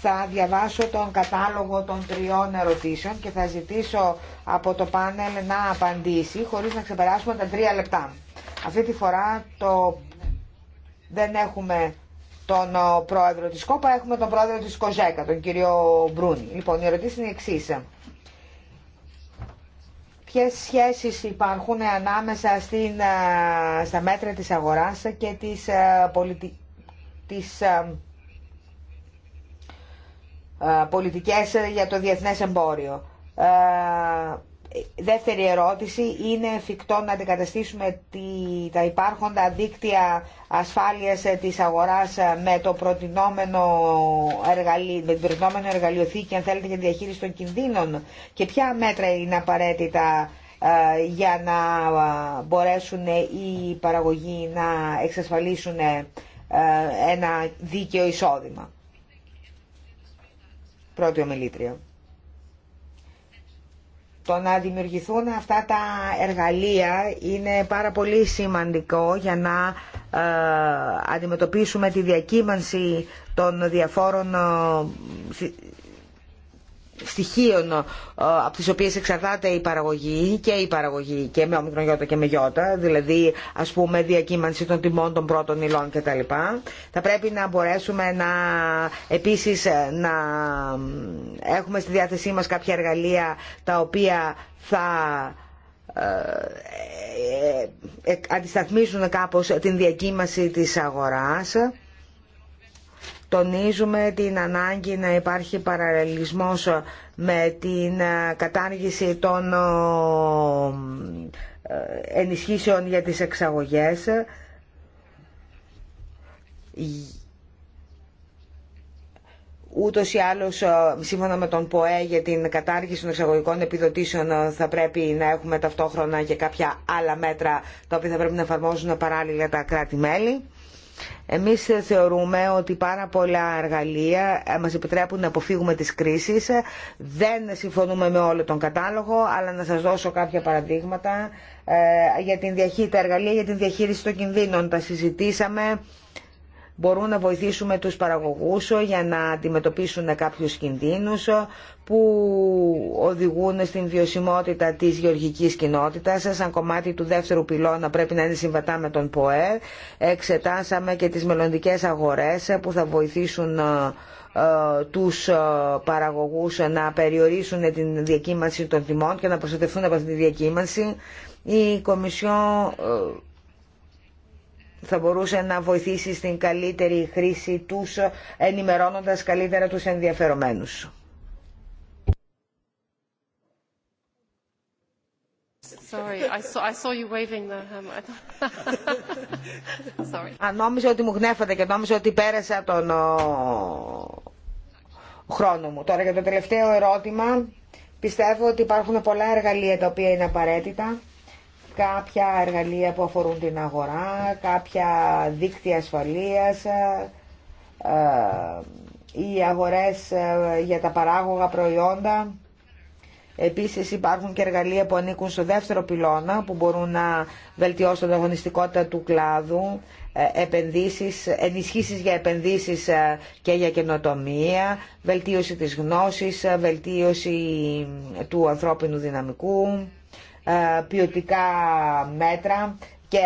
Θα διαβάσω τον κατάλογο των τριών ερωτήσεων και θα ζητήσω από το πάνελ να απαντήσει χωρίς να ξεπεράσουμε τα τρία λεπτά. Αυτή τη φορά το... δεν έχουμε τον ε, πρόεδρο της ΚΟΠΑ, έχουμε τον πρόεδρο της ΚΟΖΕΚΑ, τον κύριο Μπρούνι. Λοιπόν, η ερωτήση είναι η ποιες σχέσεις υπάρχουν ανάμεσα στην, ε, στα μέτρα της αγοράς και της, ε, πολιτι... της ε, πολιτικές για το διεθνές εμπόριο δεύτερη ερώτηση, είναι εφικτό να αντικαταστήσουμε τη, τα υπάρχοντα δίκτυα ασφάλειας ε, της αγοράς ε, με το προτινόμενο, εργαλείο, με την προτινόμενη εργαλειοθήκη, αν θέλετε, για διαχείριση των κινδύνων και ποια μέτρα είναι απαραίτητα ε, για να μπορέσουν οι παραγωγοί να εξασφαλίσουν ένα δίκαιο εισόδημα. Πρώτη ομιλήτρια το να δημιουργηθούν αυτά τα εργαλεία είναι πάρα πολύ σημαντικό για να ε, αντιμετωπίσουμε τη διακύμανση των διαφόρων ε, στοιχείων ε, από τις οποίες εξαρτάται η παραγωγή και η παραγωγή και με όμικρον και με γιώτα, δηλαδή ας πούμε διακύμανση των τιμών των πρώτων υλών κτλ. Θα πρέπει να μπορέσουμε να επίσης ε, να έχουμε στη διάθεσή μας κάποια εργαλεία τα οποία θα ε, αντισταθμίσουν κάπως την διακύμαση της αγοράς τονίζουμε την ανάγκη να υπάρχει παραλληλισμός με την ε, κατάργηση των ε, ε, ενισχύσεων για τις εξαγωγές ούτως ή άλλως σύμφωνα με τον ΠΟΕ για την κατάργηση των εξαγωγικών επιδοτήσεων θα πρέπει να έχουμε ταυτόχρονα και κάποια άλλα μέτρα τα οποία θα πρέπει να εφαρμόζουν παράλληλα τα κράτη-μέλη. Εμείς θεωρούμε ότι πάρα πολλά εργαλεία ε, μας επιτρέπουν να αποφύγουμε τις κρίσεις. Δεν συμφωνούμε με όλο τον κατάλογο, αλλά να σας δώσω κάποια παραδείγματα ε, για την τα εργαλεία για την διαχείριση των κινδύνων. Τα συζητήσαμε Μπορούν να βοηθήσουμε τους παραγωγούς για να αντιμετωπίσουν κάποιους κινδύνους που οδηγούν στην βιωσιμότητα της γεωργικής κοινότητας. Σαν κομμάτι του δεύτερου πυλώνα πρέπει να είναι συμβατά με τον ΠΟΕ. Εξετάσαμε και τις μελλοντικές αγορές που θα βοηθήσουν ε, ε, τους ε, παραγωγούς να περιορίσουν την διακύμανση των τιμών και να προστατευτούν από αυτή τη διακύμανση. Η Κομισιόν θα μπορούσε να βοηθήσει στην καλύτερη χρήση τους, ενημερώνοντας καλύτερα τους ενδιαφερομένους. Αν νόμιζα ότι μου γνέφατε και νόμιζα ότι πέρασα τον χρόνο μου. Τώρα για το τελευταίο ερώτημα. Πιστεύω ότι υπάρχουν πολλά εργαλεία τα οποία είναι απαραίτητα κάποια εργαλεία που αφορούν την αγορά, κάποια δίκτυα ασφαλείας, ή ε, ε, αγορές ε, για τα παράγωγα προϊόντα. Επίσης υπάρχουν και εργαλεία που ανήκουν στο δεύτερο πυλώνα που μπορούν να βελτιώσουν την αγωνιστικότητα του κλάδου, επενδύσεις, ενισχύσεις για επενδύσεις και για καινοτομία, βελτίωση της γνώσης, βελτίωση του ανθρώπινου δυναμικού. Ε, ποιοτικά μέτρα και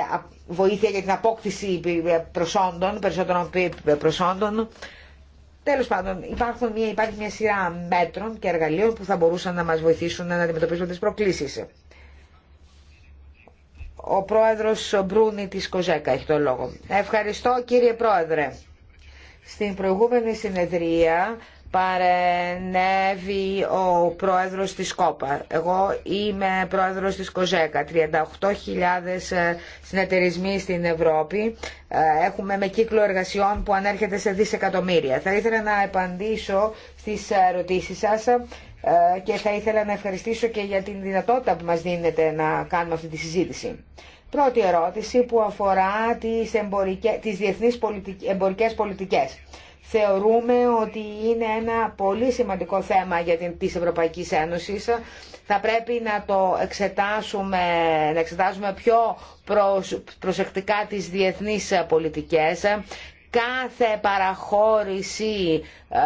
βοήθεια για την απόκτηση προσόντων, περισσότερων προσόντων. Τέλος πάντων, υπάρχουν μια, υπάρχει μια σειρά μέτρων και εργαλείων που θα μπορούσαν να μας βοηθήσουν να αντιμετωπίσουμε τις προκλήσεις. Ο πρόεδρος Μπρούνι της Κοζέκα έχει το λόγο. Ευχαριστώ κύριε πρόεδρε. Στην προηγούμενη συνεδρία παρενέβη ο πρόεδρος της ΚΟΠΑ. Εγώ είμαι πρόεδρος της ΚΟΖΕΚΑ. 38.000 ε, συνεταιρισμοί στην Ευρώπη. Ε, έχουμε με κύκλο εργασιών που ανέρχεται σε δισεκατομμύρια. Θα ήθελα να επαντήσω στις ερωτήσεις σας ε, και θα ήθελα να ευχαριστήσω και για την δυνατότητα που μας δίνεται να κάνουμε αυτή τη συζήτηση. Πρώτη ερώτηση που αφορά τις, τις διεθνείς εμπορικές πολιτικές θεωρούμε ότι είναι ένα πολύ σημαντικό θέμα για την, της Ευρωπαϊκής Ένωσης. Θα πρέπει να το εξετάσουμε, να εξετάσουμε πιο προσεκτικά τις διεθνείς πολιτικές. Κάθε παραχώρηση ε,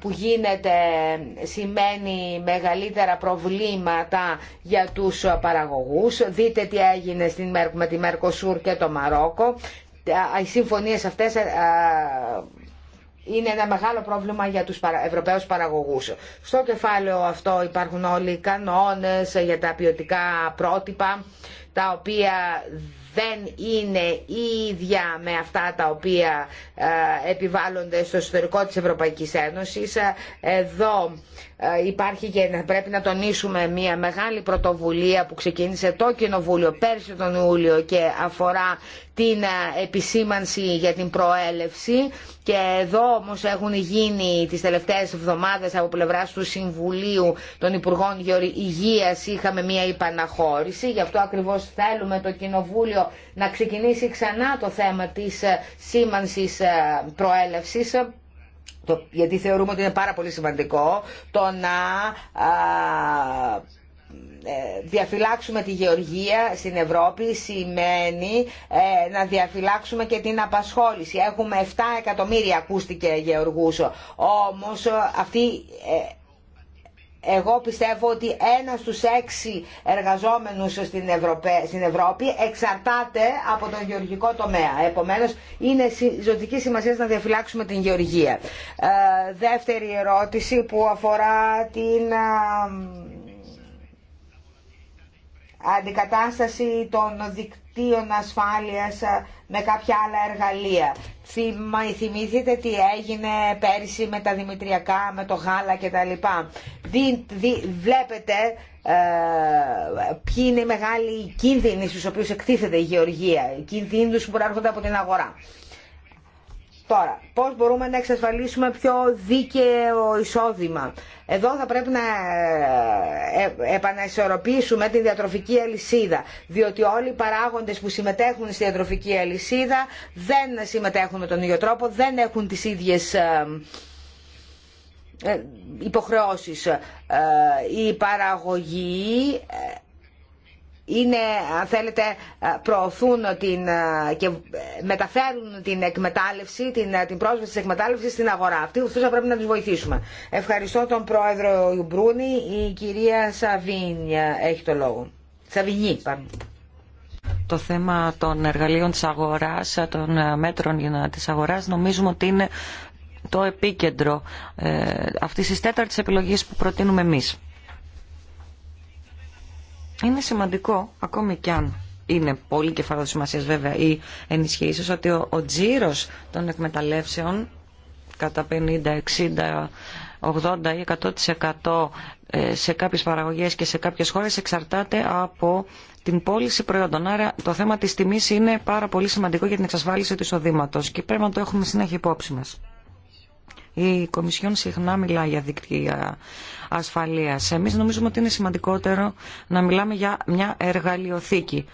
που γίνεται σημαίνει μεγαλύτερα προβλήματα για τους παραγωγούς. Δείτε τι έγινε στην, με τη Μερκοσούρ και το Μαρόκο. Οι συμφωνίες αυτές ε, ε, είναι ένα μεγάλο πρόβλημα για τους ευρωπαίους παραγωγούς. Στο κεφάλαιο αυτό υπάρχουν όλοι οι κανόνες για τα ποιοτικά πρότυπα, τα οποία δεν είναι ίδια με αυτά τα οποία ε, επιβάλλονται στο εσωτερικό της Ευρωπαϊκής Ένωσης. Εδώ ε, υπάρχει και πρέπει να τονίσουμε μια μεγάλη πρωτοβουλία που ξεκίνησε το Κοινοβούλιο πέρσι τον Ιούλιο και αφορά την ε, επισήμανση για την προέλευση και εδώ όμως έχουν γίνει τις τελευταίες εβδομάδες από πλευράς του Συμβουλίου των Υπουργών Υγείας είχαμε μια υπαναχώρηση γι' αυτό ακριβώς θέλουμε το Κοινοβούλιο να ξεκινήσει ξανά το θέμα της ε, σήμανσης προέλευσης το, γιατί θεωρούμε ότι είναι πάρα πολύ σημαντικό το να α, ε, διαφυλάξουμε τη γεωργία στην Ευρώπη σημαίνει ε, να διαφυλάξουμε και την απασχόληση. Έχουμε 7 εκατομμύρια ακούστηκε γεωργούς, όμως ε, αυτή εγώ πιστεύω ότι ένα στου έξι εργαζόμενους στην, στην Ευρώπη εξαρτάται από τον γεωργικό τομέα. Επομένως, είναι ζωτική σημασία να διαφυλάξουμε την γεωργία. Ε, δεύτερη ερώτηση που αφορά την αντικατάσταση των δικτύων δικτύων ασφάλεια, ε, με κάποια άλλα εργαλεία. Θυμηθείτε τι έγινε πέρυσι με τα δημητριακά, με το γάλα κτλ. Δι, δι, βλέπετε ε, ποιοι είναι οι μεγάλοι κίνδυνοι στους οποίους εκτίθεται η γεωργία, κίνδυνους που προέρχονται από την αγορά. Τώρα, πώς μπορούμε να εξασφαλίσουμε πιο δίκαιο εισόδημα. Εδώ θα πρέπει να ε, ε, επανασορροπήσουμε τη διατροφική αλυσίδα, διότι όλοι οι παράγοντες που συμμετέχουν στη διατροφική αλυσίδα δεν συμμετέχουν με τον ίδιο τρόπο, δεν έχουν τις ίδιες ε, υποχρεώσεις. Η παραγωγή είναι, αν θέλετε, προωθούν την, ε, και μεταφέρουν την εκμετάλλευση, την, ε, την πρόσβαση της εκμετάλλευση στην αγορά. αυτή, θα πρέπει να τους βοηθήσουμε. Ευχαριστώ τον πρόεδρο Ιουμπρούνη. Η κυρία Σαβίνια έχει το λόγο. Σαβινή, πάμε. Το θέμα των εργαλείων της αγοράς, των ε, μέτρων της αγοράς, νομίζουμε ότι είναι το επίκεντρο αυτής της τέταρτης επιλογής που προτείνουμε εμείς. Είναι σημαντικό, ακόμη κι αν είναι πολύ κεφαλαίο σημασία βέβαια οι ενισχύσει, ότι ο, ο των εκμεταλλεύσεων κατά 50, 60, 80 ή 100% ε, σε κάποιες παραγωγές και σε κάποιες χώρες εξαρτάται από την πώληση προϊόντων. Άρα το θέμα της τιμής είναι πάρα πολύ σημαντικό για την εξασφάλιση του εισοδήματος και πρέπει να το έχουμε συνέχεια υπόψη μας. Η Κομισιόν συχνά μιλά για δίκτυα ασφαλείας. Εμείς νομίζουμε ότι είναι σημαντικότερο να μιλάμε για μια εργαλειοθήκη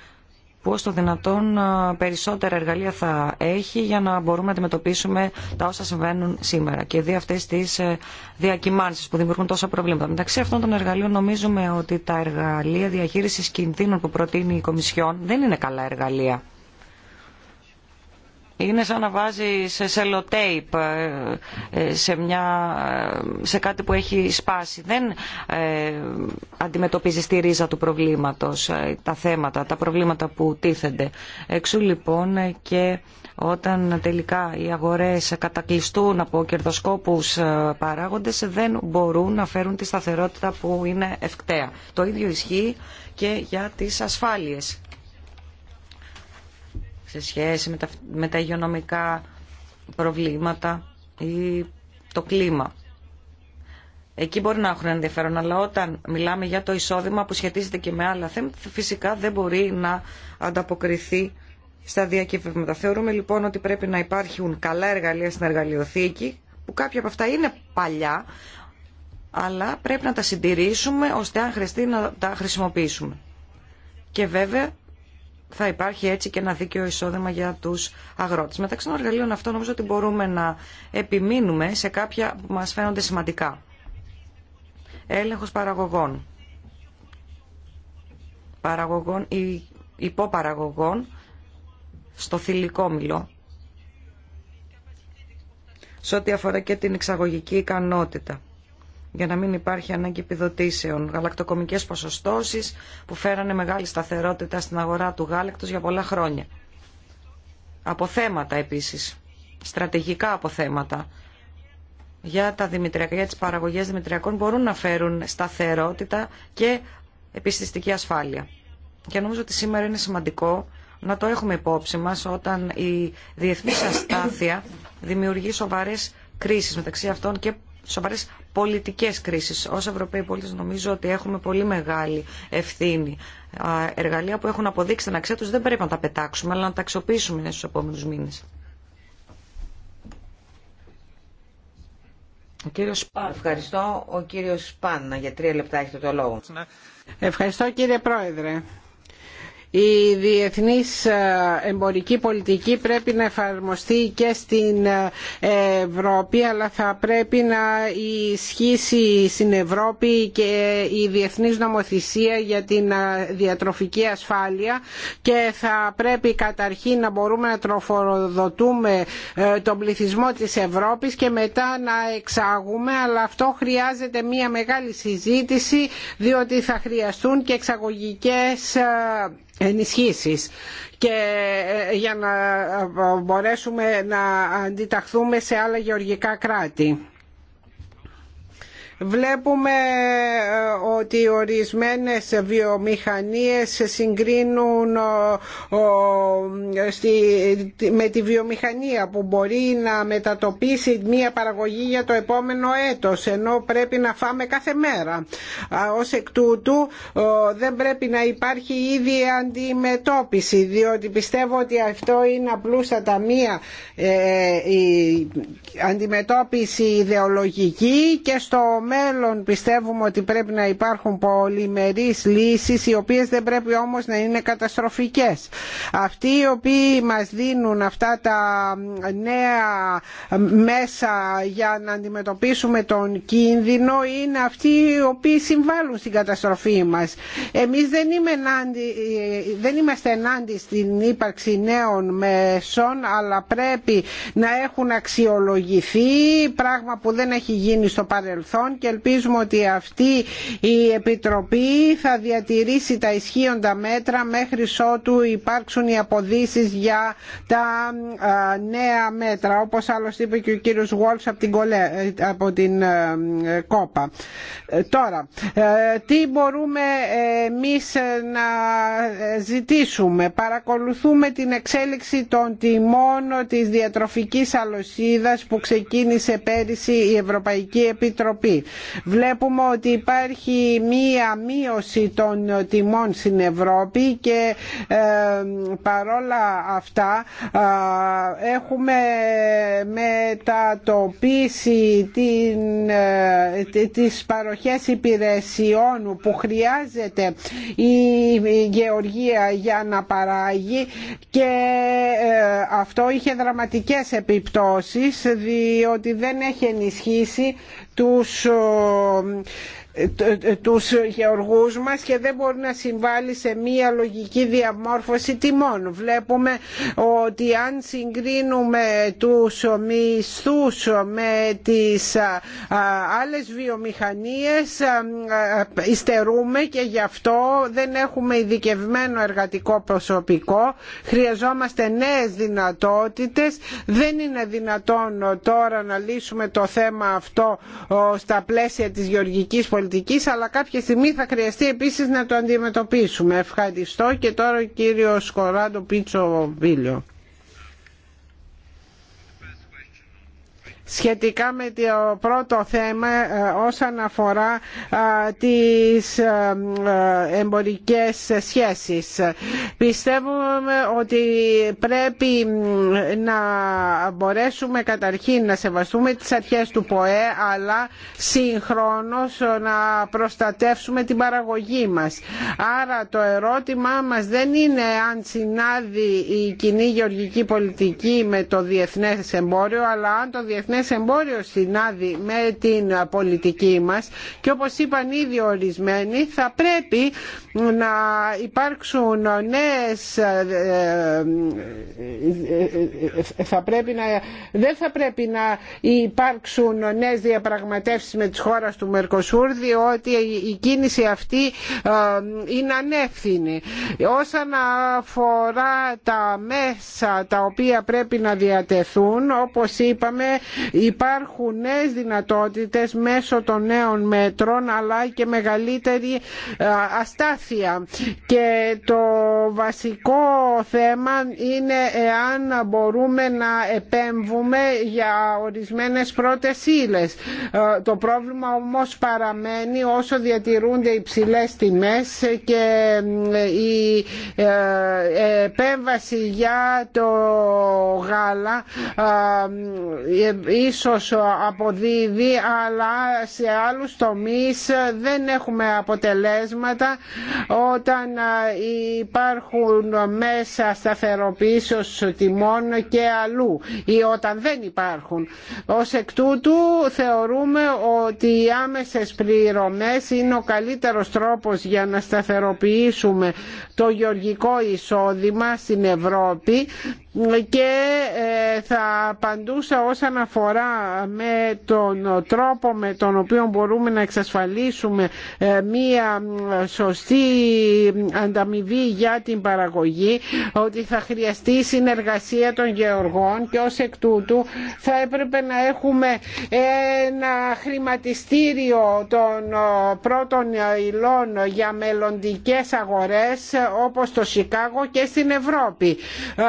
που ως το δυνατόν περισσότερα εργαλεία θα έχει για να μπορούμε να αντιμετωπίσουμε τα όσα συμβαίνουν σήμερα και δι' αυτές τις ε, διακυμάνσεις που δημιουργούν τόσα προβλήματα. Μεταξύ αυτών των εργαλείων νομίζουμε ότι τα εργαλεία διαχείρισης κινδύνων που προτείνει η Κομισιόν δεν είναι καλά εργαλεία είναι σαν να βάζει σε σελοτέιπ ε, σε, μια, ε, σε κάτι που έχει σπάσει. Δεν ε, αντιμετωπίζει τη ρίζα του προβλήματος, ε, τα θέματα, τα προβλήματα που τίθενται. Εξού λοιπόν και όταν τελικά οι αγορές κατακλειστούν από κερδοσκόπους παράγοντες δεν μπορούν να φέρουν τη σταθερότητα που είναι ευκταία. Το ίδιο ισχύει και για τις ασφάλειες σε σχέση με τα, με τα υγειονομικά προβλήματα ή το κλίμα. Εκεί μπορεί να έχουν ενδιαφέρον, αλλά όταν μιλάμε για το εισόδημα που σχετίζεται και με άλλα θέματα, φυσικά δεν μπορεί να ανταποκριθεί στα διακυβεύματα. Θεωρούμε λοιπόν ότι πρέπει να υπάρχουν καλά εργαλεία στην εργαλειοθήκη, που κάποια από αυτά είναι παλιά, αλλά πρέπει να τα συντηρήσουμε ώστε αν χρειαστεί να τα χρησιμοποιήσουμε. Και βέβαια θα υπάρχει έτσι και ένα δίκαιο εισόδημα για τους αγρότες. Μεταξύ των εργαλείων αυτών νομίζω ότι μπορούμε να επιμείνουμε σε κάποια που μας φαίνονται σημαντικά. Έλεγχος παραγωγών. Παραγωγών ή υποπαραγωγών στο θηλυκό μυλό. Σε ό,τι αφορά και την εξαγωγική ικανότητα για να μην υπάρχει ανάγκη επιδοτήσεων. Γαλακτοκομικές ποσοστώσεις που φέρανε μεγάλη σταθερότητα στην αγορά του γάλακτος για πολλά χρόνια. Αποθέματα επίσης, στρατηγικά αποθέματα για, τα δημητριακά, για τις παραγωγές δημητριακών μπορούν να φέρουν σταθερότητα και επιστηστική ασφάλεια. Και νομίζω ότι σήμερα είναι σημαντικό να το έχουμε υπόψη μας όταν η διεθνής αστάθεια δημιουργεί σοβαρές κρίσεις μεταξύ αυτών και Σοβαρέ πολιτικές κρίσεις. Ως Ευρωπαίοι πολίτε, νομίζω ότι έχουμε πολύ μεγάλη ευθύνη. Εργαλεία που έχουν αποδείξει την αξία τους δεν πρέπει να τα πετάξουμε, αλλά να τα αξιοποιήσουμε στους επόμενους μήνες. Ο κύριος... Ευχαριστώ. Ο κύριος Πάννα για τρία λεπτά έχετε το λόγο. Ευχαριστώ κύριε Πρόεδρε η διεθνής ε, εμπορική πολιτική πρέπει να εφαρμοστεί και στην ε, Ευρώπη αλλά θα πρέπει να ισχύσει στην Ευρώπη και η διεθνής νομοθεσία για την ε, διατροφική ασφάλεια και θα πρέπει καταρχήν να μπορούμε να τροφοδοτούμε τον πληθυσμό της Ευρώπης και μετά να εξάγουμε αλλά αυτό χρειάζεται μια μεγάλη συζήτηση διότι θα χρειαστούν και εξαγωγικές ενισχύσεις και ε, για να ε, μπορέσουμε να αντιταχθούμε σε άλλα γεωργικά κράτη. Βλέπουμε ε, ότι ορισμένες βιομηχανίες συγκρίνουν ε, με τη βιομηχανία που μπορεί να μετατοπίσει μία παραγωγή για το επόμενο έτος ενώ πρέπει να φάμε κάθε μέρα. Ως εκ τούτου δεν πρέπει να υπάρχει ήδη αντιμετώπιση διότι πιστεύω ότι αυτό είναι τα μία ε, αντιμετώπιση ιδεολογική και στο μέλλον πιστεύουμε ότι πρέπει να υπάρχουν πολυμερείς λύσεις οι οποίες δεν πρέπει όμως να είναι καταστροφικές. Αυτοί οι οποίοι μας δίνουν αυτά τα νέα μέσα για να αντιμετωπίσουμε τον κίνδυνο είναι αυτοί οι οποίοι συμβάλλουν στην καταστροφή μας. Εμείς δεν, δεν είμαστε ενάντια στην ύπαρξη νέων μέσων αλλά πρέπει να έχουν αξιολογηθεί πράγμα που δεν έχει γίνει στο παρελθόν και ελπίζουμε ότι αυτή η Επιτροπή θα διατηρήσει τα ισχύοντα μέτρα μέχρι ότου υπάρξουν οι αποδείσεις για τα νέα μέτρα όπως άλλωστε είπε και ο κύριος Γουόλς από την, ε, ε, Κόπα. Ε, τώρα, τι μπορούμε εμείς να ζητήσουμε. Παρακολουθούμε την εξέλιξη των τιμών της διατροφικής αλωσίδας που ξεκίνησε πέρυσι η Ευρωπαϊκή Επιτροπή. Βλέπουμε ότι υπάρχει μία μείωση των τιμών στην Ευρώπη και ε, παρόλα αυτά ε, έχουμε μετατοπίσει την, ε, τις παροχές υπηρεσιών που χρειάζεται η γεωργία για να παράγει και αυτό είχε δραματικές επιπτώσεις διότι δεν έχει ενισχύσει τους ε, ε, τους γεωργούς μας και δεν μπορεί να συμβάλλει σε μία λογική διαμόρφωση τιμών. Βλέπουμε ότι αν συγκρίνουμε τους μισθούς με τις άλλες βιομηχανίες υστερούμε και γι' αυτό δεν έχουμε ειδικευμένο εργατικό προσωπικό. Χρειαζόμαστε νέες δυνατότητες. Δεν είναι δυνατόν τώρα να λύσουμε το θέμα αυτό στα πλαίσια της γεωργικής πολιτικής αλλά κάποια στιγμή θα χρειαστεί επίσης να το αντιμετωπίσουμε. Ευχαριστώ και τώρα ο κύριος Πίτσο Βίλιο. σχετικά με το πρώτο θέμα ε, όσον αφορά ε, τις ε, εμπορικές σχέσεις. Πιστεύουμε ότι πρέπει να μπορέσουμε καταρχήν να σεβαστούμε τις αρχές του ΠΟΕ αλλά συγχρόνως να προστατεύσουμε την παραγωγή μας. Άρα το ερώτημά μας δεν είναι αν συνάδει η κοινή γεωργική πολιτική με το διεθνές εμπόριο αλλά αν το διεθνές διεθνές εμπόριο συνάδει με την πολιτική μας και όπως είπαν ήδη ορισμένοι θα πρέπει να υπάρξουν νέες ε, ε, ε, θα πρέπει να, δεν θα πρέπει να υπάρξουν νέες διαπραγματεύσεις με τις χώρες του Μερκοσούρ διότι η κίνηση αυτή είναι ανεύθυνη. Όσον αφορά τα μέσα τα οποία πρέπει να διατεθούν όπως είπαμε Υπάρχουν νέες δυνατότητες μέσω των νέων μέτρων αλλά και μεγαλύτερη ε, αστάθεια και το βασικό θέμα είναι εάν μπορούμε να επέμβουμε για ορισμένες πρώτες ύλες. Ε, το πρόβλημα όμως παραμένει όσο διατηρούνται υψηλές τιμές και ε, η επέμβαση για το γάλα ίσως αποδίδει αλλά σε άλλους τομείς δεν έχουμε αποτελέσματα όταν υπάρχουν μέσα σταθεροποίησης τιμών και αλλού ή όταν δεν υπάρχουν. Ως εκ τούτου θεωρούμε ότι οι άμεσες πληρωμές είναι ο καλύτερος τρόπος για να σταθεροποιήσουμε το γεωργικό εισόδημα στην Ευρώπη και ε, θα απαντούσα όσον αφορά με τον τρόπο με τον οποίο μπορούμε να εξασφαλίσουμε ε, μία σωστή ανταμοιβή για την παραγωγή ότι θα χρειαστεί συνεργασία των γεωργών και ως εκ τούτου θα έπρεπε να έχουμε ένα χρηματιστήριο των ε, πρώτων υλών για μελλοντικές αγορές όπως το Σικάγο και στην Ευρώπη.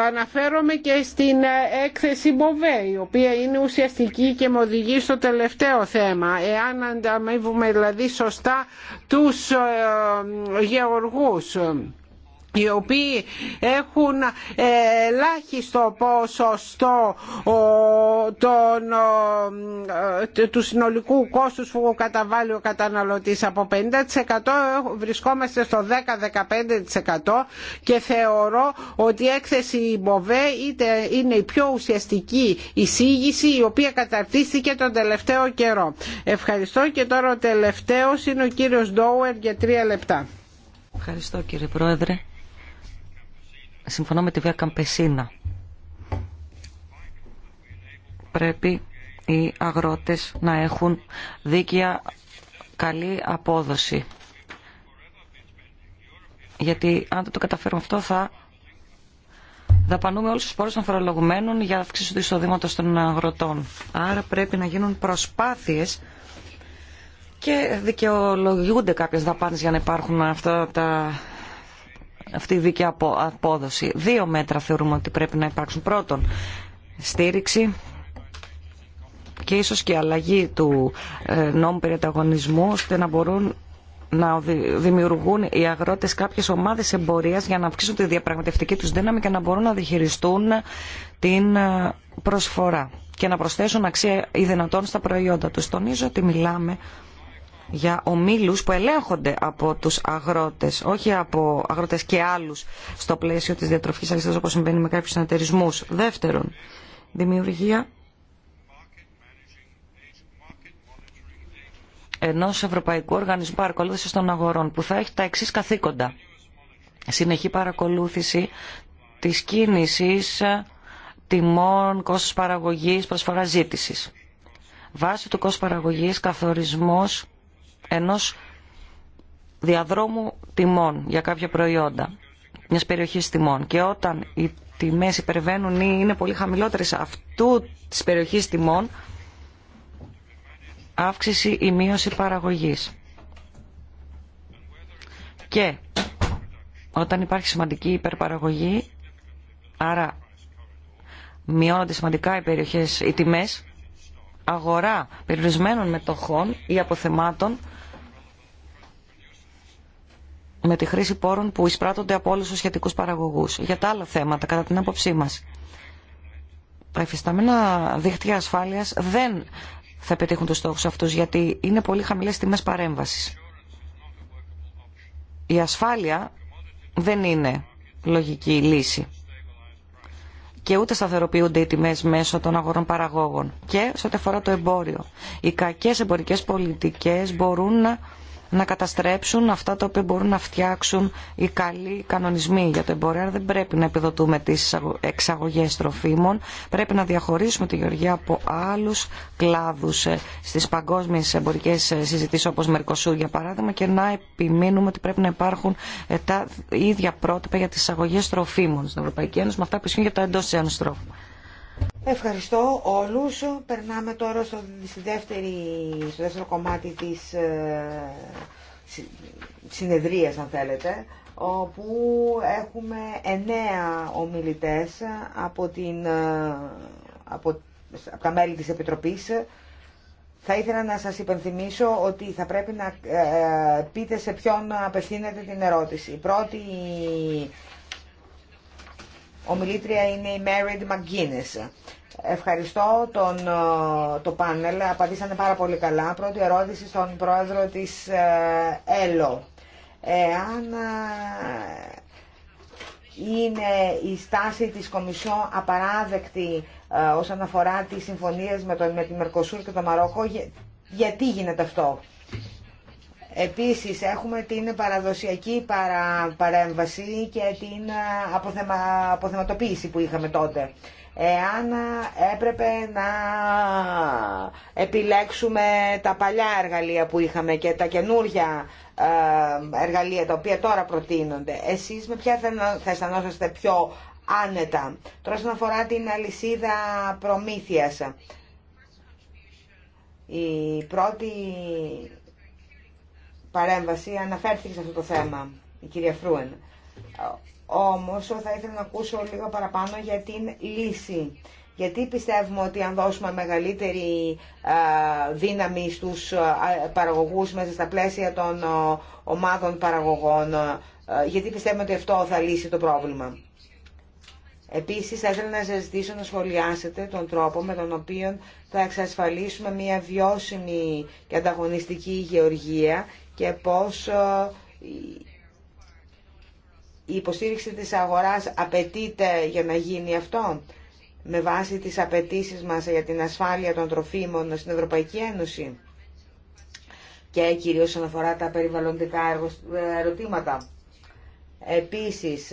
Αναφέρω αναφέρομαι και στην ε, έκθεση Μποβέ, η οποία είναι ουσιαστική και με οδηγεί στο τελευταίο θέμα. Εάν ανταμείβουμε δηλαδή σωστά τους ε, γεωργούς οι οποίοι έχουν ε, ελάχιστο ποσοστό ε, του συνολικού κόστους που καταβάλει ο καταναλωτής από 50% βρισκόμαστε στο 10-15% και θεωρώ ότι η έκθεση Μποβέ είτε είναι η πιο ουσιαστική εισήγηση η οποία καταρτίστηκε τον τελευταίο καιρό. Ευχαριστώ και τώρα ο τελευταίος είναι ο κύριος Ντόουερ για τρία λεπτά. Ευχαριστώ κύριε Πρόεδρε. Συμφωνώ με τη Βία Καμπεσίνα. Πρέπει οι αγρότες να έχουν δίκαια καλή απόδοση. Γιατί αν δεν το καταφέρουμε αυτό θα δαπανούμε όλους τους πόρους των φορολογουμένων για αύξηση του εισοδήματο των αγροτών. Άρα πρέπει να γίνουν προσπάθειες και δικαιολογούνται κάποιες δαπάνες για να υπάρχουν αυτά τα αυτή η δίκαιη απόδοση. Δύο μέτρα θεωρούμε ότι πρέπει να υπάρξουν. Πρώτον, στήριξη και ίσως και αλλαγή του ε, νόμου περιεταγωνισμού ώστε να μπορούν να δημιουργούν οι αγρότες κάποιες ομάδες εμπορίας για να αυξήσουν τη διαπραγματευτική τους δύναμη και να μπορούν να διχειριστούν την ε, προσφορά και να προσθέσουν αξία ή δυνατόν στα προϊόντα τους. Τονίζω ότι μιλάμε για ομίλους που ελέγχονται από τους αγρότες, όχι από αγρότες και άλλους στο πλαίσιο της διατροφικής αλυσίδας όπως συμβαίνει με κάποιους συνεταιρισμούς. Δεύτερον, δημιουργία ενός Ευρωπαϊκού Οργανισμού Παρακολούθησης των Αγορών που θα έχει τα εξή καθήκοντα. Συνεχή παρακολούθηση της κίνησης τιμών, κόστος παραγωγής, προσφορά ζήτησης. Βάση του κόστος παραγωγής, καθορισμός ενός διαδρόμου τιμών για κάποια προϊόντα, μιας περιοχής τιμών. Και όταν οι τιμές υπερβαίνουν ή είναι πολύ χαμηλότερες αυτού της περιοχής τιμών, αύξηση ή μείωση παραγωγής. Και όταν υπάρχει σημαντική υπερπαραγωγή, άρα μειώνονται σημαντικά οι περιοχές, οι τιμές, αγορά περιορισμένων μετοχών ή αποθεμάτων με τη χρήση πόρων που εισπράττονται από όλου του σχετικού παραγωγού. Για τα άλλα θέματα, κατά την άποψή μας, τα εφισταμένα δίχτυα ασφάλειας δεν θα πετύχουν τους στόχους αυτούς, γιατί είναι πολύ χαμηλές τιμέ παρέμβασης. Η ασφάλεια δεν είναι λογική λύση και ούτε σταθεροποιούνται οι τιμέ μέσω των αγορών παραγόγων. Και σε ό,τι αφορά το εμπόριο, οι κακέ εμπορικέ πολιτικέ μπορούν να να καταστρέψουν αυτά τα οποία μπορούν να φτιάξουν οι καλοί κανονισμοί για το εμπόριο. Άρα δεν πρέπει να επιδοτούμε τις εξαγωγές τροφίμων. Πρέπει να διαχωρίσουμε τη Γεωργία από άλλους κλάδους ε, στις παγκόσμιες εμπορικές ε, συζητήσεις όπως Μερκοσούρ για παράδειγμα και να επιμείνουμε ότι πρέπει να υπάρχουν ε, τα ίδια πρότυπα για τις εξαγωγές τροφίμων στην Ευρωπαϊκή Ένωση με αυτά που ισχύουν για το εντός της Ένωσης τρόφιμων. Ευχαριστώ όλους. Περνάμε τώρα στο, στη στο δεύτερο κομμάτι της ε, συνεδρίας, αν θέλετε, όπου έχουμε εννέα ομιλητές από, την, ε, από, τα μέλη της Επιτροπής. Θα ήθελα να σας υπενθυμίσω ότι θα πρέπει να ε, ε, πείτε σε ποιον απευθύνεται την ερώτηση. Η πρώτη Ομιλήτρια είναι η Μέριντ Μαγκίνες. Ευχαριστώ τον, ε, το πάνελ. Απαντήσανε πάρα πολύ καλά. Πρώτη ερώτηση στον πρόεδρο της ΕΛΟ. Εάν ε, είναι η στάση της Κομισιόν απαράδεκτη ε, όσον αφορά τις συμφωνίες με, το, με τη Μερκοσούρ και το Μαρόκο, γιατί γίνεται αυτό. Επίσης έχουμε την παραδοσιακή παρα, παρέμβαση και την ε, αποθεμα, αποθεματοποίηση που είχαμε τότε. Εάν έπρεπε να επιλέξουμε τα παλιά εργαλεία που είχαμε και τα καινούργια ε, εργαλεία τα οποία τώρα προτείνονται, εσείς με ποια θα αισθανόσαστε πιο άνετα. Τώρα όσον αφορά την αλυσίδα προμήθειας, η πρώτη παρέμβαση αναφέρθηκε σε αυτό το θέμα, η κυρία Φρούεν. Όμως θα ήθελα να ακούσω λίγο παραπάνω για την λύση. Γιατί πιστεύουμε ότι αν δώσουμε μεγαλύτερη δύναμη στους παραγωγούς μέσα στα πλαίσια των ομάδων παραγωγών, γιατί πιστεύουμε ότι αυτό θα λύσει το πρόβλημα. Επίσης, θα ήθελα να σας ζητήσω να σχολιάσετε τον τρόπο με τον οποίο θα εξασφαλίσουμε μια βιώσιμη και ανταγωνιστική γεωργία και πώς ε, η υποστήριξη της αγοράς απαιτείται για να γίνει αυτό με βάση τις απαιτήσει μας για την ασφάλεια των τροφίμων στην Ευρωπαϊκή Ένωση και κυρίως όσον αφορά τα περιβαλλοντικά ε, ερωτήματα. Επίσης,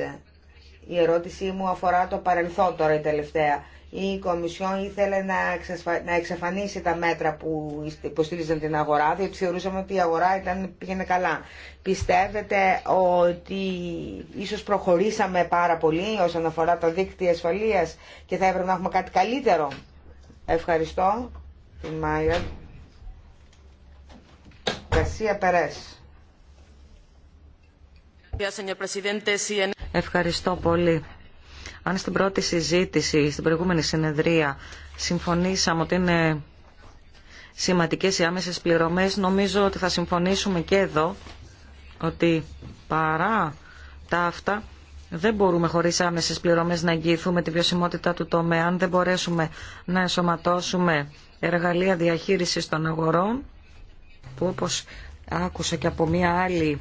η ερώτησή μου αφορά το παρελθόν τώρα η τελευταία η Κομισιόν ήθελε να, να εξαφανίσει τα μέτρα που υποστήριζαν την αγορά, διότι θεωρούσαμε ότι η αγορά ήταν... πήγαινε καλά. Πιστεύετε ότι ίσως προχωρήσαμε πάρα πολύ όσον αφορά το δίκτυο ασφαλείας και θα έπρεπε να έχουμε κάτι καλύτερο. Ευχαριστώ την Μάια. Κασία Περές. Ευχαριστώ πολύ. Αν στην πρώτη συζήτηση, στην προηγούμενη συνεδρία, συμφωνήσαμε ότι είναι σημαντικές οι άμεσες πληρωμές, νομίζω ότι θα συμφωνήσουμε και εδώ ότι παρά τα αυτά δεν μπορούμε χωρίς άμεσες πληρωμές να εγγυηθούμε τη βιωσιμότητα του τομέα. Αν δεν μπορέσουμε να ενσωματώσουμε εργαλεία διαχείρισης των αγορών, που όπως άκουσα και από μία άλλη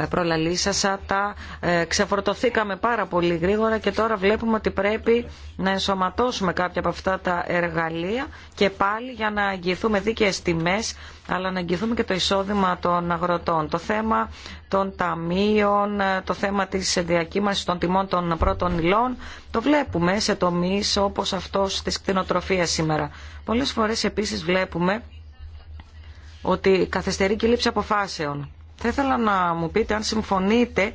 ε, προλαλήσασα, τα ε, ξεφορτωθήκαμε πάρα πολύ γρήγορα και τώρα βλέπουμε ότι πρέπει να ενσωματώσουμε κάποια από αυτά τα εργαλεία και πάλι για να αγγιθούμε δίκαιες τιμές αλλά να αγγιθούμε και το εισόδημα των αγροτών. Το θέμα των ταμείων, ε, το θέμα της διακύμασης των τιμών των πρώτων υλών το βλέπουμε σε τομείς όπως αυτός της κτηνοτροφίας σήμερα. Πολλές φορές επίσης βλέπουμε ότι καθυστερεί και λήψη αποφάσεων θα ήθελα να μου πείτε αν συμφωνείτε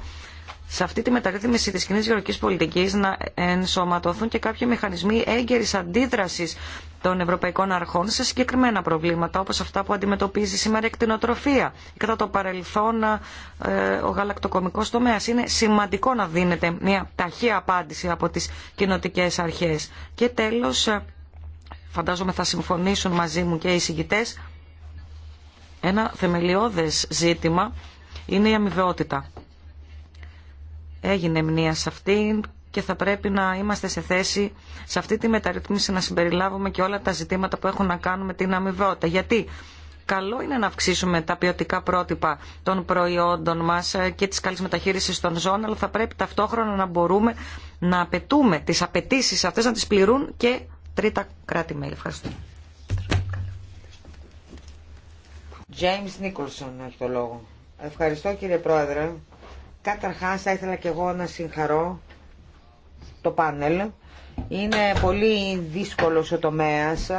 σε αυτή τη μεταρρύθμιση της κοινή γεωργικής πολιτικής να ενσωματωθούν και κάποιοι μηχανισμοί έγκαιρης αντίδρασης των ευρωπαϊκών αρχών σε συγκεκριμένα προβλήματα όπως αυτά που αντιμετωπίζει σήμερα η κτηνοτροφία. Κατά το παρελθόν ε, ο γαλακτοκομικός τομέας είναι σημαντικό να δίνεται μια ταχύα απάντηση από τις κοινοτικέ αρχές. Και τέλος, ε, φαντάζομαι θα συμφωνήσουν μαζί μου και οι συγκητές, ένα θεμελιώδες ζήτημα είναι η αμοιβαιότητα. Έγινε μνήμα σε αυτήν και θα πρέπει να είμαστε σε θέση σε αυτή τη μεταρρύθμιση να συμπεριλάβουμε και όλα τα ζητήματα που έχουν να κάνουν με την αμοιβαιότητα. Γιατί καλό είναι να αυξήσουμε τα ποιοτικά πρότυπα των προϊόντων μας και τις καλή μεταχείρισεις των ζώων, αλλά θα πρέπει ταυτόχρονα να μπορούμε να απαιτούμε τις απαιτήσει αυτές, να τις πληρούν και τρίτα κράτη-μέλη. Ευχαριστώ. James Nicholson έχει το λόγο. Ευχαριστώ κύριε Πρόεδρε. Καταρχάς θα ήθελα και εγώ να συγχαρώ το πάνελ. Είναι πολύ δύσκολος ο τομέας.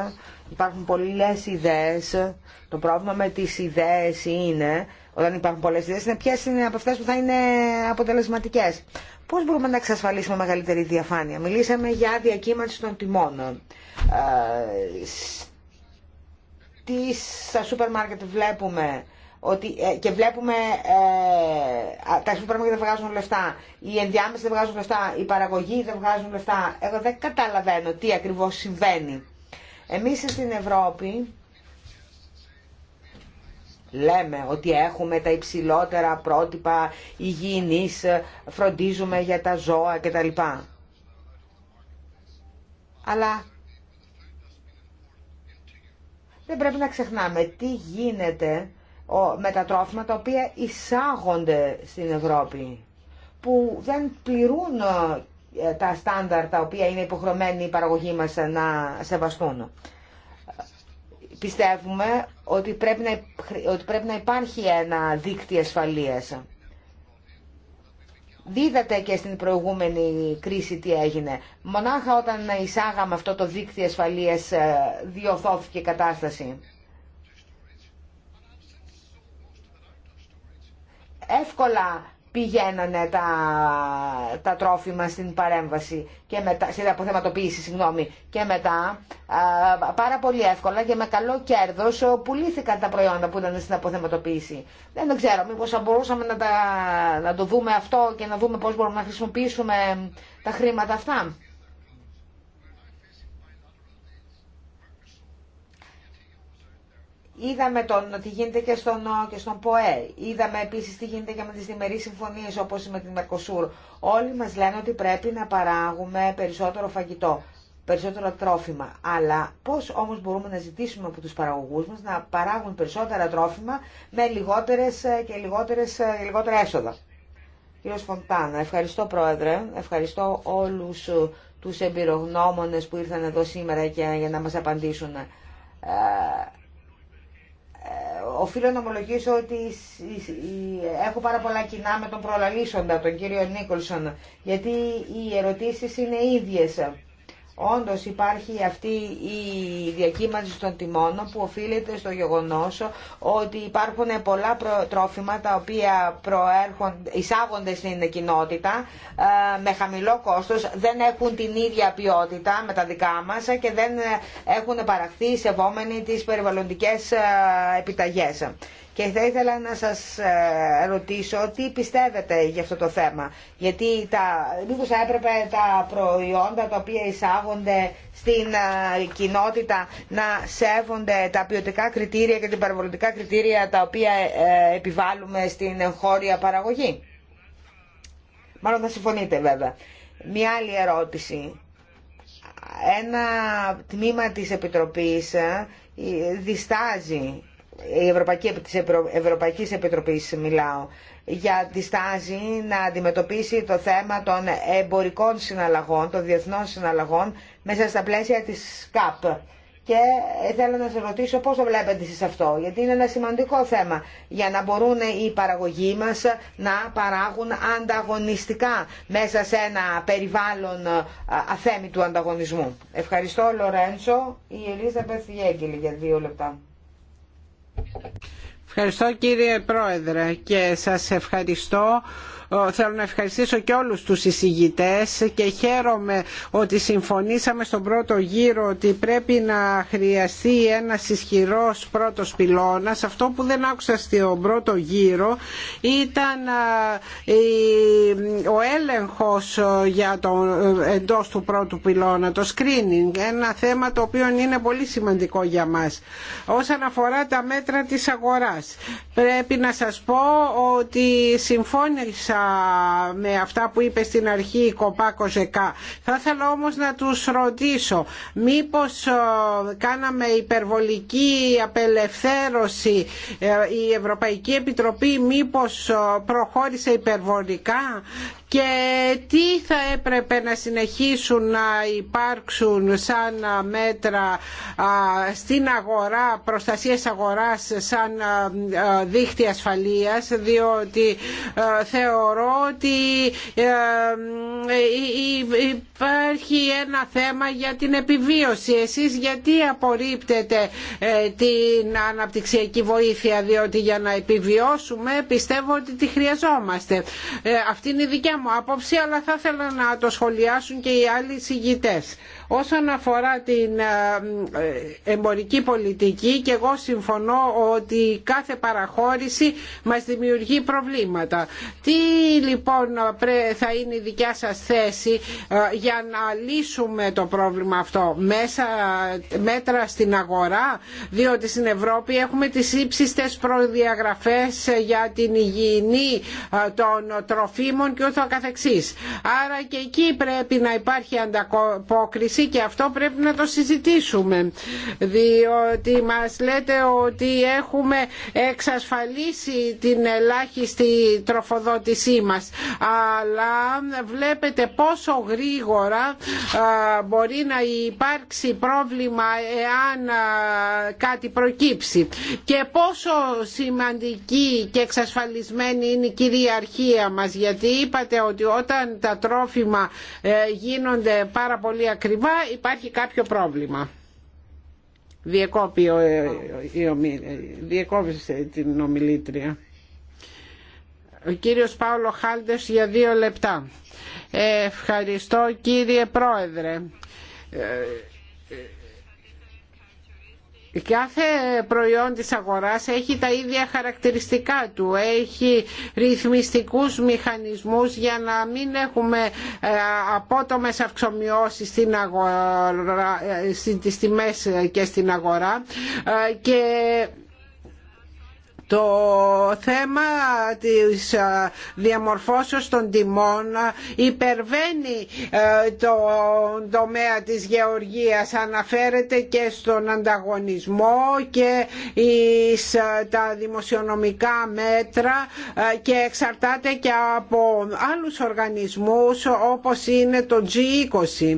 Υπάρχουν πολλές ιδέες. Το πρόβλημα με τις ιδέες είναι, όταν υπάρχουν πολλές ιδέες, είναι ποιες είναι από αυτές που θα είναι αποτελεσματικές. Πώς μπορούμε να εξασφαλίσουμε μεγαλύτερη διαφάνεια. Μιλήσαμε για διακύμανση των τιμών. Ε, τι στα σούπερ μάρκετ βλέπουμε ότι, ε, και βλέπουμε ε, τα σούπερ μάρκετ δεν βγάζουν λεφτά, οι ενδιάμεσοι δεν βγάζουν λεφτά, οι παραγωγοί δεν βγάζουν λεφτά. Εγώ δεν καταλαβαίνω τι ακριβώς συμβαίνει. Εμείς στην Ευρώπη λέμε ότι έχουμε τα υψηλότερα πρότυπα υγιεινής, ε, φροντίζουμε για τα ζώα κτλ. Αλλά δεν πρέπει να ξεχνάμε τι γίνεται με τα τρόφιμα τα οποία εισάγονται στην Ευρώπη, που δεν πληρούν ε, τα στάνταρ τα οποία είναι υποχρεωμένοι οι παραγωγοί μας να σεβαστούν. Πιστεύουμε ότι πρέπει να, ότι πρέπει να υπάρχει ένα δίκτυο ασφαλείας. Δίδατε και στην προηγούμενη κρίση τι έγινε. Μονάχα όταν εισάγαμε αυτό το δίκτυο ασφαλείας ε, διορθώθηκε η κατάσταση. Εύκολα πηγαίνανε τα, τα τρόφιμα στην παρέμβαση και μετά, στην αποθεματοποίηση συγγνώμη, και μετά α, πάρα πολύ εύκολα και με καλό κέρδος πουλήθηκαν τα προϊόντα που ήταν στην αποθεματοποίηση. Δεν ξέρω, μήπως θα μπορούσαμε να, τα, να το δούμε αυτό και να δούμε πώς μπορούμε να χρησιμοποιήσουμε τα χρήματα αυτά. Είδαμε τον, τι γίνεται και στον, και στον ΠΟΕ. Είδαμε επίση τι γίνεται και με τι διμερεί συμφωνίε όπω με την Μερκοσούρ. Όλοι μα λένε ότι πρέπει να παράγουμε περισσότερο φαγητό, περισσότερο τρόφιμα. Αλλά πώ όμω μπορούμε να ζητήσουμε από του παραγωγού μα να παράγουν περισσότερα τρόφιμα με λιγότερε και λιγότερες, λιγότερα έσοδα. Κύριος Φοντάνα, ευχαριστώ Πρόεδρε, ευχαριστώ όλους τους εμπειρογνώμονες που ήρθαν εδώ σήμερα και, για να μας απαντήσουν. Ε, ε, οφείλω να ομολογήσω ότι έχω πάρα πολλά κοινά με τον προλαλήσοντα, τον κύριο Νίκολσον, γιατί οι ερωτήσεις είναι ίδιες. Όντως υπάρχει αυτή η διακύμανση των τιμών που οφείλεται στο γεγονός ότι υπάρχουν πολλά τρόφιμα τα οποία προέρχονται, εισάγονται στην κοινότητα ε, με χαμηλό κόστος, δεν έχουν την ίδια ποιότητα με τα δικά μας και δεν έχουν παραχθεί σεβόμενοι τις περιβαλλοντικές ε, επιταγές. Και θα ήθελα να σας ε, ρωτήσω τι πιστεύετε για αυτό το θέμα. Γιατί τα, μήπως έπρεπε τα προϊόντα τα οποία εισάγονται στην ε, κοινότητα να σέβονται τα ποιοτικά κριτήρια και τα παραβολητικά κριτήρια τα οποία ε, επιβάλλουμε στην εγχώρια παραγωγή. Μάλλον θα συμφωνείτε βέβαια. Μια άλλη ερώτηση. Ένα τμήμα της Επιτροπής διστάζει η Ευρωπαϊκή, της Ευρωπαϊκής Επιτροπής μιλάω, για τη στάση να αντιμετωπίσει το θέμα των εμπορικών συναλλαγών, των διεθνών συναλλαγών, μέσα στα πλαίσια της ΚΑΠ. Και θέλω να σας ρωτήσω πώς το βλέπετε εσείς αυτό, γιατί είναι ένα σημαντικό θέμα για να μπορούν οι παραγωγοί μας να παράγουν ανταγωνιστικά μέσα σε ένα περιβάλλον αθέμη του ανταγωνισμού. Ευχαριστώ Λορέντσο, η Ελίζα Πεθιέγγελη για δύο λεπτά. Ευχαριστώ κύριε Πρόεδρε και σας ευχαριστώ ε, θέλω να ευχαριστήσω και όλους τους εισηγητές και χαίρομαι ότι συμφωνήσαμε στον πρώτο γύρο ότι πρέπει να χρειαστεί ένας ισχυρός πρώτος πυλώνας. Αυτό που δεν άκουσα στον πρώτο γύρο ήταν ε, ο έλεγχος ε, για το, εντός του πρώτου πυλώνα, το screening, ένα θέμα το οποίο είναι πολύ σημαντικό για μας. Όσον αφορά τα μέτρα της αγοράς, πρέπει να σας πω ότι συμφώνησα με αυτά που είπε στην αρχή η Κοπάκο Ζεκά. Θα ήθελα όμως να τους ρωτήσω μήπως ε, κάναμε υπερβολική απελευθέρωση ε, η Ευρωπαϊκή Επιτροπή μήπως ε, προχώρησε υπερβολικά και τι θα έπρεπε να συνεχίσουν να υπάρξουν σαν μέτρα στην αγορά, προστασίας αγοράς σαν δίχτυ ασφαλείας διότι θεωρώ ότι ε, ε, ε, υπάρχει ένα θέμα για την επιβίωση. Εσείς γιατί απορρίπτετε την αναπτυξιακή βοήθεια διότι για να επιβιώσουμε πιστεύω ότι τη χρειαζόμαστε. Αυτή είναι η δικιά μου άποψη αλλά θα ήθελα να το σχολιάσουν και οι άλλοι συγγητές. Όσον αφορά την ε, ε, εμπορική πολιτική και εγώ συμφωνώ ότι κάθε παραχώρηση μας δημιουργεί προβλήματα. Τι λοιπόν θα είναι η δικιά σας θέση ε, για να λύσουμε το πρόβλημα αυτό μέσα μέτρα στην αγορά διότι στην Ευρώπη έχουμε τις ύψιστες προδιαγραφές για την υγιεινή των τροφίμων και ούτω καθεξής. Άρα και εκεί πρέπει να υπάρχει ανταπόκριση και αυτό πρέπει να το συζητήσουμε διότι μας λέτε ότι έχουμε εξασφαλίσει την ελάχιστη τροφοδότησή μας αλλά βλέπετε πόσο γρήγορα μπορεί να υπάρξει πρόβλημα εάν κάτι προκύψει και πόσο σημαντική και εξασφαλισμένη είναι η κυριαρχία μας γιατί είπατε ότι όταν τα τρόφιμα ε, γίνονται πάρα πολύ ακριβά υπάρχει κάποιο πρόβλημα. Ε, ε, διεκόπησε την ομιλήτρια. Ο κύριος Παύλο Χάλτες για δύο λεπτά. Ε, ευχαριστώ κύριε Πρόεδρε Κάθε προϊόν της αγοράς έχει τα ίδια χαρακτηριστικά του, έχει ρυθμιστικούς μηχανισμούς για να μην έχουμε ε, απότομες αυξομοιώσεις στην αγορά, ε, στις τιμές και στην αγορά ε, και το θέμα της διαμορφώσεως των τιμών υπερβαίνει το τομέα της γεωργίας αναφέρεται και στον ανταγωνισμό και τα δημοσιονομικά μέτρα και εξαρτάται και από άλλους οργανισμούς όπως είναι το G20.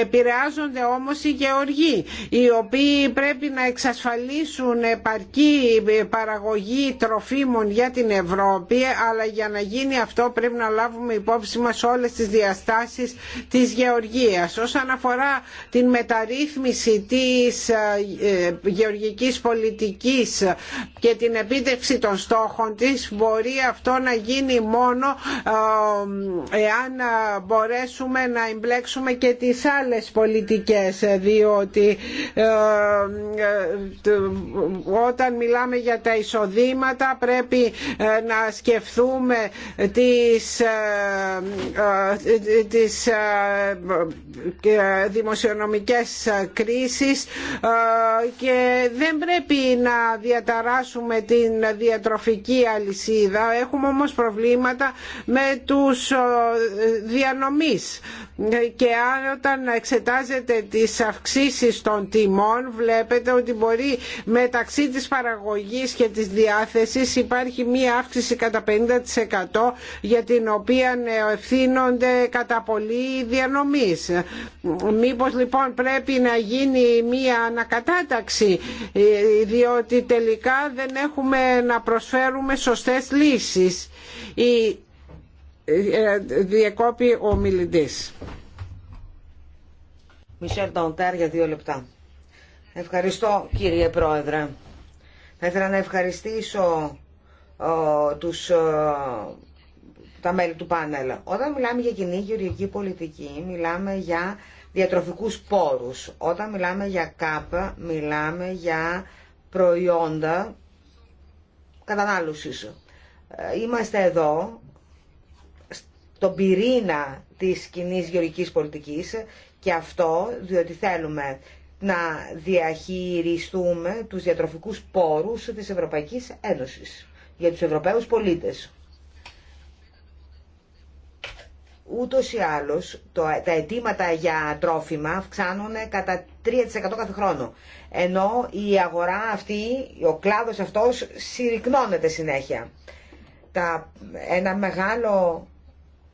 Επηρεάζονται όμως οι γεωργοί οι οποίοι πρέπει να εξασφαλίσουν επαρκή παραγωγή τροφίμων για την Ευρώπη αλλά για να γίνει αυτό πρέπει να λάβουμε υπόψη μας όλες τις διαστάσεις της γεωργίας. Όσον αφορά την μεταρρύθμιση της ε, ε, γεωργικής πολιτικής και την επίτευξη των στόχων της μπορεί αυτό να γίνει μόνο ε, εάν μπορέσουμε να εμπλέξουμε και τις άλλες πολιτικές διότι όταν μιλάμε για τα εισοδήματα, πρέπει ε, να σκεφτούμε τις, ε, ε, τις δημοσιονομικές κρίσεις και δεν πρέπει να διαταράσουμε την διατροφική αλυσίδα. Έχουμε όμως προβλήματα με τους διανομής και αν όταν εξετάζετε τις αυξήσεις των τιμών βλέπετε ότι μπορεί μεταξύ της παραγωγής και της διάθεσης υπάρχει μία αύξηση κατά 50% για την οποία ευθύνονται κατά πολύ διανομής. Μήπως λοιπόν πρέπει να γίνει μία ανακατάταξη διότι τελικά δεν έχουμε να προσφέρουμε σωστές λύσεις. Η... Ε, διεκόπη ο μιλητής. Μισελ για δύο λεπτά. Ευχαριστώ κύριε Πρόεδρε. Θα ήθελα να ευχαριστήσω ε, τους, ε, τα μέλη του πάνελ. Όταν μιλάμε για κοινή γεωργική πολιτική, μιλάμε για διατροφικούς πόρους. Όταν μιλάμε για κάπα, μιλάμε για προϊόντα κατανάλωσης. Ε, είμαστε εδώ στον πυρήνα της κοινή γεωργικής πολιτικής και αυτό διότι θέλουμε να διαχειριστούμε τους διατροφικούς πόρους της Ευρωπαϊκής Ένωσης για τους Ευρωπαίους πολίτες. Ούτως ή άλλως τα αιτήματα για τρόφιμα αυξάνουν κατά 3% κάθε χρόνο. Ενώ η αγορά αυτή, ο κλάδος αυτός συρρυκνώνεται συνέχεια. Τα, ένα μεγάλο,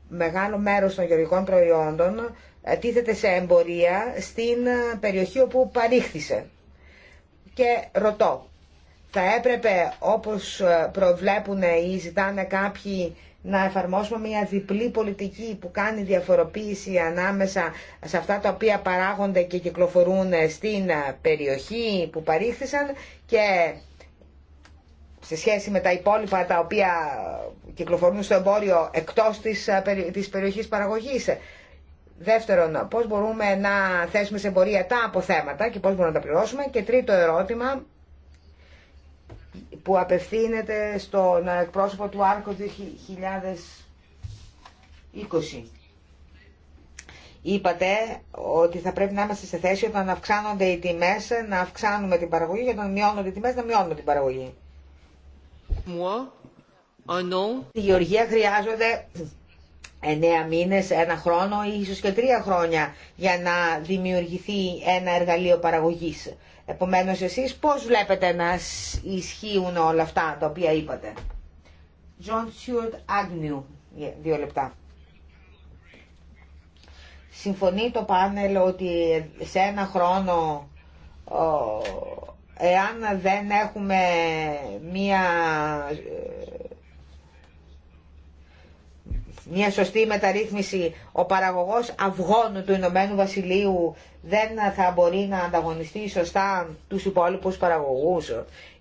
μεγάλο μέρος των γεωργικών προϊόντων ε, τίθεται σε εμπορία στην ε, περιοχή όπου παρήχθησε. Και ρωτώ, θα έπρεπε όπως ε, προβλέπουν ή ζητάνε κάποιοι να εφαρμόσουμε μια διπλή πολιτική που κάνει διαφοροποίηση ανάμεσα σε αυτά τα οποία παράγονται και κυκλοφορούν στην περιοχή που παρήχθησαν και σε σχέση με τα υπόλοιπα τα οποία κυκλοφορούν στο εμπόριο εκτός της περιοχής παραγωγής. Δεύτερον, πώς μπορούμε να θέσουμε σε εμπορία τα αποθέματα και πώς μπορούμε να τα πληρώσουμε. Και τρίτο ερώτημα που απευθύνεται στον εκπρόσωπο του Άρκο 2020. Είπατε ότι θα πρέπει να είμαστε σε θέση όταν αυξάνονται οι τιμές να αυξάνουμε την παραγωγή και όταν μειώνονται οι τιμές να μειώνουμε την παραγωγή. Γεωργία χρειάζονται εννέα μήνες, ένα χρόνο ή ίσως και τρία χρόνια για να δημιουργηθεί ένα εργαλείο παραγωγής. Επομένως εσείς πώς βλέπετε να ισχύουν όλα αυτά τα οποία είπατε. John Stuart Agnew, δύο λεπτά. Συμφωνεί το πάνελ ότι σε ένα χρόνο εάν δεν έχουμε μία μια σωστή μεταρρύθμιση ο παραγωγός αυγών του Ηνωμένου Βασιλείου δεν θα μπορεί να ανταγωνιστεί σωστά τους υπόλοιπους παραγωγούς.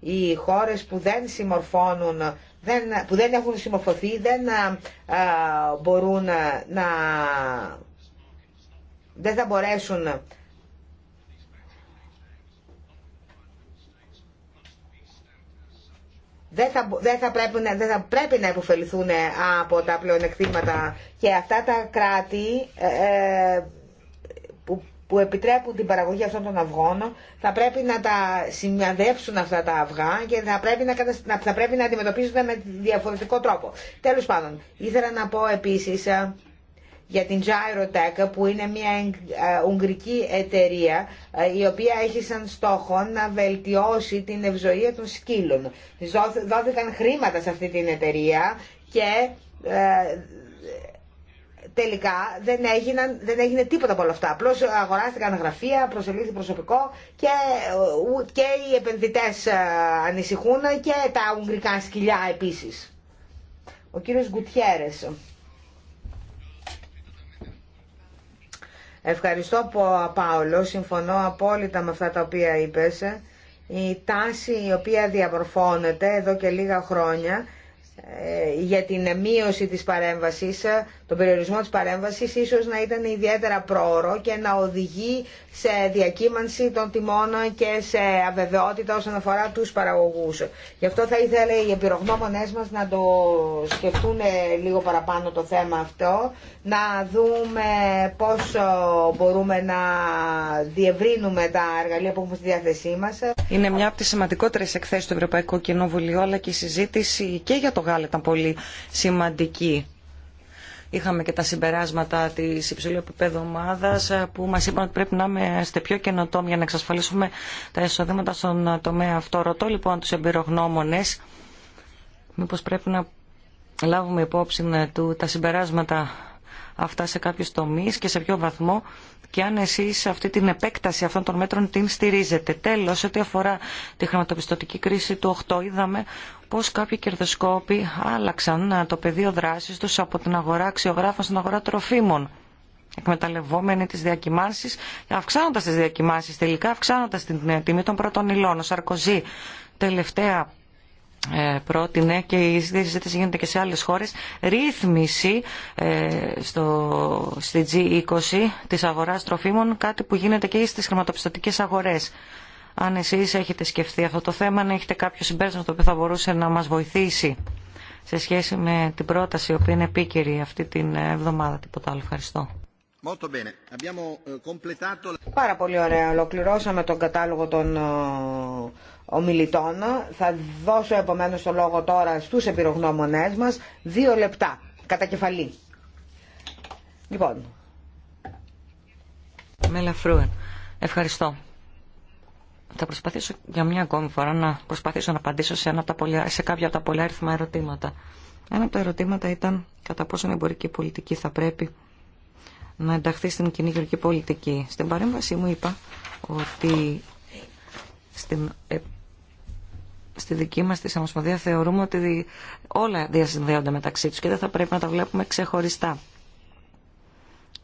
Οι χώρες που δεν συμμορφώνουν, δεν, που δεν έχουν συμμορφωθεί δεν μπορούν να... δεν θα μπορέσουν δεν θα, δεν θα, πρέπει, να, δεν θα πρέπει να υποφεληθούν από τα πλεονεκτήματα και αυτά τα κράτη ε, ε, που, που επιτρέπουν την παραγωγή αυτών των αυγών θα πρέπει να τα σημαδέψουν αυτά τα αυγά και θα πρέπει να, θα πρέπει να αντιμετωπίζονται με διαφορετικό τρόπο. Τέλος πάντων, ήθελα να πω επίσης ε, για την Gyrotech που είναι μια ε, ουγγρική εταιρεία ε, η οποία έχει σαν στόχο να βελτιώσει την ευζοία των σκύλων. Δόθηκαν χρήματα σε αυτή την εταιρεία και ε, τελικά δεν, έγιναν, δεν έγινε τίποτα από όλα αυτά. Απλώ αγοράστηκαν γραφεία, προσελήθη προσωπικό και, και οι επενδυτέ ανησυχούν και τα ουγγρικά σκυλιά επίση. Ο κύριος Γκουτιέρες. Ευχαριστώ Πάολο, συμφωνώ απόλυτα με αυτά τα οποία είπες. Η τάση η οποία διαμορφώνεται εδώ και λίγα χρόνια ε, για την μείωση της παρέμβασης το περιορισμό της παρέμβασης ίσως να ήταν ιδιαίτερα πρόωρο και να οδηγεί σε διακύμανση των τιμών και σε αβεβαιότητα όσον αφορά τους παραγωγούς. Γι' αυτό θα ήθελε οι επιρογνώμονές μας να το σκεφτούν ε, λίγο παραπάνω το θέμα αυτό, να δούμε πώς μπορούμε να διευρύνουμε τα εργαλεία που έχουμε στη διάθεσή μας. Είναι μια από τις σημαντικότερες εκθέσεις του Ευρωπαϊκού Κοινοβουλίου, αλλά και η συζήτηση και για το Γάλλο ήταν πολύ σημαντική Είχαμε και τα συμπεράσματα τη υψηλού επίπεδου ομάδα ε, που μα είπαν ότι πρέπει να είμαστε πιο καινοτόμοι για να εξασφαλίσουμε τα εισοδήματα στον τομέα αυτό. Ρωτώ λοιπόν του εμπειρογνώμονε, μήπω πρέπει να λάβουμε υπόψη ε, του τα συμπεράσματα αυτά σε κάποιου τομεί και σε ποιο βαθμό και αν εσεί αυτή την επέκταση αυτών των μέτρων την στηρίζετε. Τέλο, ό,τι αφορά τη χρηματοπιστωτική κρίση του 8, είδαμε πως κάποιοι κερδοσκόποι άλλαξαν ε, το πεδίο δράσης τους από την αγορά αξιογράφων στην αγορά τροφίμων εκμεταλλευόμενοι τις διακοιμάνσεις, αυξάνοντας τις διακοιμάνσεις τελικά, αυξάνοντας την ε, τιμή των πρώτων υλών. Ο Σαρκοζή τελευταία ε, πρότεινε και η συζήτηση γίνεται και σε άλλες χώρες ρύθμιση στο, στη G20 της αγοράς τροφίμων κάτι που γίνεται και στις χρηματοπιστωτικές αγορές αν εσείς έχετε σκεφτεί αυτό το θέμα, αν έχετε κάποιο συμπέρασμα το οποίο θα μπορούσε να μας βοηθήσει σε σχέση με την πρόταση, η οποία είναι επίκαιρη αυτή την εβδομάδα. Τίποτα άλλο. Ευχαριστώ. Ε, Πάρα πολύ ωραία. Ολοκληρώσαμε τον κατάλογο των ε, ομιλητών. Θα δώσω επομένω το λόγο τώρα στους επιρογνώμονές μας. Δύο λεπτά. Κατά κεφαλή. Λοιπόν. Ευχαριστώ. Θα προσπαθήσω για μια ακόμη φορά να προσπαθήσω να απαντήσω σε, ένα τα σε κάποια από τα πολλά αριθμά ερωτήματα. Ένα από τα ερωτήματα ήταν κατά πόσο η εμπορική πολιτική θα πρέπει να ενταχθεί στην κοινή γεωργική πολιτική. Στην παρέμβαση μου είπα ότι στην, ε, στη δική μας τη Σαμοσπονδία θεωρούμε ότι όλα διασυνδέονται μεταξύ τους και δεν θα πρέπει να τα βλέπουμε ξεχωριστά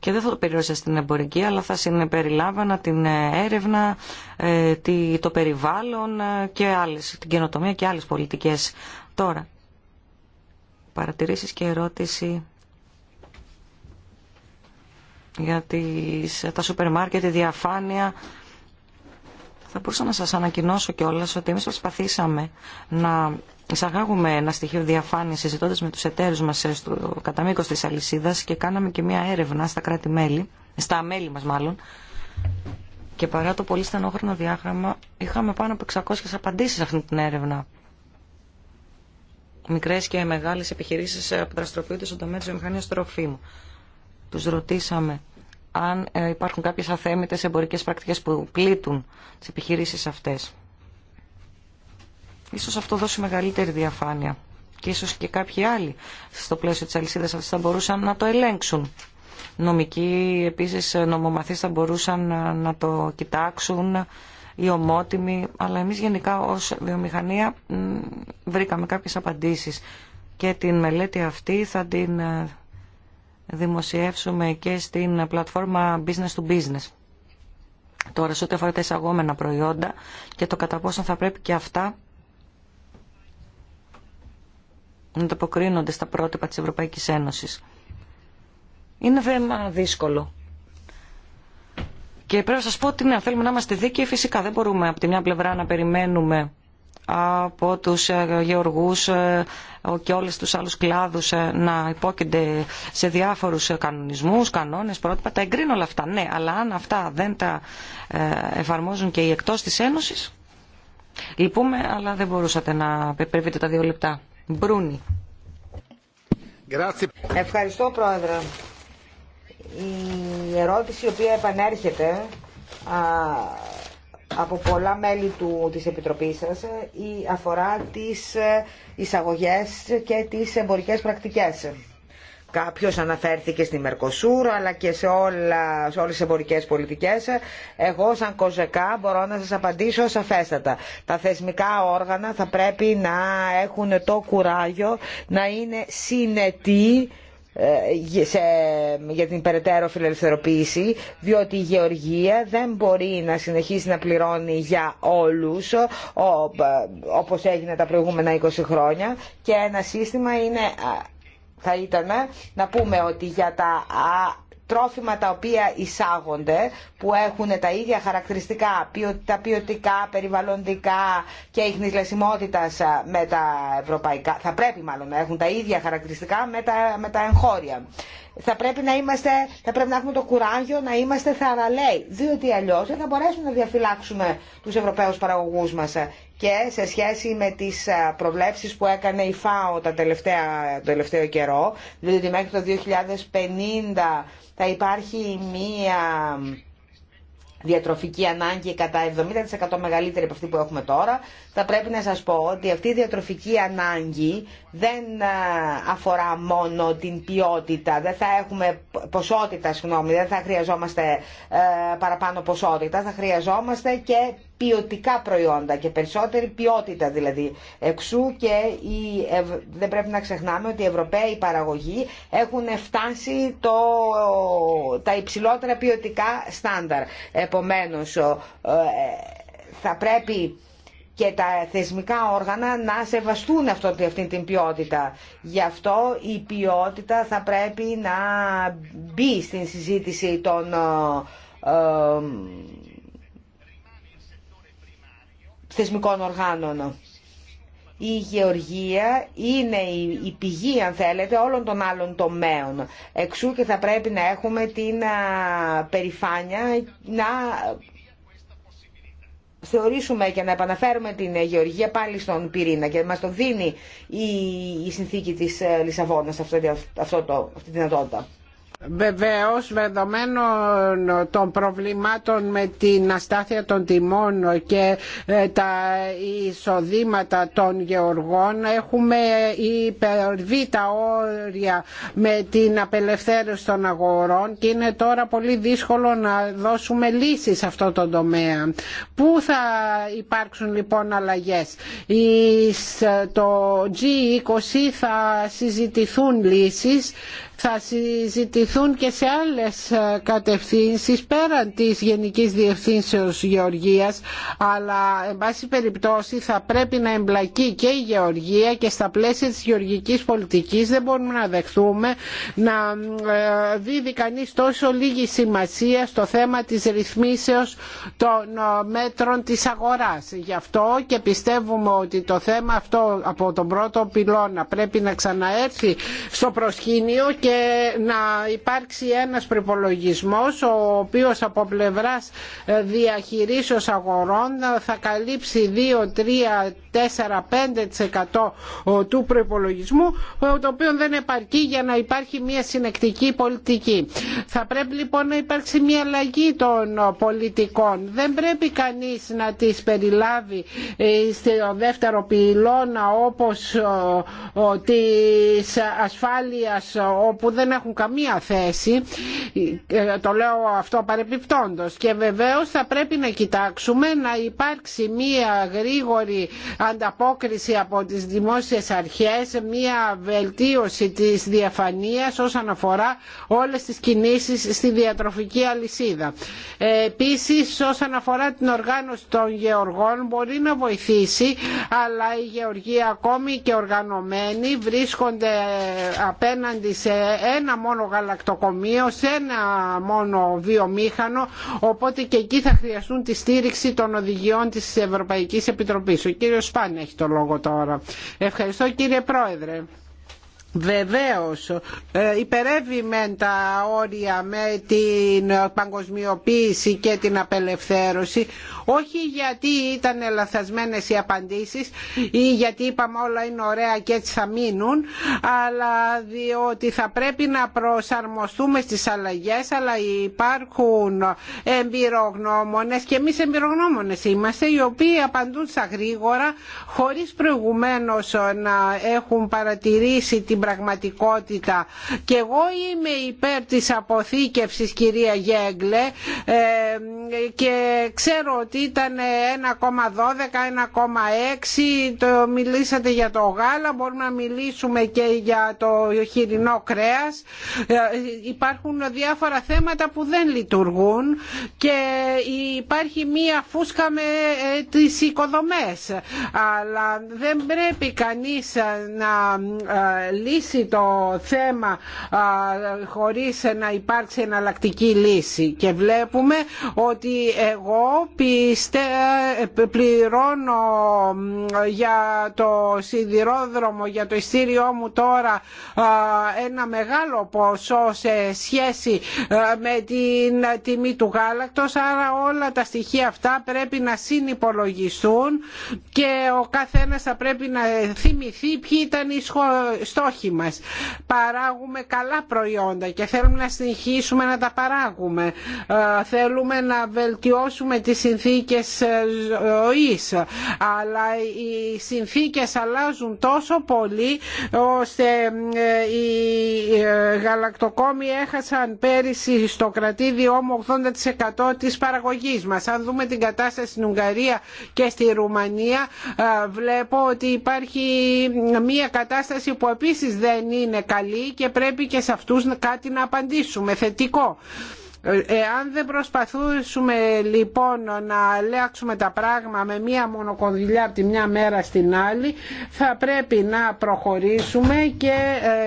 και δεν θα το περιόρισα στην εμπορική αλλά θα συνεπεριλάμβανα την ε, έρευνα, ε, το περιβάλλον ε, και άλλες, την καινοτομία και άλλες πολιτικές. Τώρα, παρατηρήσεις και ερώτηση για τις, τα σούπερ μάρκετ, η διαφάνεια. Θα μπορούσα να σας ανακοινώσω κιόλας ότι εμείς προσπαθήσαμε να εισαγάγουμε ένα στοιχείο διαφάνεια συζητώντα με τους εταίρους μας ε, στο, κατά μήκο της αλυσίδας και κάναμε και μια έρευνα στα κράτη-μέλη, στα μέλη μας μάλλον, και παρά το πολύ στενόχρονο διάγραμμα είχαμε πάνω από 600 απαντήσεις σε αυτή την έρευνα. Μικρές και μεγάλες επιχειρήσεις ε, δραστηριοποιούνται στον τομέα της βιομηχανίας τροφίμου. Τους ρωτήσαμε αν ε, υπάρχουν κάποιες αθέμητες εμπορικές πρακτικές που πλήττουν τις επιχειρήσεις αυτές. Ίσως αυτό δώσει μεγαλύτερη διαφάνεια και ίσως και κάποιοι άλλοι στο πλαίσιο της αλυσίδας αυτής θα μπορούσαν να το ελέγξουν. Νομικοί επίσης νομομαθείς θα μπορούσαν να το κοιτάξουν οι ομότιμοι, αλλά εμείς γενικά ως βιομηχανία βρήκαμε κάποιες απαντήσεις και την μελέτη αυτή θα την ε, δημοσιεύσουμε και στην πλατφόρμα Business to Business. Τώρα, σε ό,τι αφορά τα εισαγόμενα προϊόντα και το κατά πόσο θα πρέπει και αυτά να ανταποκρίνονται στα πρότυπα της Ευρωπαϊκής Ένωσης. Είναι θέμα δύσκολο. Και πρέπει να σας πω ότι ναι, θέλουμε να είμαστε δίκαιοι φυσικά. Δεν μπορούμε από τη μια πλευρά να περιμένουμε από τους ε, γεωργούς ε, και όλες τους άλλους κλάδους ε, να υπόκεινται σε διάφορους κανονισμούς, κανόνες, πρότυπα. Τα εγκρίνω όλα αυτά, ναι, αλλά αν αυτά δεν τα εφαρμόζουν και οι εκτός της Ένωσης, λυπούμε, αλλά δεν μπορούσατε να περιμένετε τα δύο λεπτά. Ευχαριστώ πρόεδρε. Η ερώτηση η οποία επανέρχεται από πολλά μέλη του, της Επιτροπής σας η αφορά τις ε, εισαγωγές και τις εμπορικές πρακτικές. Κάποιος αναφέρθηκε στη Μερκοσούρ αλλά και σε, όλα, σε όλες τις εμπορικές πολιτικές. Εγώ σαν Κοζεκά μπορώ να σας απαντήσω σαφέστατα. Τα θεσμικά όργανα θα πρέπει να έχουν το κουράγιο να είναι συνετοί ε, σε, για την περαιτέρω φιλελευθεροποίηση διότι η γεωργία δεν μπορεί να συνεχίσει να πληρώνει για όλους ό, όπως έγινε τα προηγούμενα 20 χρόνια και ένα σύστημα είναι θα ήταν να πούμε ότι για τα τρόφιμα τα οποία εισάγονται, που έχουν τα ίδια χαρακτηριστικά, τα ποιοτικά, περιβαλλοντικά και ίχνης λεσιμότητας με τα ευρωπαϊκά, θα πρέπει μάλλον να έχουν τα ίδια χαρακτηριστικά με τα, με τα εγχώρια θα πρέπει να, είμαστε, θα πρέπει να έχουμε το κουράγιο να είμαστε θαραλέοι, διότι αλλιώ δεν θα μπορέσουμε να διαφυλάξουμε τους Ευρωπαίους παραγωγούς μας. Και σε σχέση με τις προβλέψεις που έκανε η ΦΑΟ τα τελευταία, το τελευταίο καιρό, δηλαδή μέχρι το 2050 θα υπάρχει μία διατροφική ανάγκη κατά 70% μεγαλύτερη από αυτή που έχουμε τώρα θα πρέπει να σας πω ότι αυτή η διατροφική ανάγκη δεν ε, αφορά μόνο την ποιότητα, δεν θα έχουμε ποσότητα, συγγνώμη, δεν θα χρειαζόμαστε ε, παραπάνω ποσότητα, θα χρειαζόμαστε και ποιοτικά προϊόντα και περισσότερη ποιότητα δηλαδή. Εξού και η δεν πρέπει να ξεχνάμε ότι οι Ευρωπαίοι παραγωγοί έχουν φτάσει το, τα υψηλότερα ποιοτικά στάνταρ. Επομένως, ε, θα πρέπει και τα θεσμικά όργανα να σεβαστούν αυτή την ποιότητα. Γι' αυτό η ποιότητα θα πρέπει να μπει στην συζήτηση των ε, ε, θεσμικών οργάνων. Η γεωργία είναι η πηγή, αν θέλετε, όλων των άλλων τομέων. Εξού και θα πρέπει να έχουμε την ε, περηφάνεια να θεωρήσουμε και να επαναφέρουμε την ε, γεωργία πάλι στον πυρήνα και μας το δίνει η, συνθήκη της ε, Λισαβόνας το, αυτή τη δυνατότητα. Βεβαίως, δεδομένων των προβλημάτων με την αστάθεια των τιμών και ε, τα εισοδήματα των γεωργών έχουμε υπερβεί τα όρια με την απελευθέρωση των αγορών και είναι τώρα πολύ δύσκολο να δώσουμε λύσεις σε αυτό το τομέα. Πού θα υπάρξουν λοιπόν αλλαγές. Στο G20 θα συζητηθούν λύσεις θα συζητηθούν και σε άλλες ε, κατευθύνσεις πέραν της Γενικής Διευθύνσεως Γεωργίας αλλά εν πάση περιπτώσει θα πρέπει να εμπλακεί και η Γεωργία και στα πλαίσια της γεωργικής πολιτικής δεν μπορούμε να δεχθούμε να ε, δίδει κανείς τόσο λίγη σημασία στο θέμα της ρυθμίσεως των ε, μέτρων της αγοράς. Γι' αυτό και πιστεύουμε ότι το θέμα αυτό από τον πρώτο πυλώνα πρέπει να ξαναέρθει στο προσκήνιο και να υπάρξει ένας προπολογισμός ο οποίος από πλευράς ε, διαχειρίσεως αγορών θα καλύψει 2, 3, 4, 5% του προπολογισμού το οποίο δεν επαρκεί για να υπάρχει μια συνεκτική πολιτική. Θα πρέπει λοιπόν να υπάρξει μια αλλαγή των πολιτικών. Δεν πρέπει κανείς να τις περιλάβει ε, στο δεύτερο πυλώνα όπως της ασφάλειας που δεν έχουν καμία θέση ε, το λέω αυτό παρεπιπτόντος και βεβαίως θα πρέπει να κοιτάξουμε να υπάρξει μία γρήγορη ανταπόκριση από τις δημόσιες αρχές μία βελτίωση της διαφανείας όσον αφορά όλες τις κινήσεις στη διατροφική αλυσίδα. Ε, επίσης όσον αφορά την οργάνωση των γεωργών μπορεί να βοηθήσει αλλά οι γεωργοί ακόμη και οργανωμένοι βρίσκονται απέναντι σε ένα μόνο γαλακτοκομείο, σε ένα μόνο βιομήχανο, οπότε και εκεί θα χρειαστούν τη στήριξη των οδηγιών της Ευρωπαϊκής Επιτροπής. Ο κύριος Σπάν έχει το λόγο τώρα. Ευχαριστώ κύριε Πρόεδρε. Βεβαίως, ε, υπερεύει με τα όρια με την παγκοσμιοποίηση και την απελευθέρωση, όχι γιατί ήταν ελαθασμένες οι απαντήσεις ή γιατί είπαμε όλα είναι ωραία και έτσι θα μείνουν, αλλά διότι θα πρέπει να προσαρμοστούμε στις αλλαγές, αλλά υπάρχουν εμπειρογνώμονες και εμείς εμπειρογνώμονες είμαστε, οι οποίοι απαντούν στα γρήγορα, χωρίς προηγουμένως να έχουν παρατηρήσει την πραγματικότητα και εγώ είμαι υπέρ της αποθήκευσης κυρία Γέγκλε ε, και ξέρω ότι ήταν 1,12, 1,6 το μιλήσατε για το γάλα μπορούμε να μιλήσουμε και για το χοιρινό κρέας ε, υπάρχουν διάφορα θέματα που δεν λειτουργούν και υπάρχει μία φούσκα με ε, τις οικοδομές αλλά δεν πρέπει κανείς να λύσει το θέμα χωρίς να υπάρξει εναλλακτική λύση και βλέπουμε ότι εγώ πιστε, πληρώνω για το σιδηρόδρομο για το ειστήριό μου τώρα ένα μεγάλο ποσό σε σχέση με την τιμή του γάλακτος άρα όλα τα στοιχεία αυτά πρέπει να συνυπολογιστούν και ο καθένας θα πρέπει να θυμηθεί ποιοι ήταν οι στόχοι μας. Παράγουμε καλά προϊόντα και θέλουμε να συνεχίσουμε να τα παράγουμε. Ε, θέλουμε να βελτιώσουμε τις συνθήκες ε, ζωής. Αλλά οι συνθήκες αλλάζουν τόσο πολύ ώστε ε, οι γαλακτοκόμοι έχασαν πέρυσι στο κρατήδιό μου 80% της παραγωγής μας. Αν δούμε την κατάσταση στην Ουγγαρία και στη Ρουμανία βλέπω ότι υπάρχει μια κατάσταση που επίσης δεν είναι καλή και πρέπει και σε αυτούς κάτι να απαντήσουμε θετικό. Ε, εάν δεν προσπαθούσουμε λοιπόν να αλλάξουμε τα πράγματα με μία μονοκονδυλιά από τη μια μέρα στην άλλη θα πρέπει να προχωρήσουμε και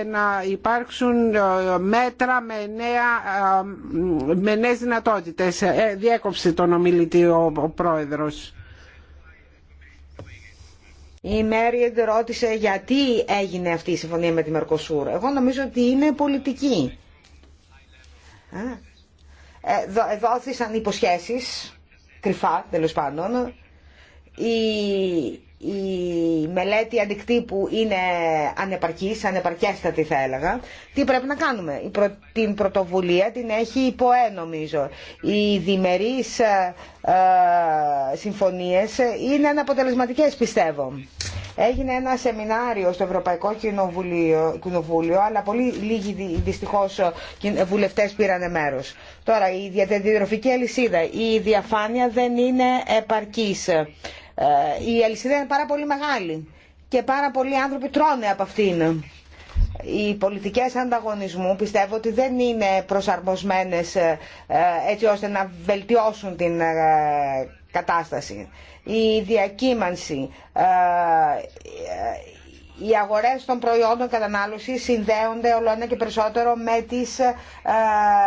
ε, να υπάρξουν ε, μέτρα με, νέα, με νέες δυνατότητες. Διέκοψε τον ομιλητή ο πρόεδρος. Η Μέριεντ ρώτησε γιατί έγινε αυτή η συμφωνία με τη Μερκοσούρ. Εγώ νομίζω ότι είναι πολιτική. Ε, ε, δόθησαν υποσχέσεις, κρυφά τέλος πάντων η μελέτη αντικτύπου είναι ανεπαρκής, ανεπαρκέστατη θα έλεγα, τι πρέπει να κάνουμε. Την πρωτοβουλία την έχει η νομίζω. Οι διμερείς ε, ε, συμφωνίες είναι αναποτελεσματικές πιστεύω. Έγινε ένα σεμινάριο στο Ευρωπαϊκό Κοινοβουλίο, αλλά πολύ λίγοι δυστυχώ βουλευτέ πήραν μέρο. Τώρα, η διατροφική αλυσίδα, η διαφάνεια δεν είναι επαρκή. Ε, η αλυσίδα είναι πάρα πολύ μεγάλη και πάρα πολλοί άνθρωποι τρώνε από αυτήν. Οι πολιτικές ανταγωνισμού πιστεύω ότι δεν είναι προσαρμοσμένες ε, έτσι ώστε να βελτιώσουν την ε, κατάσταση. Η διακύμανση, οι αγορές των προϊόντων κατανάλωσης συνδέονται όλο ένα και περισσότερο με τις ε,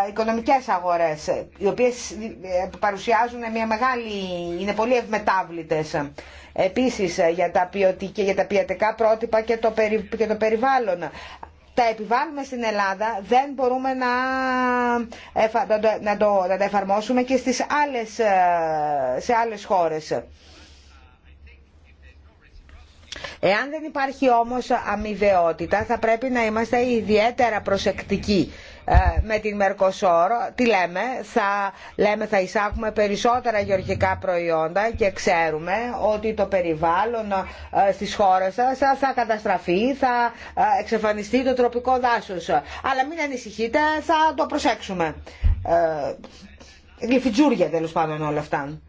οικονομικές αγορές, οι οποίες ε, παρουσιάζουν μια μεγάλη, είναι πολύ ευμετάβλητες. Επίσης ε, για τα, ποιοτικά, για τα ποιατικά πρότυπα και το, το περιβάλλον. Τα επιβάλλουμε στην Ελλάδα, δεν μπορούμε να, να, το, να τα εφαρμόσουμε και στις άλλες, σε άλλες χώρες. Εάν δεν υπάρχει όμως αμοιβαιότητα θα πρέπει να είμαστε ιδιαίτερα προσεκτικοί ε, με την Μερκοσόρ, τι λέμε, θα, λέμε θα εισάγουμε περισσότερα γεωργικά προϊόντα και ξέρουμε ότι το περιβάλλον ε, στις χώρες σας θα καταστραφεί, θα ε, εξαφανιστεί το τροπικό δάσος. Αλλά μην ανησυχείτε, θα το προσέξουμε. Ε, γλυφιτζούρια τέλο πάντων όλα αυτά.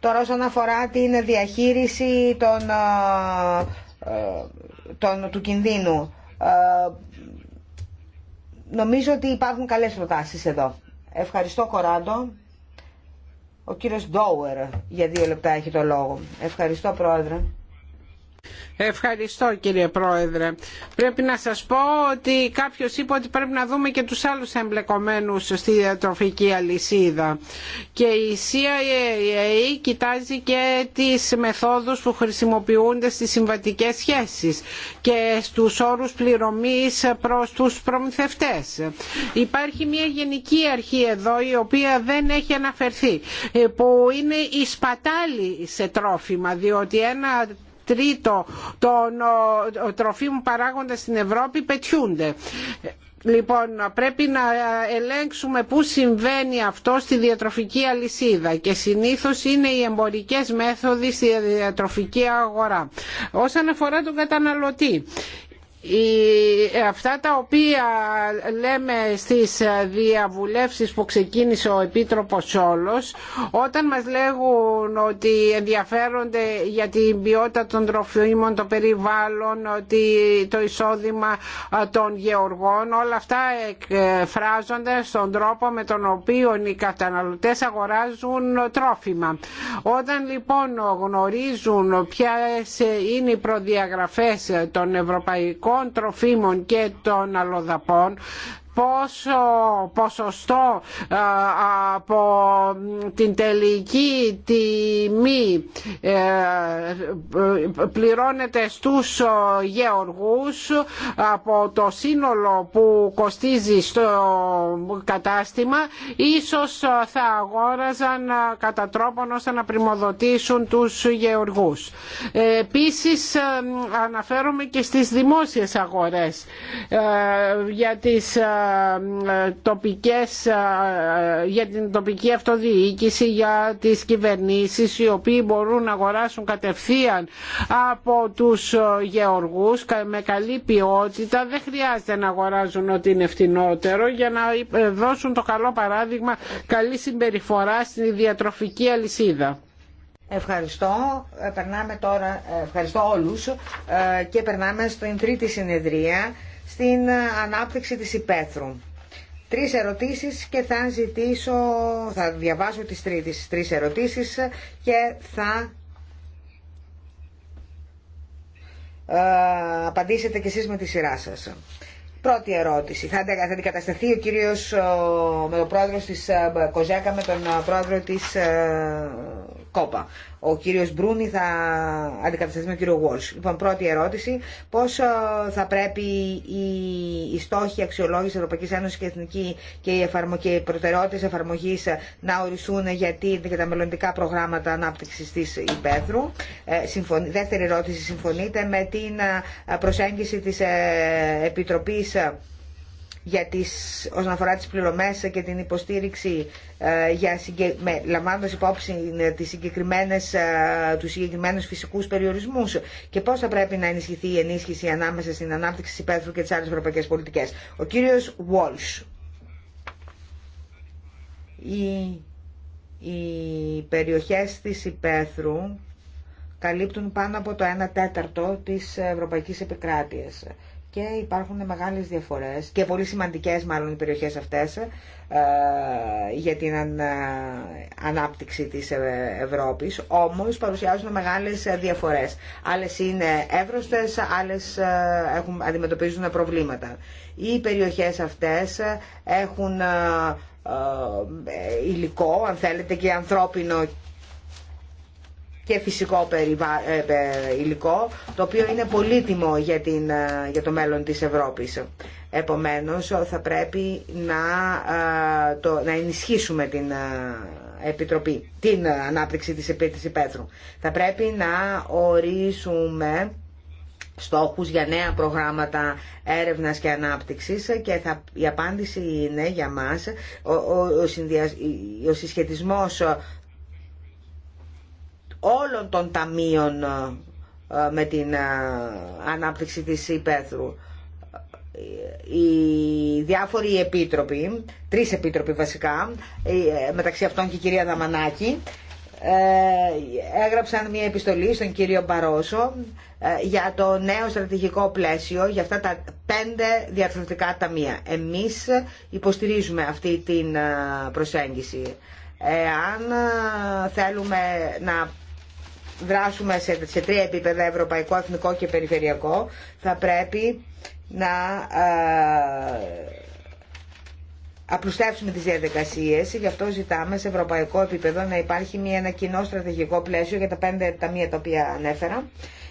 Τώρα όσον αφορά την διαχείριση των τον του κινδύνου. Ε, νομίζω ότι υπάρχουν καλές προτάσεις εδώ. Ευχαριστώ Κοράντο. Ο κύριος Ντόουερ για δύο λεπτά έχει το λόγο. Ευχαριστώ Πρόεδρε. Ευχαριστώ κύριε Πρόεδρε. Πρέπει να σας πω ότι κάποιος είπε ότι πρέπει να δούμε και τους άλλους εμπλεκομένους στη διατροφική αλυσίδα. Και η CIA κοιτάζει και τις μεθόδους που χρησιμοποιούνται στις συμβατικές σχέσεις και στους όρους πληρωμής προς τους προμηθευτές. Υπάρχει μια γενική αρχή εδώ η οποία δεν έχει αναφερθεί που είναι η σπατάλη σε τρόφιμα διότι ένα τρίτο των τροφίμων παράγοντα στην Ευρώπη πετιούνται. Λοιπόν, πρέπει να ελέγξουμε πού συμβαίνει αυτό στη διατροφική αλυσίδα και συνήθως είναι οι εμπορικές μέθοδοι στη διατροφική αγορά. Όσον αφορά τον καταναλωτή, αυτά τα οποία λέμε στις διαβουλεύσεις που ξεκίνησε ο Επίτροπος όλος, όταν μας λέγουν ότι ενδιαφέρονται για την ποιότητα των τροφίμων, το περιβάλλον, ότι το εισόδημα των γεωργών όλα αυτά εκφράζονται στον τρόπο με τον οποίο οι καταναλωτές αγοράζουν τρόφιμα. Όταν λοιπόν γνωρίζουν ποιες είναι οι προδιαγραφές των ευρωπαϊκών τροφίμων και των αλλοδαπών πόσο ποσοστό από την τελική τιμή ε, πληρώνεται στους γεωργούς από το σύνολο που κοστίζει στο κατάστημα ίσως θα αγόραζαν κατά τρόπον ώστε να πρημοδοτήσουν τους γεωργούς. Επίσης ε, αναφέρομαι και στις δημόσιες αγορές ε, για τις τοπικές, για την τοπική αυτοδιοίκηση, για τις κυβερνήσεις οι οποίοι μπορούν να αγοράσουν κατευθείαν από τους γεωργούς με καλή ποιότητα. Δεν χρειάζεται να αγοράζουν ότι είναι φτηνότερο για να δώσουν το καλό παράδειγμα καλή συμπεριφορά στην διατροφική αλυσίδα. Ευχαριστώ. Περνάμε τώρα, ευχαριστώ όλους ε, και περνάμε στην τρίτη συνεδρία στην ανάπτυξη της υπαίθρου. Τρεις ερωτήσεις και θα ζητήσω, θα διαβάσω τις τρεις, τρεις ερωτήσεις και θα ε, απαντήσετε κι εσείς με τη σειρά σας. Πρώτη ερώτηση. Θα αντικατασταθεί ο κύριος με τον πρόεδρο της ε, Κοζέκα με τον πρόεδρο της ε, κόπα. Ο κύριος Μπρούνι θα αντικατασταθεί με τον κύριο Walsh. Λοιπόν, πρώτη ερώτηση, πώς θα πρέπει οι, στόχοι αξιολόγηση Ευρωπαϊκή Ένωση και Εθνική και οι, εφαρμο... προτεραιότητες εφαρμογής να οριστούν γιατί και τα μελλοντικά προγράμματα ανάπτυξης της Υπέθρου. Ε, δεύτερη ερώτηση, συμφωνείτε με την ε, προσέγγιση της ε, Επιτροπής για τις, όσον αφορά τις πληρωμές και την υποστήριξη ε, για συγκε, με, λαμβάνοντας υπόψη ε, τις συγκεκριμένες, ε, τους συγκεκριμένους φυσικούς περιορισμούς και πώς θα πρέπει να ενισχυθεί η ενίσχυση ανάμεσα στην ανάπτυξη της υπαίθρου και τις άλλες ευρωπαϊκές πολιτικές. Ο κύριος Walsh. Οι, οι περιοχές της υπαίθρου καλύπτουν πάνω από το 1 τέταρτο της ευρωπαϊκής επικράτειας και υπάρχουν μεγάλες διαφορές και πολύ σημαντικές μάλλον οι περιοχές αυτές ε, για την ε, ανάπτυξη της ε, Ευρώπης, όμως παρουσιάζουν μεγάλες διαφορές. Άλλες είναι εύρωστες, άλλες έχουν, αντιμετωπίζουν προβλήματα. Οι περιοχές αυτές έχουν υλικό, αν θέλετε, και ανθρώπινο και φυσικό ε, υλικό, το οποίο είναι πολύτιμο για, την, ε, για το μέλλον της Ευρώπης. Επομένως, θα πρέπει να, ε, το, να ενισχύσουμε την Επιτροπή, την ανάπτυξη της επίτησης Πέτρου. Θα πρέπει να ορίσουμε στόχους για νέα προγράμματα έρευνας και ανάπτυξης και θα, η απάντηση είναι για μας ο, ο, ο συσχετισμός όλων των ταμείων ε, ε, με την ε, ανάπτυξη της Υπέθρου. Οι διάφοροι επίτροποι, τρεις επίτροποι βασικά, μεταξύ αυτών και η κυρία Δαμανάκη, έγραψαν μια επιστολή στον κύριο Μπαρόσο για το νέο στρατηγικό πλαίσιο για αυτά τα πέντε διαρθρωτικά ταμεία. Εμείς υποστηρίζουμε αυτή την προσέγγιση. Εάν θέλουμε να δράσουμε σε, τρία επίπεδα, ευρωπαϊκό, εθνικό και περιφερειακό, θα πρέπει να ε, απλουστεύσουμε τις διαδικασίες, γι' αυτό ζητάμε σε ευρωπαϊκό επίπεδο να υπάρχει μια, ένα κοινό στρατηγικό πλαίσιο για τα πέντε ταμεία τα οποία ανέφερα,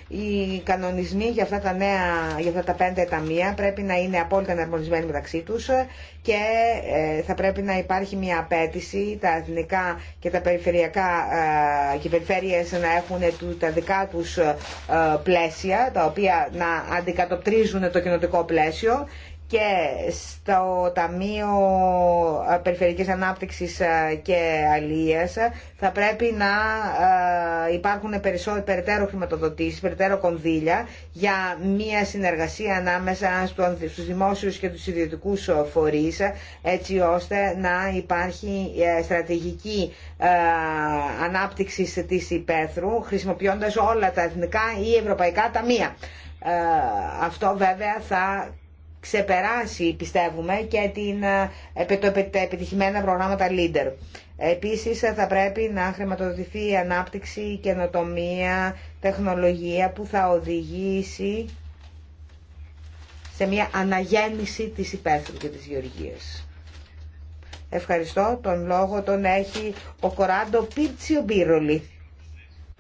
οι κανονισμοί για αυτά τα, νέα, για αυτά τα πέντε ταμεία πρέπει να είναι απόλυτα εναρμονισμένοι μεταξύ τους και ε, θα πρέπει να υπάρχει μια απέτηση τα εθνικά και τα περιφερειακά ε, και να έχουν τα δικά τους ε, πλαίσια τα οποία να αντικατοπτρίζουν το κοινοτικό πλαίσιο και στο Ταμείο Περιφερειακής Ανάπτυξης ε, και Αλίας ε, θα πρέπει να ε, υπάρχουν περαιτέρω χρηματοδοτήσεις, περαιτέρω κονδύλια για μια συνεργασία ανάμεσα στους δημόσιους και τους ιδιωτικούς φορείς έτσι ώστε να υπάρχει στρατηγική ανάπτυξη της υπαίθρου χρησιμοποιώντας όλα τα εθνικά ή ευρωπαϊκά ταμεία. Αυτό βέβαια θα ξεπεράσει, πιστεύουμε, και την, ε, τα επιτυχημένα προγράμματα Leader. Επίσης θα πρέπει να χρηματοδοτηθεί η ανάπτυξη, η καινοτομία, τεχνολογία που θα οδηγήσει σε μια αναγέννηση της υπαίθρου και της γεωργίας. Ευχαριστώ. Τον λόγο τον έχει ο Κοράντο Πίτσιο Μπίρολη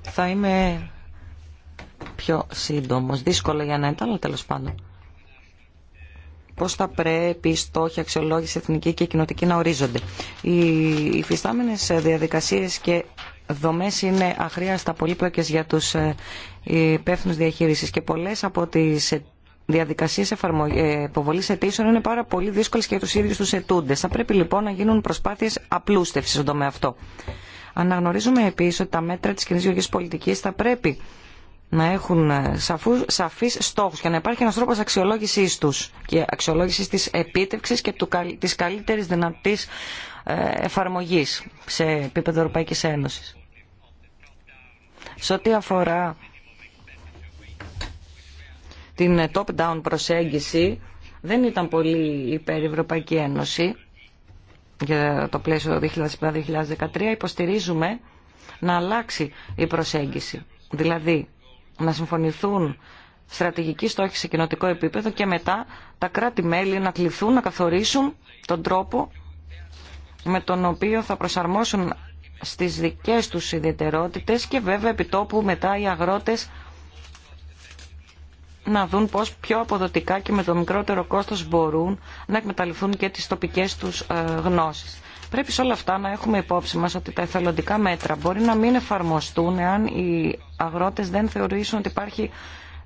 Θα είμαι πιο σύντομος, δύσκολο για να είναι αλλά τέλος πάντων. Πώ θα πρέπει οι στόχοι αξιολόγηση εθνική και κοινοτική να ορίζονται. Οι υφιστάμενε διαδικασίε και δομέ είναι αχρίαστα πολύπλοκες για του ε, υπεύθυνου διαχείριση και πολλέ από τι διαδικασίε ε, υποβολή αιτήσεων είναι πάρα πολύ δύσκολε και για του ίδιου του ετούντε. Θα πρέπει λοιπόν να γίνουν προσπάθειε απλούστευση στον τομέα αυτό. Αναγνωρίζουμε επίση ότι τα μέτρα τη κοινή γεωργική πολιτική θα πρέπει να έχουν ε, σαφούς, σαφείς στόχους και να υπάρχει ένας τρόπος αξιολόγησής τους και αξιολόγησης της επίτευξης και του, της καλύτερης δυνατής ε, εφαρμογής σε επίπεδο Ευρωπαϊκής Ένωσης. Σε ό,τι αφορά την ε, top-down προσέγγιση, δεν ήταν πολύ υπέρ Ευρωπαϊκή Ένωση για το πλαισιο 2015 2007-2013. Υποστηρίζουμε να αλλάξει η προσέγγιση. Δηλαδή, να συμφωνηθούν στρατηγικοί στόχοι σε κοινοτικό επίπεδο και μετά τα κράτη-μέλη να κληθούν να καθορίσουν τον τρόπο με τον οποίο θα προσαρμόσουν στις δικές τους ιδιαιτερότητες και βέβαια επιτόπου μετά οι αγρότες να δουν πώς πιο αποδοτικά και με το μικρότερο κόστος μπορούν να εκμεταλλευτούν και τις τοπικές τους ε, γνώσεις. Πρέπει σε όλα αυτά να έχουμε υπόψη μας ότι τα εθελοντικά μέτρα μπορεί να μην εφαρμοστούν εάν οι αγρότες δεν θεωρήσουν ότι υπάρχει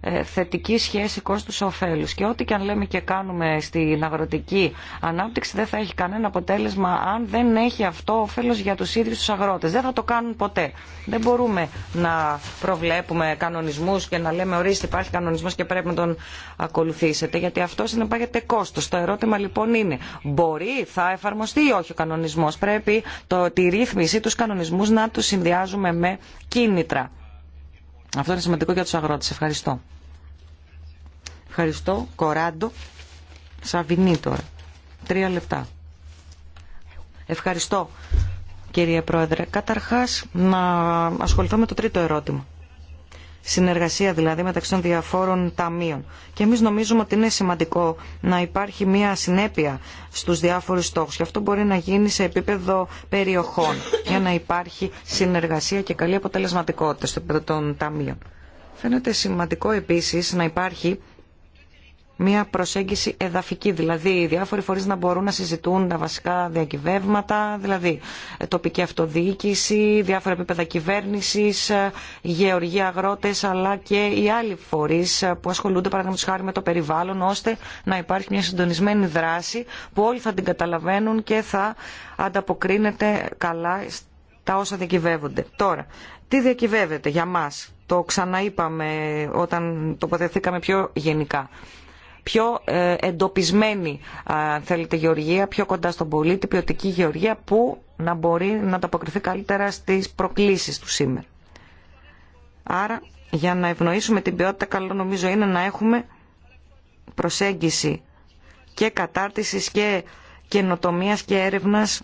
ε, θετική κόστου κόστους-οφέλους. Και ό,τι και αν λέμε και κάνουμε στην αγροτική ανάπτυξη δεν θα έχει κανένα αποτέλεσμα αν δεν έχει αυτό όφελος για τους ίδιους τους αγρότες. Δεν θα το κάνουν ποτέ. Δεν μπορούμε να προβλέπουμε κανονισμούς και να λέμε ορίστε υπάρχει κανονισμός και πρέπει να τον ακολουθήσετε γιατί αυτό συνεπάγεται κόστος. Το ερώτημα λοιπόν είναι μπορεί, θα εφαρμοστεί ή όχι ο κανονισμός. Πρέπει το, τη ρύθμιση τους κανονισμούς να τους συνδυάζουμε με κίνητρα αυτό είναι σημαντικό για τους αγρότες. Ευχαριστώ. Ευχαριστώ. Κοράντο. Σαβινή τώρα. Τρία λεπτά. Ευχαριστώ κύριε Πρόεδρε. Καταρχάς να ασχοληθώ με το τρίτο ερώτημα συνεργασία δηλαδή μεταξύ των διαφόρων ταμείων. Και εμείς νομίζουμε ότι είναι σημαντικό να υπάρχει μια συνέπεια στους διάφορους στόχους και αυτό μπορεί να γίνει σε επίπεδο περιοχών για να υπάρχει συνεργασία και καλή αποτελεσματικότητα στο επίπεδο των ταμείων. Φαίνεται σημαντικό επίσης να υπάρχει μια προσέγγιση εδαφική, δηλαδή οι διάφοροι φορείς να μπορούν να συζητούν τα βασικά διακυβεύματα, δηλαδή τοπική αυτοδιοίκηση, διάφορα επίπεδα κυβέρνησης, γεωργοί αγρότες, αλλά και οι άλλοι φορείς που ασχολούνται παραδείγματος χάρη με το περιβάλλον, ώστε να υπάρχει μια συντονισμένη δράση που όλοι θα την καταλαβαίνουν και θα ανταποκρίνεται καλά τα όσα διακυβεύονται. Τώρα, τι διακυβεύεται για μας, το ξαναείπαμε όταν τοποθετήκαμε πιο γενικά πιο ε, εντοπισμένη, αν θέλετε, γεωργία, πιο κοντά στον πολίτη, ποιοτική γεωργία που να μπορεί να ανταποκριθεί καλύτερα στις προκλήσεις του σήμερα. Άρα, για να ευνοήσουμε την ποιότητα, καλό νομίζω είναι να έχουμε προσέγγιση και κατάρτισης και καινοτομίας και έρευνας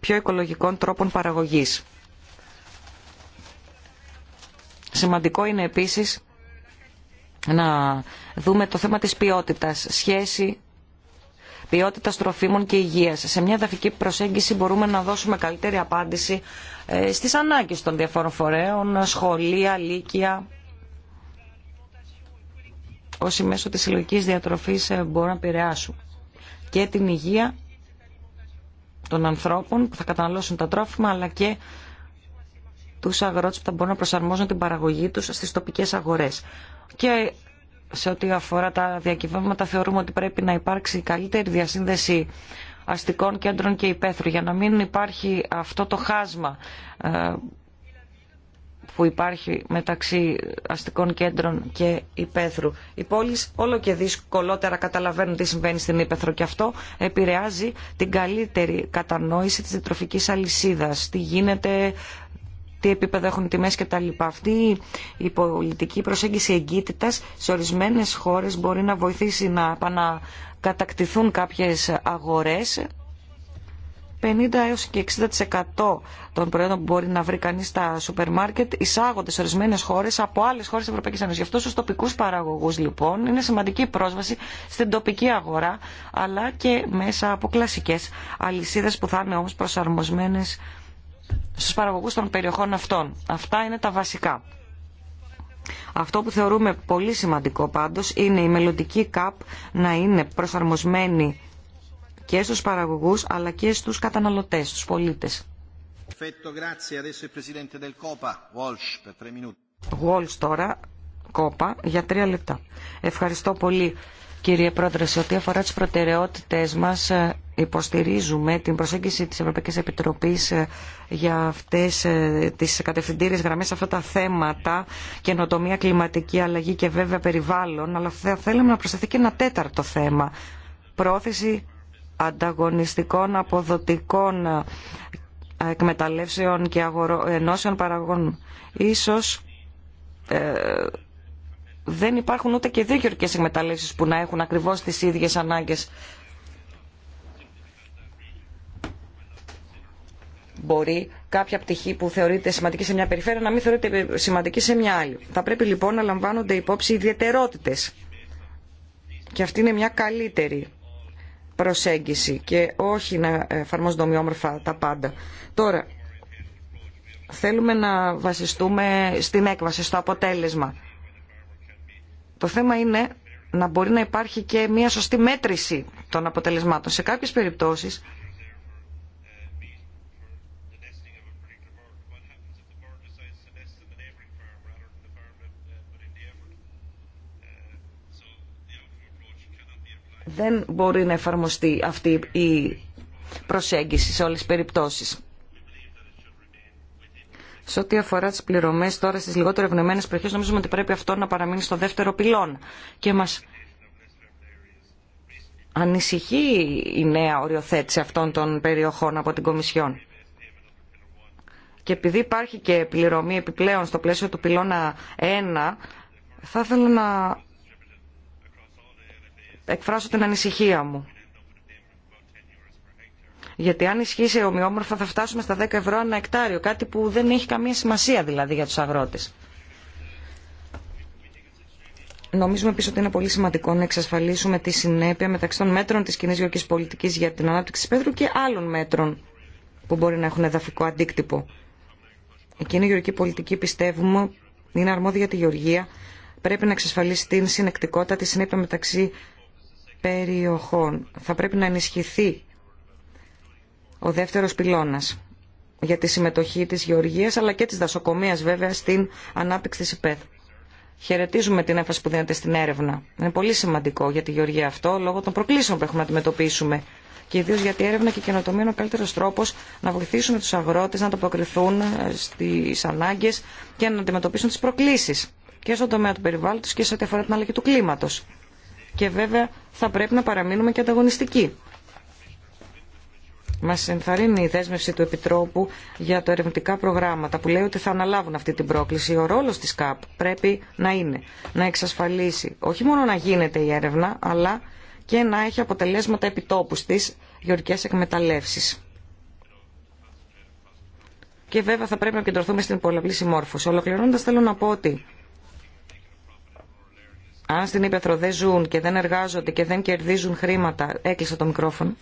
πιο οικολογικών τρόπων παραγωγής. Σημαντικό είναι επίσης να δούμε το θέμα της ποιότητας, σχέση ποιότητα τροφίμων και υγεία. Σε μια εδαφική προσέγγιση μπορούμε να δώσουμε καλύτερη απάντηση ε, στις ανάγκες των διαφόρων φορέων, σχολεία, λύκεια. Όσοι μέσω της συλλογική διατροφής ε, μπορούν να επηρεάσουν και την υγεία των ανθρώπων που θα καταναλώσουν τα τρόφιμα αλλά και τους αγρότες που θα μπορούν να προσαρμόζουν την παραγωγή τους στις τοπικές αγορές. Και σε ό,τι αφορά τα διακυβεύματα θεωρούμε ότι πρέπει να υπάρξει καλύτερη διασύνδεση αστικών κέντρων και υπαίθρου για να μην υπάρχει αυτό το χάσμα ε, που υπάρχει μεταξύ αστικών κέντρων και υπαίθρου. Οι πόλεις όλο και δυσκολότερα καταλαβαίνουν τι συμβαίνει στην υπαίθρο και αυτό επηρεάζει την καλύτερη κατανόηση της διτροφικής αλυσίδας. Τι γίνεται τι επίπεδο έχουν οι τιμές και τα λοιπά. Αυτή η πολιτική προσέγγιση εγκύτητας σε ορισμένες χώρες μπορεί να βοηθήσει να επανακατακτηθούν κάποιες αγορές 50 έως και 60% των προϊόντων που μπορεί να βρει κανείς στα σούπερ μάρκετ εισάγονται σε ορισμένες χώρες από άλλες χώρες της Ευρωπαϊκής Ένωσης. Γι' αυτό στους τοπικούς παραγωγούς λοιπόν είναι σημαντική πρόσβαση στην τοπική αγορά αλλά και μέσα από κλασικές αλυσίδες που θα είναι όμως προσαρμοσμένες στους παραγωγούς των περιοχών αυτών. Αυτά είναι τα βασικά. Αυτό που θεωρούμε πολύ σημαντικό πάντως είναι η μελλοντική ΚΑΠ να είναι προσαρμοσμένη και στους παραγωγούς αλλά και στους καταναλωτές, στους πολίτες. Γουόλς τώρα, κόπα, για τρία λεπτά. Ευχαριστώ πολύ κύριε Πρόεδρε, σε ό,τι αφορά τις προτεραιότητες μας ε, υποστηρίζουμε την προσέγγιση της Ευρωπαϊκής Επιτροπής ε, για αυτές ε, τις κατευθυντήριες γραμμές, αυτά τα θέματα, καινοτομία, κλιματική αλλαγή και βέβαια περιβάλλον, αλλά θέλουμε να προσθεθεί και ένα τέταρτο θέμα, πρόθεση ανταγωνιστικών, αποδοτικών ε, εκμεταλλεύσεων και αγορο... ενώσεων παραγών. Ίσως δεν υπάρχουν ούτε και δύο εκμεταλλεύσεις που να έχουν ακριβώς τις ίδιες ανάγκες μπορεί κάποια πτυχή που θεωρείται σημαντική σε μια περιφέρεια να μην θεωρείται σημαντική σε μια άλλη. Θα πρέπει λοιπόν να λαμβάνονται υπόψη ιδιαιτερότητε. Και αυτή είναι μια καλύτερη προσέγγιση και όχι να εφαρμόζονται ομοιόμορφα τα πάντα. Τώρα, θέλουμε να βασιστούμε στην έκβαση, στο αποτέλεσμα. Το θέμα είναι να μπορεί να υπάρχει και μια σωστή μέτρηση των αποτελεσμάτων. Σε κάποιες περιπτώσεις δεν μπορεί να εφαρμοστεί αυτή η προσέγγιση σε όλες τις περιπτώσεις. Σε ό,τι αφορά τι πληρωμές τώρα στις λιγότερο ευνεμένες περιοχέ, νομίζουμε ότι πρέπει αυτό να παραμείνει στο δεύτερο πυλόν. Και μας ανησυχεί η νέα οριοθέτηση αυτών των περιοχών από την Κομισιόν. Και επειδή υπάρχει και πληρωμή επιπλέον στο πλαίσιο του πυλώνα 1, θα ήθελα να εκφράσω την ανησυχία μου. Γιατί αν ισχύσει ομοιόμορφα θα φτάσουμε στα 10 ευρώ ένα εκτάριο, κάτι που δεν έχει καμία σημασία δηλαδή για τους αγρότες. Νομίζουμε επίση ότι είναι πολύ σημαντικό να εξασφαλίσουμε τη συνέπεια μεταξύ των μέτρων της κοινή γεωργική πολιτικής για την ανάπτυξη τη Πέδρου και άλλων μέτρων που μπορεί να έχουν εδαφικό αντίκτυπο. Η κοινή γεωργική πολιτική πιστεύουμε είναι αρμόδια για τη γεωργία. Πρέπει να εξασφαλίσει την συνεκτικότητα, τη συνέπεια μεταξύ περιοχών. Θα πρέπει να ενισχυθεί ο δεύτερος πυλώνας για τη συμμετοχή της γεωργίας αλλά και της δασοκομείας βέβαια στην ανάπτυξη της ΥΠΕΔ. Χαιρετίζουμε την έμφαση που δίνεται στην έρευνα. Είναι πολύ σημαντικό για τη γεωργία αυτό λόγω των προκλήσεων που έχουμε να αντιμετωπίσουμε και ιδίω γιατί έρευνα και καινοτομία είναι ο καλύτερο τρόπο να βοηθήσουμε του αγρότε να ανταποκριθούν ε, στι ανάγκε και να αντιμετωπίσουν τι προκλήσει και στον τομέα του περιβάλλοντο και σε ό,τι αφορά την αλλαγή του κλίματο και βέβαια θα πρέπει να παραμείνουμε και ανταγωνιστικοί. Μα ενθαρρύνει η δέσμευση του Επιτρόπου για τα ερευνητικά προγράμματα που λέει ότι θα αναλάβουν αυτή την πρόκληση. Ο ρόλο τη ΚΑΠ πρέπει να είναι να εξασφαλίσει όχι μόνο να γίνεται η έρευνα, αλλά και να έχει αποτελέσματα επιτόπου στι γεωργικέ εκμεταλλεύσει. Και βέβαια θα πρέπει να κεντρωθούμε στην πολλαπλή συμμόρφωση. Ολοκληρώνοντα, θέλω να πω ότι αν στην Ήπεθρο δεν ζουν και δεν εργάζονται και δεν κερδίζουν χρήματα... Έκλεισα το μικρόφωνο.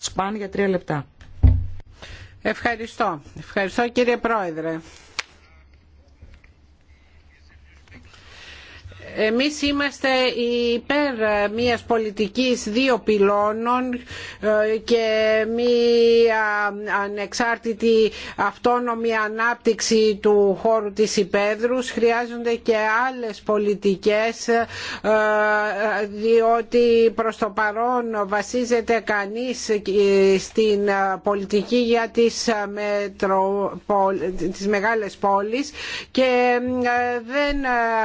Σπάν για τρία λεπτά. Ευχαριστώ. Ευχαριστώ κύριε Πρόεδρε. Εμείς είμαστε υπέρ μιας πολιτικής δύο πυλώνων ε, και μια ανεξάρτητη αυτόνομη ανάπτυξη του χώρου της υπέδρους. Χρειάζονται και άλλες πολιτικές ε, διότι προς το παρόν βασίζεται κανείς ε, στην πολιτική για τις, μεγάλες πόλεις και δεν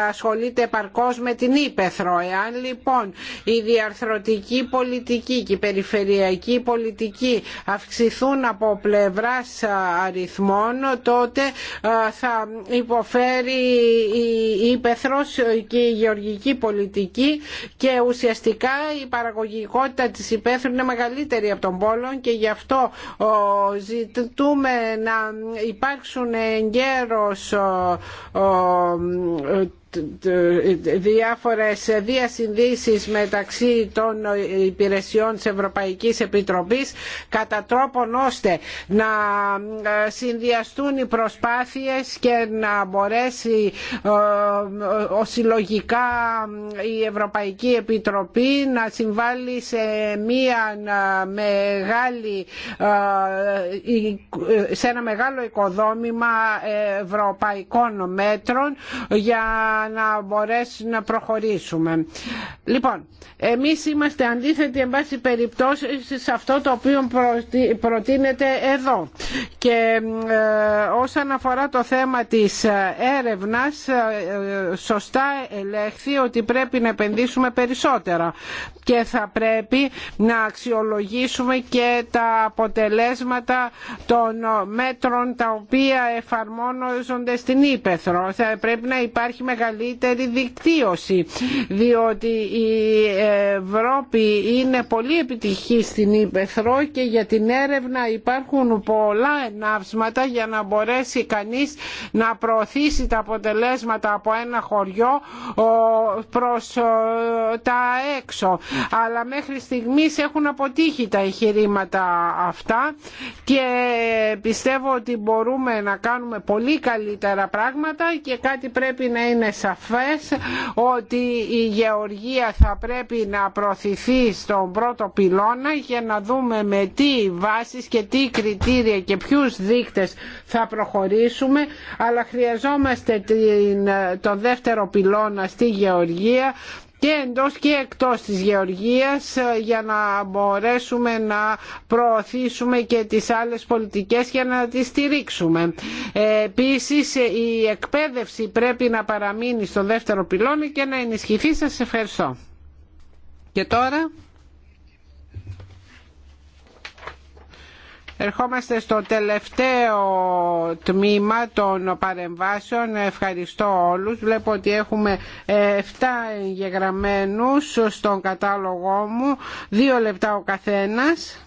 ασχολείται επαρκώς με την Ήπεθρο. Εάν λοιπόν η διαρθρωτική πολιτική και η περιφερειακή πολιτική αυξηθούν από πλευράς αριθμών τότε θα υποφέρει η Ήπεθρος και η γεωργική πολιτική και ουσιαστικά η παραγωγικότητα της Ήπεθρου είναι μεγαλύτερη από τον πόλο και γι' αυτό ζητούμε να υπάρξουν εγκαίρως διάφορες διασυνδύσεις μεταξύ των υπηρεσιών της Ευρωπαϊκής Επιτροπής κατά τρόπον ώστε να συνδυαστούν οι προσπάθειες και να μπορέσει ε, ο συλλογικά η Ευρωπαϊκή Επιτροπή να συμβάλλει σε μία ε, μεγάλη ε, σε ένα μεγάλο οικοδόμημα ευρωπαϊκών μέτρων για να μπορέσει να προχωρήσουμε. Λοιπόν, εμείς είμαστε αντίθετοι εν πάση περιπτώσει σε αυτό το οποίο προτείνεται εδώ. Και ε, όσον αφορά το θέμα της ε, έρευνας, ε, σωστά ελέγχθη ότι πρέπει να επενδύσουμε περισσότερα και θα πρέπει να αξιολογήσουμε και τα αποτελέσματα των μέτρων τα οποία εφαρμόζονται στην Ήπεθρο. Θα πρέπει να υπάρχει μεγαλύτερη μεγαλύτερη δικτύωση διότι η Ευρώπη είναι πολύ επιτυχή στην Ήπεθρο και για την έρευνα υπάρχουν πολλά ενάψματα για να μπορέσει κανείς να προωθήσει τα αποτελέσματα από ένα χωριό προς τα έξω αλλά μέχρι στιγμής έχουν αποτύχει τα εγχειρήματα αυτά και πιστεύω ότι μπορούμε να κάνουμε πολύ καλύτερα πράγματα και κάτι πρέπει να είναι σαφές ότι η γεωργία θα πρέπει να προωθηθεί στον πρώτο πυλώνα για να δούμε με τι βάσεις και τι κριτήρια και ποιους δείκτες θα προχωρήσουμε αλλά χρειαζόμαστε τον δεύτερο πυλώνα στη γεωργία και εντός και εκτός της γεωργίας ε, για να μπορέσουμε να προωθήσουμε και τις άλλες πολιτικές για να τις στηρίξουμε. Ε, επίσης ε, η εκπαίδευση πρέπει να παραμείνει στο δεύτερο πυλώνι και να ενισχυθεί. Σας ευχαριστώ. Και τώρα... Ερχόμαστε στο τελευταίο τμήμα των παρεμβάσεων. Ευχαριστώ όλους. Βλέπω ότι έχουμε 7 εγγεγραμμένους στον κατάλογό μου. Δύο λεπτά ο καθένας.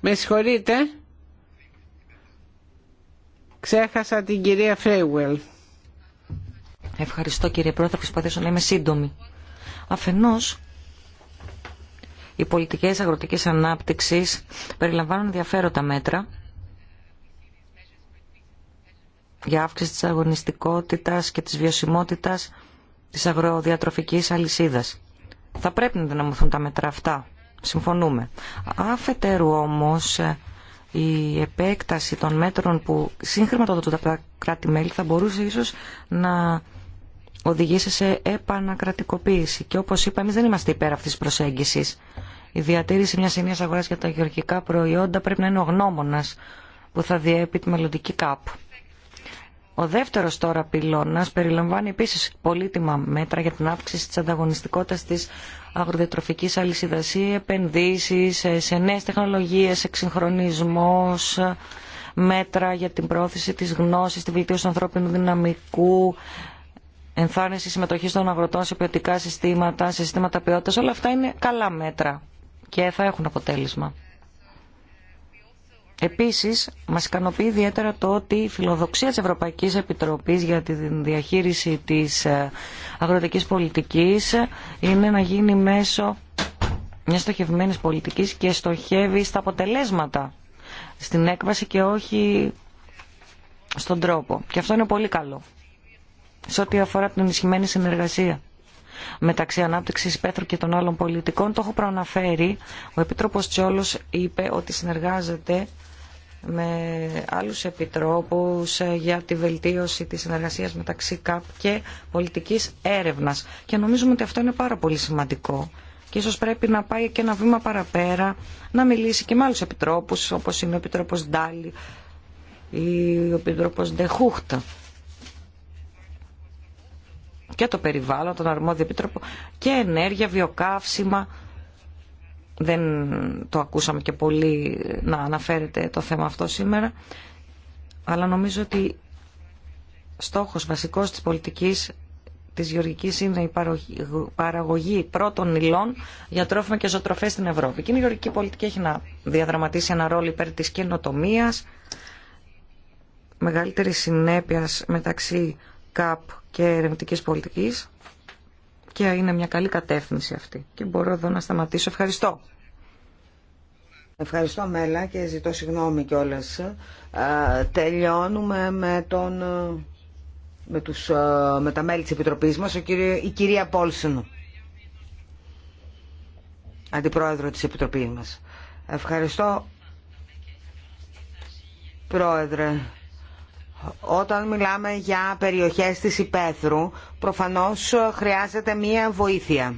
Με συγχωρείτε. Ξέχασα την κυρία Φρέιουελ. Ευχαριστώ κύριε Πρόεδρε, προσπαθήσω να είμαι σύντομη. Αφενός, οι πολιτικές αγροτικής ανάπτυξης περιλαμβάνουν ενδιαφέροντα μέτρα για αύξηση της αγωνιστικότητας και της βιωσιμότητας της αγροδιατροφικής αλυσίδας. Θα πρέπει να δυναμωθούν τα μέτρα αυτά. Συμφωνούμε. Αφετέρου όμως η επέκταση των μέτρων που το τα κράτη-μέλη θα μπορούσε ίσως να οδηγήσει σε επανακρατικοποίηση. Και όπω είπα, εμεί δεν είμαστε υπέρ αυτή τη προσέγγιση. Η διατήρηση μια ενίας αγοράς για τα γεωργικά προϊόντα πρέπει να είναι ο γνώμονα που θα διέπει τη μελλοντική ΚΑΠ. Ο δεύτερο τώρα πυλώνας περιλαμβάνει επίση πολύτιμα μέτρα για την αύξηση τη ανταγωνιστικότητα τη αγροδιατροφική αλυσίδα ή επενδύσεις σε νέες τεχνολογίε, εξυγχρονισμό, μέτρα για την πρόθεση της γνώσης, τη βελτίωση του ανθρώπινου δυναμικού, ενθάρρυνση συμμετοχή των αγροτών σε ποιοτικά συστήματα, σε συστήματα ποιότητα, όλα αυτά είναι καλά μέτρα και θα έχουν αποτέλεσμα. Επίσης, μας ικανοποιεί ιδιαίτερα το ότι η φιλοδοξία τη Ευρωπαϊκής Επιτροπής για τη διαχείριση της ε, αγροτικής πολιτικής είναι να γίνει μέσω μιας στοχευμένη πολιτική και στοχεύει στα αποτελέσματα, στην έκβαση και όχι στον τρόπο. Και αυτό είναι πολύ καλό σε ό,τι αφορά την ενισχυμένη συνεργασία μεταξύ ανάπτυξης Πέθρου και των άλλων πολιτικών. Το έχω προαναφέρει. Ο Επίτροπος Τσιόλος είπε ότι συνεργάζεται με άλλους επιτρόπους ε, για τη βελτίωση της συνεργασίας μεταξύ ΚΑΠ και πολιτικής έρευνας. Και νομίζουμε ότι αυτό είναι πάρα πολύ σημαντικό. Και ίσως πρέπει να πάει και ένα βήμα παραπέρα, να μιλήσει και με άλλους επιτρόπους, όπως είναι ο Επιτρόπος Ντάλι ή ο Επιτρόπος Ντεχούχτα και το περιβάλλον, τον αρμόδιο επίτροπο και ενέργεια, βιοκαύσιμα. Δεν το ακούσαμε και πολύ να αναφέρεται το θέμα αυτό σήμερα. Αλλά νομίζω ότι στόχος βασικός της πολιτικής της γεωργικής είναι η παραγωγή πρώτων υλών για τρόφιμα και ζωοτροφές στην Ευρώπη. Και η γεωργική πολιτική έχει να διαδραματίσει ένα ρόλο υπέρ της καινοτομίας, μεγαλύτερη συνέπεια μεταξύ ΚΑΠ και ερευνητική πολιτικής και είναι μια καλή κατεύθυνση αυτή. Και μπορώ εδώ να σταματήσω. Ευχαριστώ. Ευχαριστώ Μέλα και ζητώ συγγνώμη κιόλα. τελειώνουμε με, τον, με, τους, με τα μέλη της Επιτροπής μας, ο η κυρία Πόλσεν αντιπρόεδρο της Επιτροπής μας. Ευχαριστώ Πρόεδρε όταν μιλάμε για περιοχές της υπαίθρου, προφανώς χρειάζεται μία βοήθεια.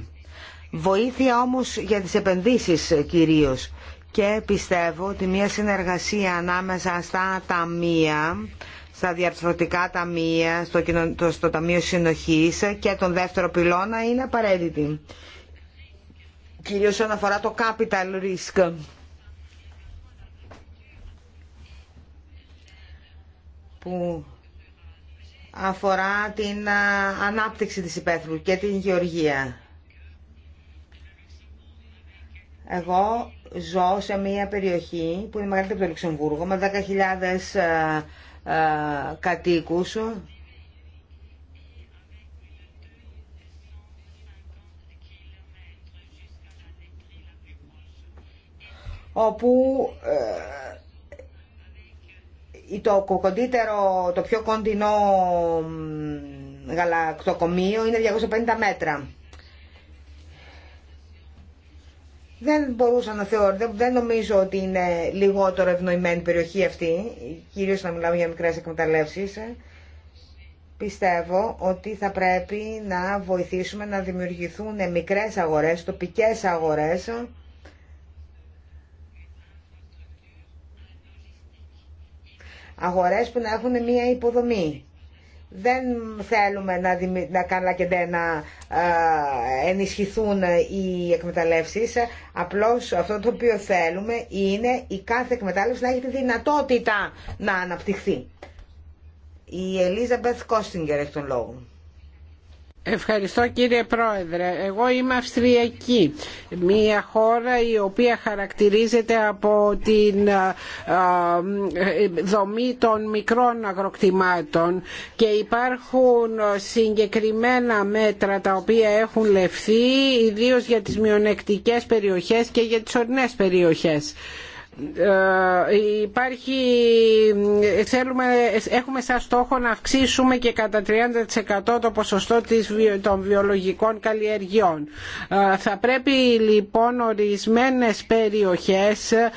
Βοήθεια όμως για τις επενδύσεις κυρίως. Και πιστεύω ότι μία συνεργασία ανάμεσα στα ταμεία, στα διαρθρωτικά ταμεία, στο, στο Ταμείο Συνοχής και τον δεύτερο πυλώνα είναι απαραίτητη. Κυρίως όσον αφορά το capital risk. που αφορά την ανάπτυξη της υπαίθρου και την γεωργία. Εγώ ζω σε μια περιοχή που είναι μεγαλύτερη από το Λουξεμβούργο με 10.000 κατοίκους όπου ε, το κοντύτερο, το πιο κοντινό γαλακτοκομείο είναι 250 μέτρα. Δεν μπορούσα να θεωρώ, δεν, νομίζω ότι είναι λιγότερο ευνοημένη περιοχή αυτή, κυρίως να μιλάμε για μικρές εκμεταλλεύσεις. Πιστεύω ότι θα πρέπει να βοηθήσουμε να δημιουργηθούν μικρές αγορές, τοπικές αγορές, αγορές που να έχουν μία υποδομή. Δεν θέλουμε να, δημι... να να ενισχυθούν οι εκμεταλλεύσεις. Απλώς αυτό το οποίο θέλουμε είναι η κάθε εκμετάλλευση να έχει τη δυνατότητα να αναπτυχθεί. Η Ελίζα Μπεθ Κόστιγκερ έχει τον λόγο. Ευχαριστώ κύριε Πρόεδρε. Εγώ είμαι Αυστριακή, μια χώρα η οποία χαρακτηρίζεται από την ε, δομή των μικρών αγροκτημάτων και υπάρχουν συγκεκριμένα μέτρα τα οποία έχουν λεφθεί ιδίως για τις μειονεκτικές περιοχές και για τις ορεινές περιοχές. Ε, υπάρχει, θέλουμε, έχουμε σαν στόχο να αυξήσουμε και κατά 30% το ποσοστό των βιολογικών καλλιεργειών. Ε, θα πρέπει λοιπόν ορισμένες περιοχές ε,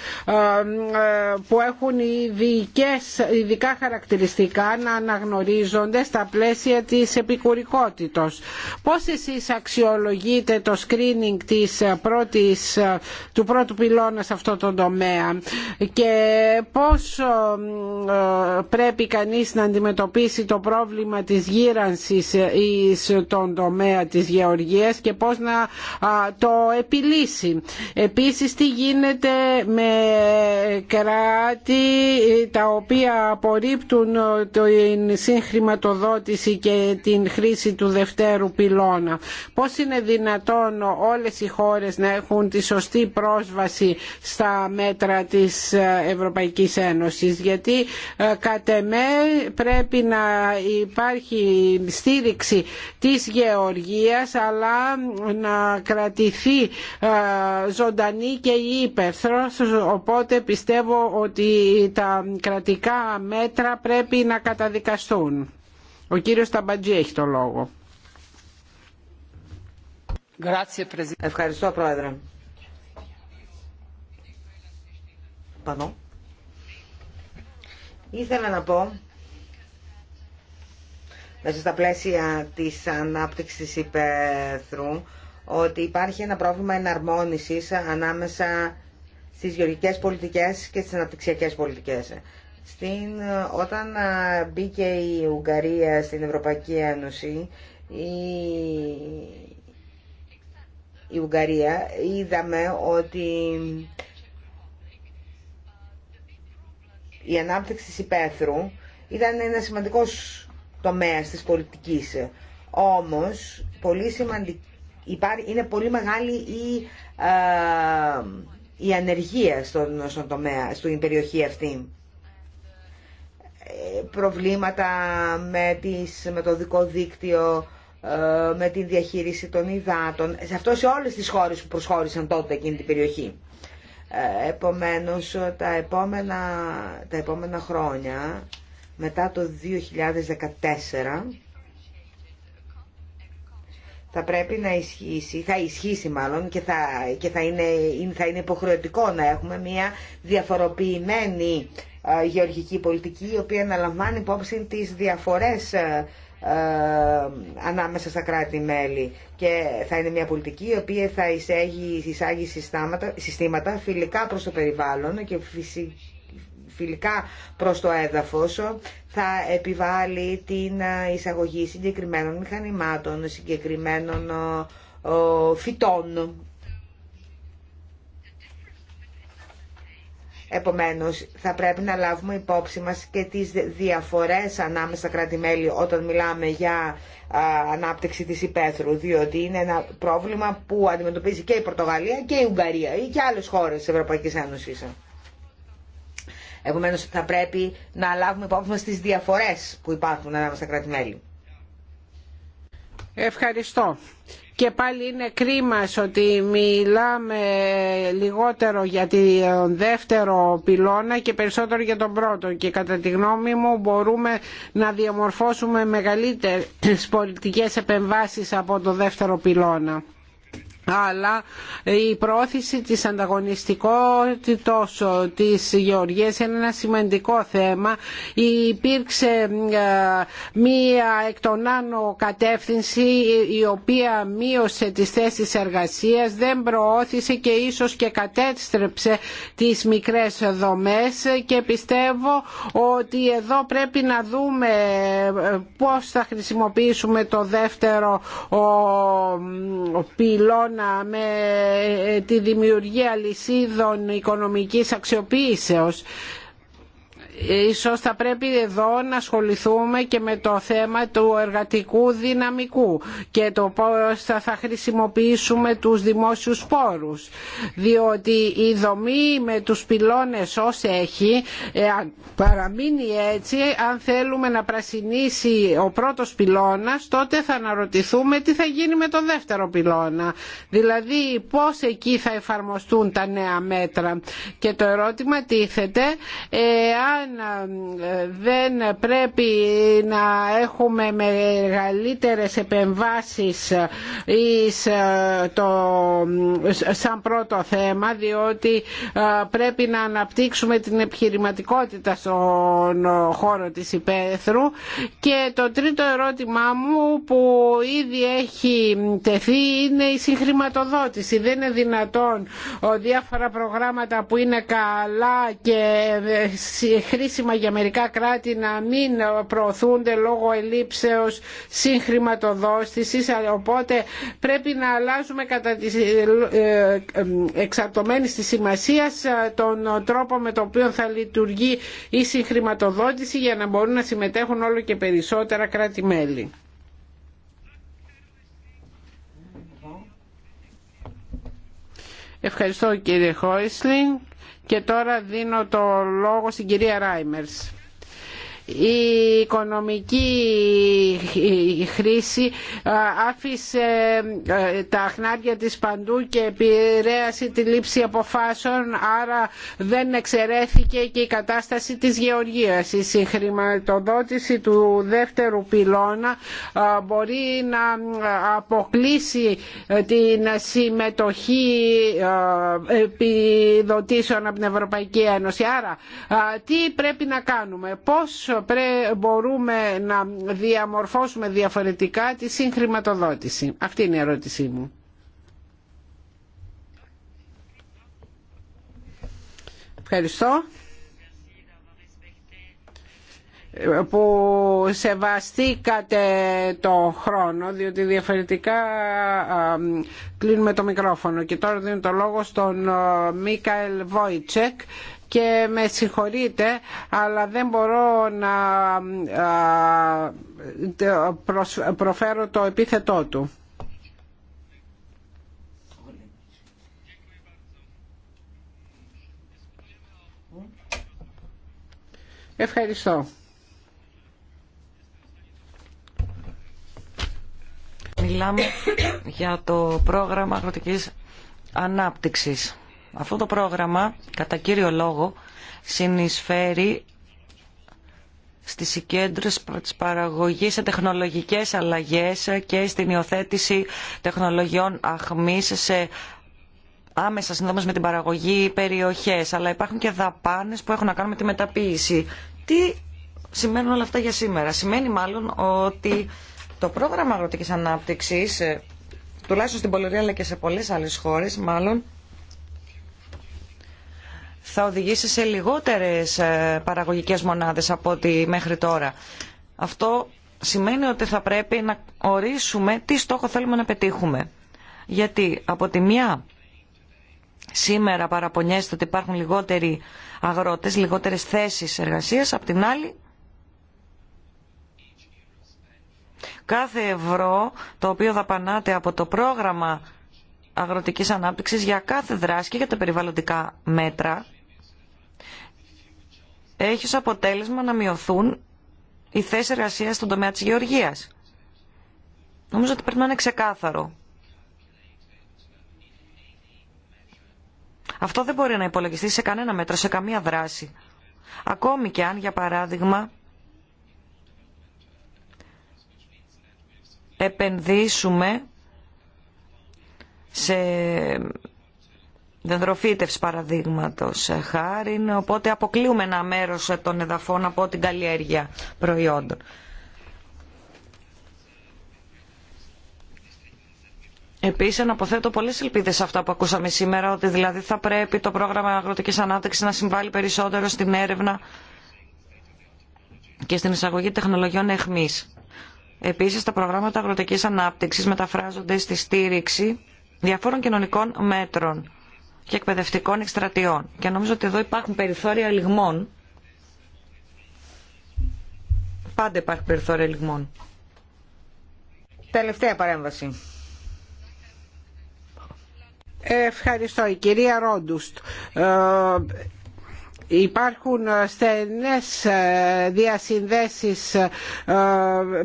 που έχουν ειδικές, ειδικά χαρακτηριστικά να αναγνωρίζονται στα πλαίσια της επικουρικότητος. Πώς εσείς αξιολογείτε το screening της πρώτης, του πρώτου πυλώνα σε αυτό το τομέα και πώς ε, πρέπει κανείς να αντιμετωπίσει το πρόβλημα της γύρανσης στον τομέα της γεωργίας και πώς να το επιλύσει. Επίσης τι γίνεται με κράτη ε, τα οποία απορρίπτουν ε, την συγχρηματοδότηση και την χρήση του δευτέρου πυλώνα. Πώς είναι δυνατόν όλες οι χώρες να έχουν τη σωστή πρόσβαση στα μέτρα Τη της ε, Ευρωπαϊκής Ένωσης γιατί ε, κατ' εμέ πρέπει να υπάρχει στήριξη της γεωργίας αλλά να κρατηθεί ε, ζωντανή και η ύπερθρος, οπότε πιστεύω ότι τα κρατικά μέτρα πρέπει να καταδικαστούν. Ο κύριος Ταμπατζή έχει το λόγο. Ευχαριστώ πρόεδρε. Ήθελα να πω, μέσα στα πλαίσια της ανάπτυξης υπέθρου, ότι υπάρχει ένα πρόβλημα εναρμόνισης ανάμεσα στις γεωργικές πολιτικές και στις αναπτυξιακές πολιτικές. Στην, όταν μπήκε η Ουγγαρία στην Ευρωπαϊκή Ένωση, η, η Ουγγαρία είδαμε ότι η ανάπτυξη της υπαίθρου ήταν ένα σημαντικός τομέας της πολιτικής. Όμως, πολύ σημαντική, είναι πολύ μεγάλη η, ε, η ανεργία στον, στον τομέα, στην περιοχή αυτή. Ε, προβλήματα με, τις, με το δικό δίκτυο, ε, με τη διαχείριση των υδάτων. Σε αυτό σε όλες τις χώρες που προσχώρησαν τότε εκείνη την περιοχή. Ε, επομένως, τα επόμενα, τα επόμενα χρόνια, μετά το 2014, θα πρέπει να ισχύσει, θα ισχύσει μάλλον και θα, και θα, είναι, θα είναι υποχρεωτικό να έχουμε μια διαφοροποιημένη ε, γεωργική πολιτική η οποία να λαμβάνει υπόψη τις διαφορές ε, ε, ανάμεσα στα κράτη-μέλη και θα είναι μια πολιτική η οποία θα εισάγει, εισάγει συστάματα, συστήματα φιλικά προς το περιβάλλον και φιλικά προς το έδαφος θα επιβάλλει την ε, εισαγωγή συγκεκριμένων μηχανημάτων, συγκεκριμένων ε, φυτών Επομένως, θα πρέπει να λάβουμε υπόψη μας και τις διαφορές ανάμεσα στα κράτη-μέλη όταν μιλάμε για ανάπτυξη της υπαίθρου, διότι είναι ένα πρόβλημα που αντιμετωπίζει και η Πορτογαλία και η Ουγγαρία ή και άλλες χώρες της Ευρωπαϊκής Ένωσης. Επομένως, θα πρέπει να λάβουμε υπόψη μας τις διαφορές που υπάρχουν ανάμεσα στα κράτη-μέλη. Ευχαριστώ και πάλι είναι κρίμα ότι μιλάμε λιγότερο για τον δεύτερο πυλώνα και περισσότερο για τον πρώτο και κατά τη γνώμη μου μπορούμε να διαμορφώσουμε μεγαλύτερες πολιτικές επεμβάσεις από το δεύτερο πυλώνα αλλά η πρόθεση της ανταγωνιστικότητας της Γεωργίας είναι ένα σημαντικό θέμα. Υπήρξε ε, μία εκ των άνω κατεύθυνση η οποία μείωσε τις θέσεις εργασίας, δεν προώθησε και ίσως και κατέστρεψε τις μικρές δομές και πιστεύω ότι εδώ πρέπει να δούμε ε, πώς θα χρησιμοποιήσουμε το δεύτερο πυλόν με ε, τη δημιουργία λυσίδων οικονομικής αξιοποίησεως ίσως θα πρέπει εδώ να ασχοληθούμε και με το θέμα του εργατικού δυναμικού και το πώς θα, χρησιμοποιήσουμε τους δημόσιους πόρους διότι η δομή με τους πυλώνες ως έχει ε, παραμείνει έτσι αν θέλουμε να πρασινίσει ο πρώτος πυλώνας τότε θα αναρωτηθούμε τι θα γίνει με τον δεύτερο πυλώνα δηλαδή πώς εκεί θα εφαρμοστούν τα νέα μέτρα και το ερώτημα τίθεται ε, αν ε, δεν πρέπει να έχουμε μεγαλύτερες επεμβάσεις ε, σαν πρώτο θέμα διότι ε, πρέπει να αναπτύξουμε την επιχειρηματικότητα στον χώρο της υπαίθρου και το τρίτο ερώτημά μου που ήδη έχει τεθεί είναι η συγχρηματοδότηση. Δεν είναι δυνατόν διάφορα προγράμματα που είναι καλά και χρήσιμα για μερικά κράτη να μην προωθούνται λόγω ελλείψεως συγχρηματοδότησης οπότε πρέπει να αλλάζουμε κατά τη ε, ε, εξαρτωμένη της σημασίας ε, τον τρόπο με τον οποίο θα λειτουργεί η συγχρηματοδότηση για να μπορούν να συμμετέχουν όλο και περισσότερα κράτη-μέλη. Ευχαριστώ κύριε Χόισλινγκ. Και τώρα δίνω το λόγο στην κυρία Ράιμερς η οικονομική χρήση ε, άφησε ε, τα χνάρια της παντού και επηρέασε τη λήψη αποφάσεων άρα δεν εξαιρέθηκε και η κατάσταση της γεωργίας. Η συγχρηματοδότηση του δεύτερου πυλώνα ε, μπορεί να αποκλείσει την συμμετοχή επιδοτήσεων από την Ευρωπαϊκή Ένωση. Άρα τι πρέπει να κάνουμε, πώς μπορούμε να διαμορφώσουμε διαφορετικά τη συγχρηματοδότηση. Αυτή είναι η ερώτησή μου. Ευχαριστώ που σεβαστήκατε το χρόνο διότι διαφορετικά κλείνουμε το μικρόφωνο και τώρα δίνω το λόγο στον Μίκαελ Βόιτσεκ και με συγχωρείτε αλλά δεν μπορώ να προφέρω το επίθετό του. Ευχαριστώ. Μιλάμε για το πρόγραμμα αγροτικής ανάπτυξης. Αυτό το πρόγραμμα, κατά κύριο λόγο, συνεισφέρει στις συγκέντρωση της παραγωγής σε τεχνολογικές αλλαγές και στην υιοθέτηση τεχνολογιών αχμής σε άμεσα συνδόμε με την παραγωγή περιοχές. Αλλά υπάρχουν και δαπάνες που έχουν να κάνουν με τη μεταποίηση. Τι σημαίνουν όλα αυτά για σήμερα. Σημαίνει μάλλον ότι το πρόγραμμα αγροτικής ανάπτυξης, ε, τουλάχιστον στην Πολυρία αλλά και σε πολλές άλλες χώρες, μάλλον θα οδηγήσει σε λιγότερες ε, παραγωγικές μονάδες από ό,τι μέχρι τώρα. Αυτό σημαίνει ότι θα πρέπει να ορίσουμε τι στόχο θέλουμε να πετύχουμε. Γιατί από τη μια σήμερα παραπονιέστε ότι υπάρχουν λιγότεροι αγρότες, λιγότερες θέσεις εργασίας, από την άλλη κάθε ευρώ το οποίο δαπανάτε από το πρόγραμμα αγροτικής ανάπτυξης για κάθε δράση και για τα περιβαλλοντικά μέτρα έχει ως αποτέλεσμα να μειωθούν οι θέσει εργασία στον τομέα της γεωργίας. Νομίζω ότι πρέπει να είναι ξεκάθαρο. Αυτό δεν μπορεί να υπολογιστεί σε κανένα μέτρο, σε καμία δράση. Ακόμη και αν, για παράδειγμα, επενδύσουμε σε δεντροφύτευση παραδείγματος ε, χάρη, οπότε αποκλείουμε ένα μέρος ε, των εδαφών από την καλλιέργεια προϊόντων. Επίση, αναποθέτω πολλέ ελπίδε σε αυτά που ακούσαμε σήμερα, ότι δηλαδή θα πρέπει το πρόγραμμα αγροτική ανάπτυξη να συμβάλλει περισσότερο στην έρευνα και στην εισαγωγή τεχνολογιών εχμή. Επίση, τα προγράμματα αγροτική ανάπτυξη μεταφράζονται στη στήριξη διαφόρων κοινωνικών μέτρων και εκπαιδευτικών εκστρατιών. Και νομίζω ότι εδώ υπάρχουν περιθώρια λιγμών. Πάντα υπάρχουν περιθώρια λιγμών. Τελευταία παρέμβαση. Ευχαριστώ. Η κυρία Ρόντουστ. Ε, υπάρχουν ε, στενές ε, διασυνδέσεις ε,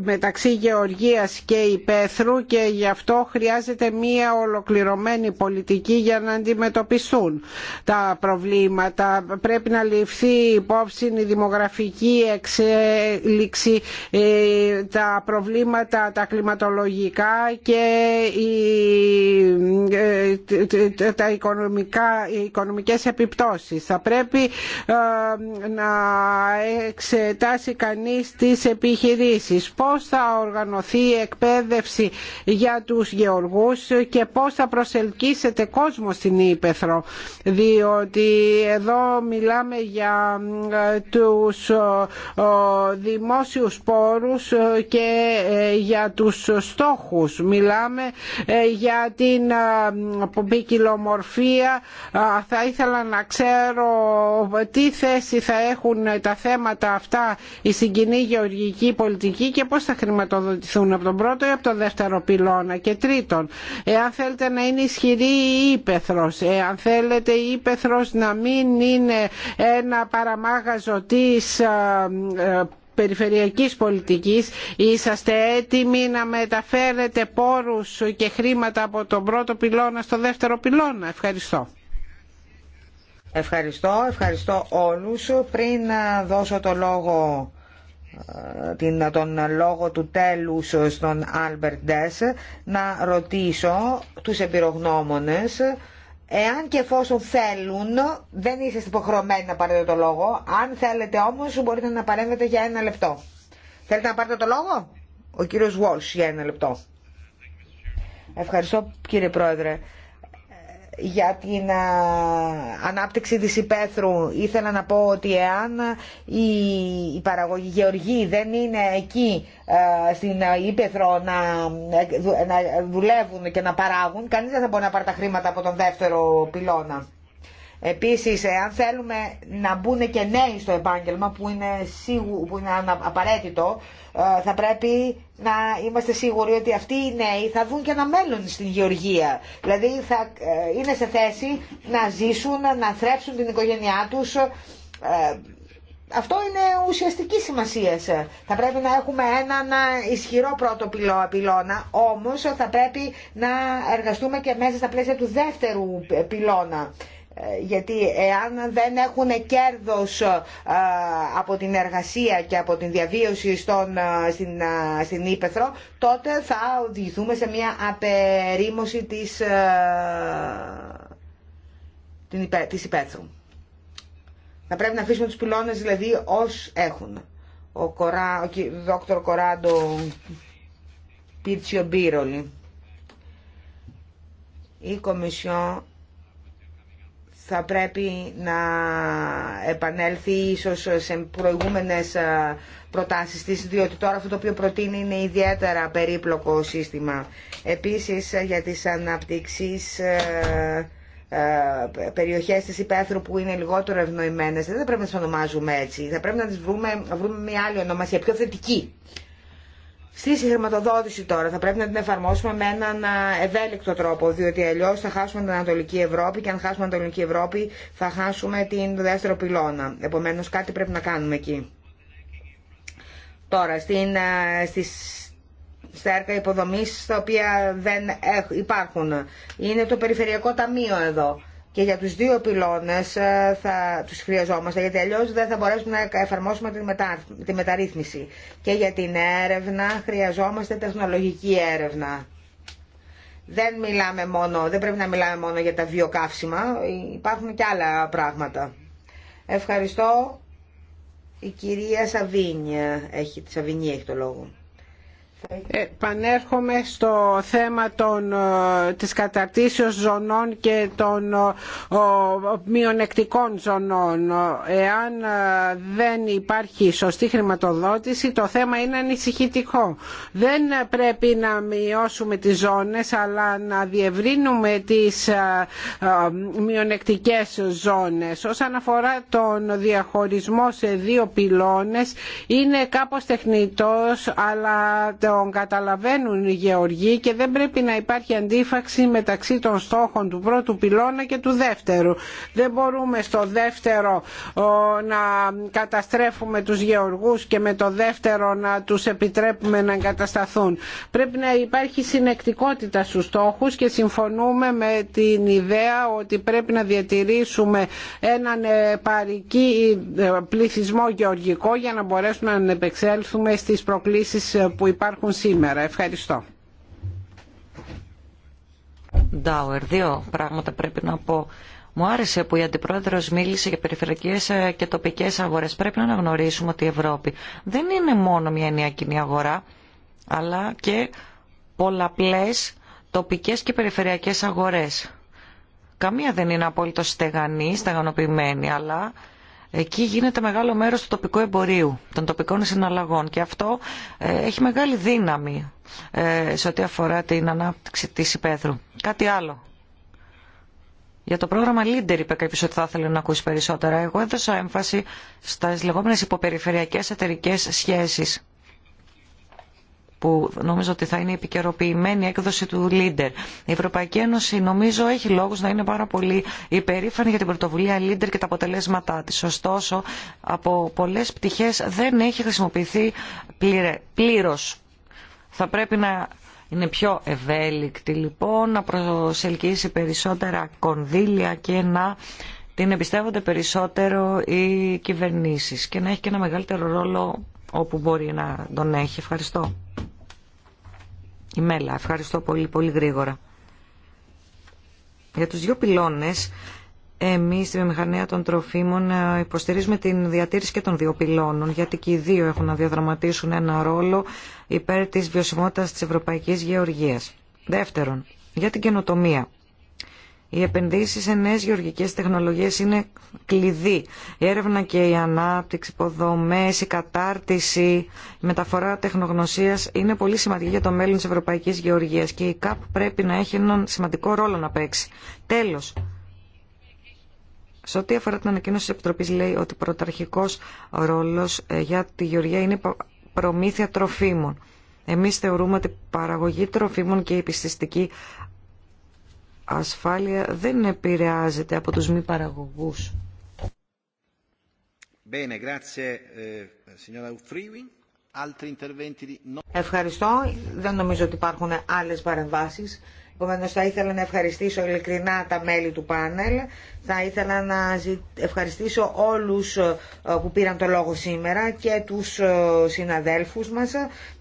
μεταξύ γεωργίας και υπαίθρου και γι' αυτό χρειάζεται μία ολοκληρωμένη πολιτική για να αντιμετωπιστούν τα προβλήματα. Πρέπει να ληφθεί υπόψη η δημογραφική εξέλιξη, τα προβλήματα τα κλιματολογικά και τα οι οικονομικές επιπτώσεις. Θα πρέπει ε, να εξετάσει κανείς τις επιχειρήσεις πώς θα οργανωθεί η εκπαίδευση για τους γεωργούς και πώς θα προσελκύσετε κόσμο στην Ήπεθρο διότι εδώ μιλάμε για ε, τους ε, δημόσιους πόρους και για τους στόχους μιλάμε για την ποικιλομορφία θα ήθελα να ξέρω τι θέση θα έχουν τα θέματα αυτά η συγκοινή γεωργική πολιτική και πώς θα χρηματοδοτηθούν από τον πρώτο ή από τον δεύτερο πυλώνα. Και τρίτον, εάν θέλετε να είναι ισχυρή η ύπεθρος, εάν θέλετε η ύπεθρος να μην είναι ένα παραμάγαζο της ε, περιφερειακής πολιτικής είσαστε έτοιμοι να μεταφέρετε πόρους και χρήματα από τον πρώτο πυλώνα στο δεύτερο πυλώνα. Ευχαριστώ. Ευχαριστώ, ευχαριστώ όλους. Πριν ε, δώσω το λόγο ε, την, τον λόγο του τέλους στον Άλμπερτ Ντες να ρωτήσω τους εμπειρογνώμονες εάν και εφόσον θέλουν δεν είστε υποχρεωμένοι να πάρετε το λόγο αν θέλετε όμως μπορείτε να παρέμβετε για ένα λεπτό θέλετε να πάρετε το λόγο ο κύριος Walsh για ένα λεπτό Ευχαριστώ κύριε Πρόεδρε για την ανάπτυξη της υπαίθρου ήθελα να πω ότι εάν οι παραγωγοί γεωργοί δεν είναι εκεί στην υπαίθρο να, ε, να δουλεύουν και να παράγουν κανείς δεν θα μπορεί να πάρει τα χρήματα από τον δεύτερο πυλώνα. Επίσης, ε, αν θέλουμε να μπουν και νέοι στο επάγγελμα, που είναι, σίγου, που είναι απαραίτητο, ε, θα πρέπει να είμαστε σίγουροι ότι αυτοί οι νέοι θα δουν και ένα μέλλον στην γεωργία. Δηλαδή, θα ε, είναι σε θέση να ζήσουν, να θρέψουν την οικογένειά τους. Αυτό είναι ουσιαστική σημασία. Θα πρέπει να έχουμε έναν ισχυρό πρώτο πυλώνα, όμως θα πρέπει να εργαστούμε και μέσα στα πλαίσια του δεύτερου πυλώνα γιατί εάν δεν έχουν κέρδος ε, από την εργασία και από την διαβίωση στον, ε, ε, στην, Ήπεθρο, τότε θα οδηγηθούμε σε μια απερίμωση της, της Ήπεθρου. να πρέπει να αφήσουμε τους πυλώνες δηλαδή ως έχουν. Ο, Κορά, ο δόκτωρ Κοράντο Πίτσιο Μπίρολη. Η Κομισιόν θα πρέπει να επανέλθει ίσως σε προηγούμενες ε, προτάσεις της, διότι τώρα αυτό το οποίο προτείνει είναι ιδιαίτερα περίπλοκο σύστημα. Επίσης ε, για τις αναπτύξεις ε, περιοχές της υπαίθρου που είναι λιγότερο ευνοημένες δεν θα πρέπει να τις ονομάζουμε έτσι θα πρέπει να τις βρούμε, βρούμε μια άλλη ονομασία πιο θετική Στη συγχρηματοδότηση τώρα θα πρέπει να την εφαρμόσουμε με έναν ευέλικτο τρόπο, διότι αλλιώ θα χάσουμε την Ανατολική Ευρώπη και αν χάσουμε την Ανατολική Ευρώπη θα χάσουμε την δεύτερο πυλώνα. Επομένω κάτι πρέπει να κάνουμε εκεί. Τώρα, στην, στις, στα έργα υποδομή τα οποία δεν υπάρχουν. Είναι το Περιφερειακό Ταμείο εδώ και για τους δύο πυλώνες ε, θα τους χρειαζόμαστε, γιατί αλλιώς δεν θα μπορέσουμε να εφαρμόσουμε τη, μετα... τη μεταρρύθμιση. Και για την έρευνα χρειαζόμαστε τεχνολογική έρευνα. Δεν, μιλάμε μόνο, δεν πρέπει να μιλάμε μόνο για τα βιοκαύσιμα, ε, υπάρχουν και άλλα πράγματα. Ευχαριστώ. Η κυρία Σαβίνια έχει, έχει το λόγο. Επανέρχομαι στο θέμα των, ε, της καταρτήσεως ζωνών και των ε, μειονεκτικών ζωνών. Εάν ε, δεν υπάρχει σωστή χρηματοδότηση, το θέμα είναι ανησυχητικό. Δεν πρέπει να μειώσουμε τις ζώνες, αλλά να διευρύνουμε τις μειονεκτικές ζώνες. Όσον αφορά τον διαχωρισμό σε δύο πυλώνες, είναι κάπως τεχνητός, αλλά τον καταλαβαίνουν οι γεωργοί και δεν πρέπει να υπάρχει αντίφαξη μεταξύ των στόχων του πρώτου πυλώνα και του δεύτερου. Δεν μπορούμε στο δεύτερο να καταστρέφουμε τους γεωργούς και με το δεύτερο να τους επιτρέπουμε να εγκατασταθούν. Πρέπει να υπάρχει συνεκτικότητα στους στόχους και συμφωνούμε με την ιδέα ότι πρέπει να διατηρήσουμε έναν παρική ε, πληθυσμό γεωργικό για να μπορέσουμε να επεξέλθουμε στις προκλήσεις που υπάρχουν υπάρχουν σήμερα. Ευχαριστώ. Ντάουερ, δύο πράγματα πρέπει να πω. Μου άρεσε που η Αντιπρόεδρος μίλησε για περιφερειακές ε, και τοπικές αγορές. Πρέπει να αναγνωρίσουμε ότι η Ευρώπη δεν είναι μόνο μια νέα κοινή αγορά, αλλά και πολλαπλές τοπικές και περιφερειακές αγορές. Καμία δεν είναι απόλυτο στεγανή, στεγανοποιημένη, αλλά Εκεί γίνεται μεγάλο μέρος του τοπικού εμπορίου, των τοπικών συναλλαγών και αυτό ε, έχει μεγάλη δύναμη ε, σε ό,τι αφορά την ανάπτυξη της υπαίθρου. Κάτι άλλο. Για το πρόγραμμα Leader είπε κάποιο ότι θα ήθελε να ακούσει περισσότερα. Εγώ έδωσα έμφαση στι λεγόμενε υποπεριφερειακές εταιρικέ σχέσει που νομίζω ότι θα είναι η επικαιροποιημένη έκδοση του Λίντερ. Η Ευρωπαϊκή Ένωση νομίζω έχει λόγους να είναι πάρα πολύ υπερήφανη για την πρωτοβουλία Λίντερ και τα αποτελέσματά τη. Ωστόσο, από πολλές πτυχές δεν έχει χρησιμοποιηθεί πλήρω. Θα πρέπει να είναι πιο ευέλικτη λοιπόν, να προσελκύσει περισσότερα κονδύλια και να την εμπιστεύονται περισσότερο οι κυβερνήσεις και να έχει και ένα μεγαλύτερο ρόλο όπου μπορεί να τον έχει. Ευχαριστώ. Η Μέλα, ευχαριστώ πολύ, πολύ γρήγορα. Για τους δύο πυλώνες, εμείς στη βιομηχανία των τροφίμων ε, υποστηρίζουμε την διατήρηση και των δύο πυλώνων, γιατί και οι δύο έχουν να διαδραματίσουν ένα ρόλο υπέρ της βιωσιμότητας της ευρωπαϊκής γεωργίας. Δεύτερον, για την καινοτομία. Οι επενδύσεις σε νέες γεωργικές τεχνολογίες είναι κλειδί. Η έρευνα και η ανάπτυξη, υποδομές, η κατάρτιση, η μεταφορά τεχνογνωσίας είναι πολύ σημαντική για το μέλλον της Ευρωπαϊκής Γεωργίας και η ΚΑΠ πρέπει να έχει έναν σημαντικό ρόλο να παίξει. Τέλος, σε ό,τι αφορά την ανακοίνωση της Επιτροπής λέει ότι πρωταρχικός ρόλος ε, για τη Γεωργία είναι προμήθεια τροφίμων. Εμείς θεωρούμε ότι η παραγωγή τροφίμων και η ασφάλεια δεν επηρεάζεται από τους μη παραγωγούς. Eh, Ευχαριστώ. Δεν νομίζω ότι υπάρχουν άλλες παρεμβάσεις. Επομένω, θα ήθελα να ευχαριστήσω ειλικρινά τα μέλη του πάνελ. Θα ήθελα να ευχαριστήσω όλους ε, που πήραν το λόγο σήμερα και του ε, συναδέλφους μας.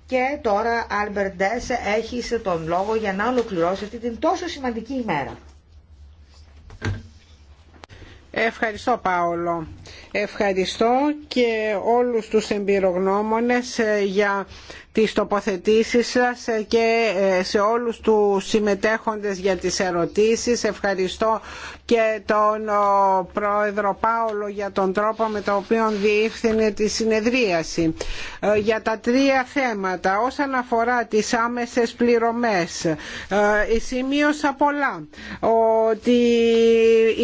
Και τώρα, Άλμπερ έχει τον λόγο για να ολοκληρώσει αυτή την τόσο σημαντική ημέρα. Ευχαριστώ Πάολο. Ευχαριστώ και όλους τους εμπειρογνώμονες ε, για τις τοποθετήσεις σας και ε, σε όλους τους συμμετέχοντες για τις ερωτήσεις. Ευχαριστώ και τον Πρόεδρο Πάολο για τον τρόπο με τον οποίο διεύθυνε τη συνεδρίαση. Ε, για τα τρία θέματα, όσον αφορά τις άμεσες πληρωμές, ε, σημείωσα πολλά ότι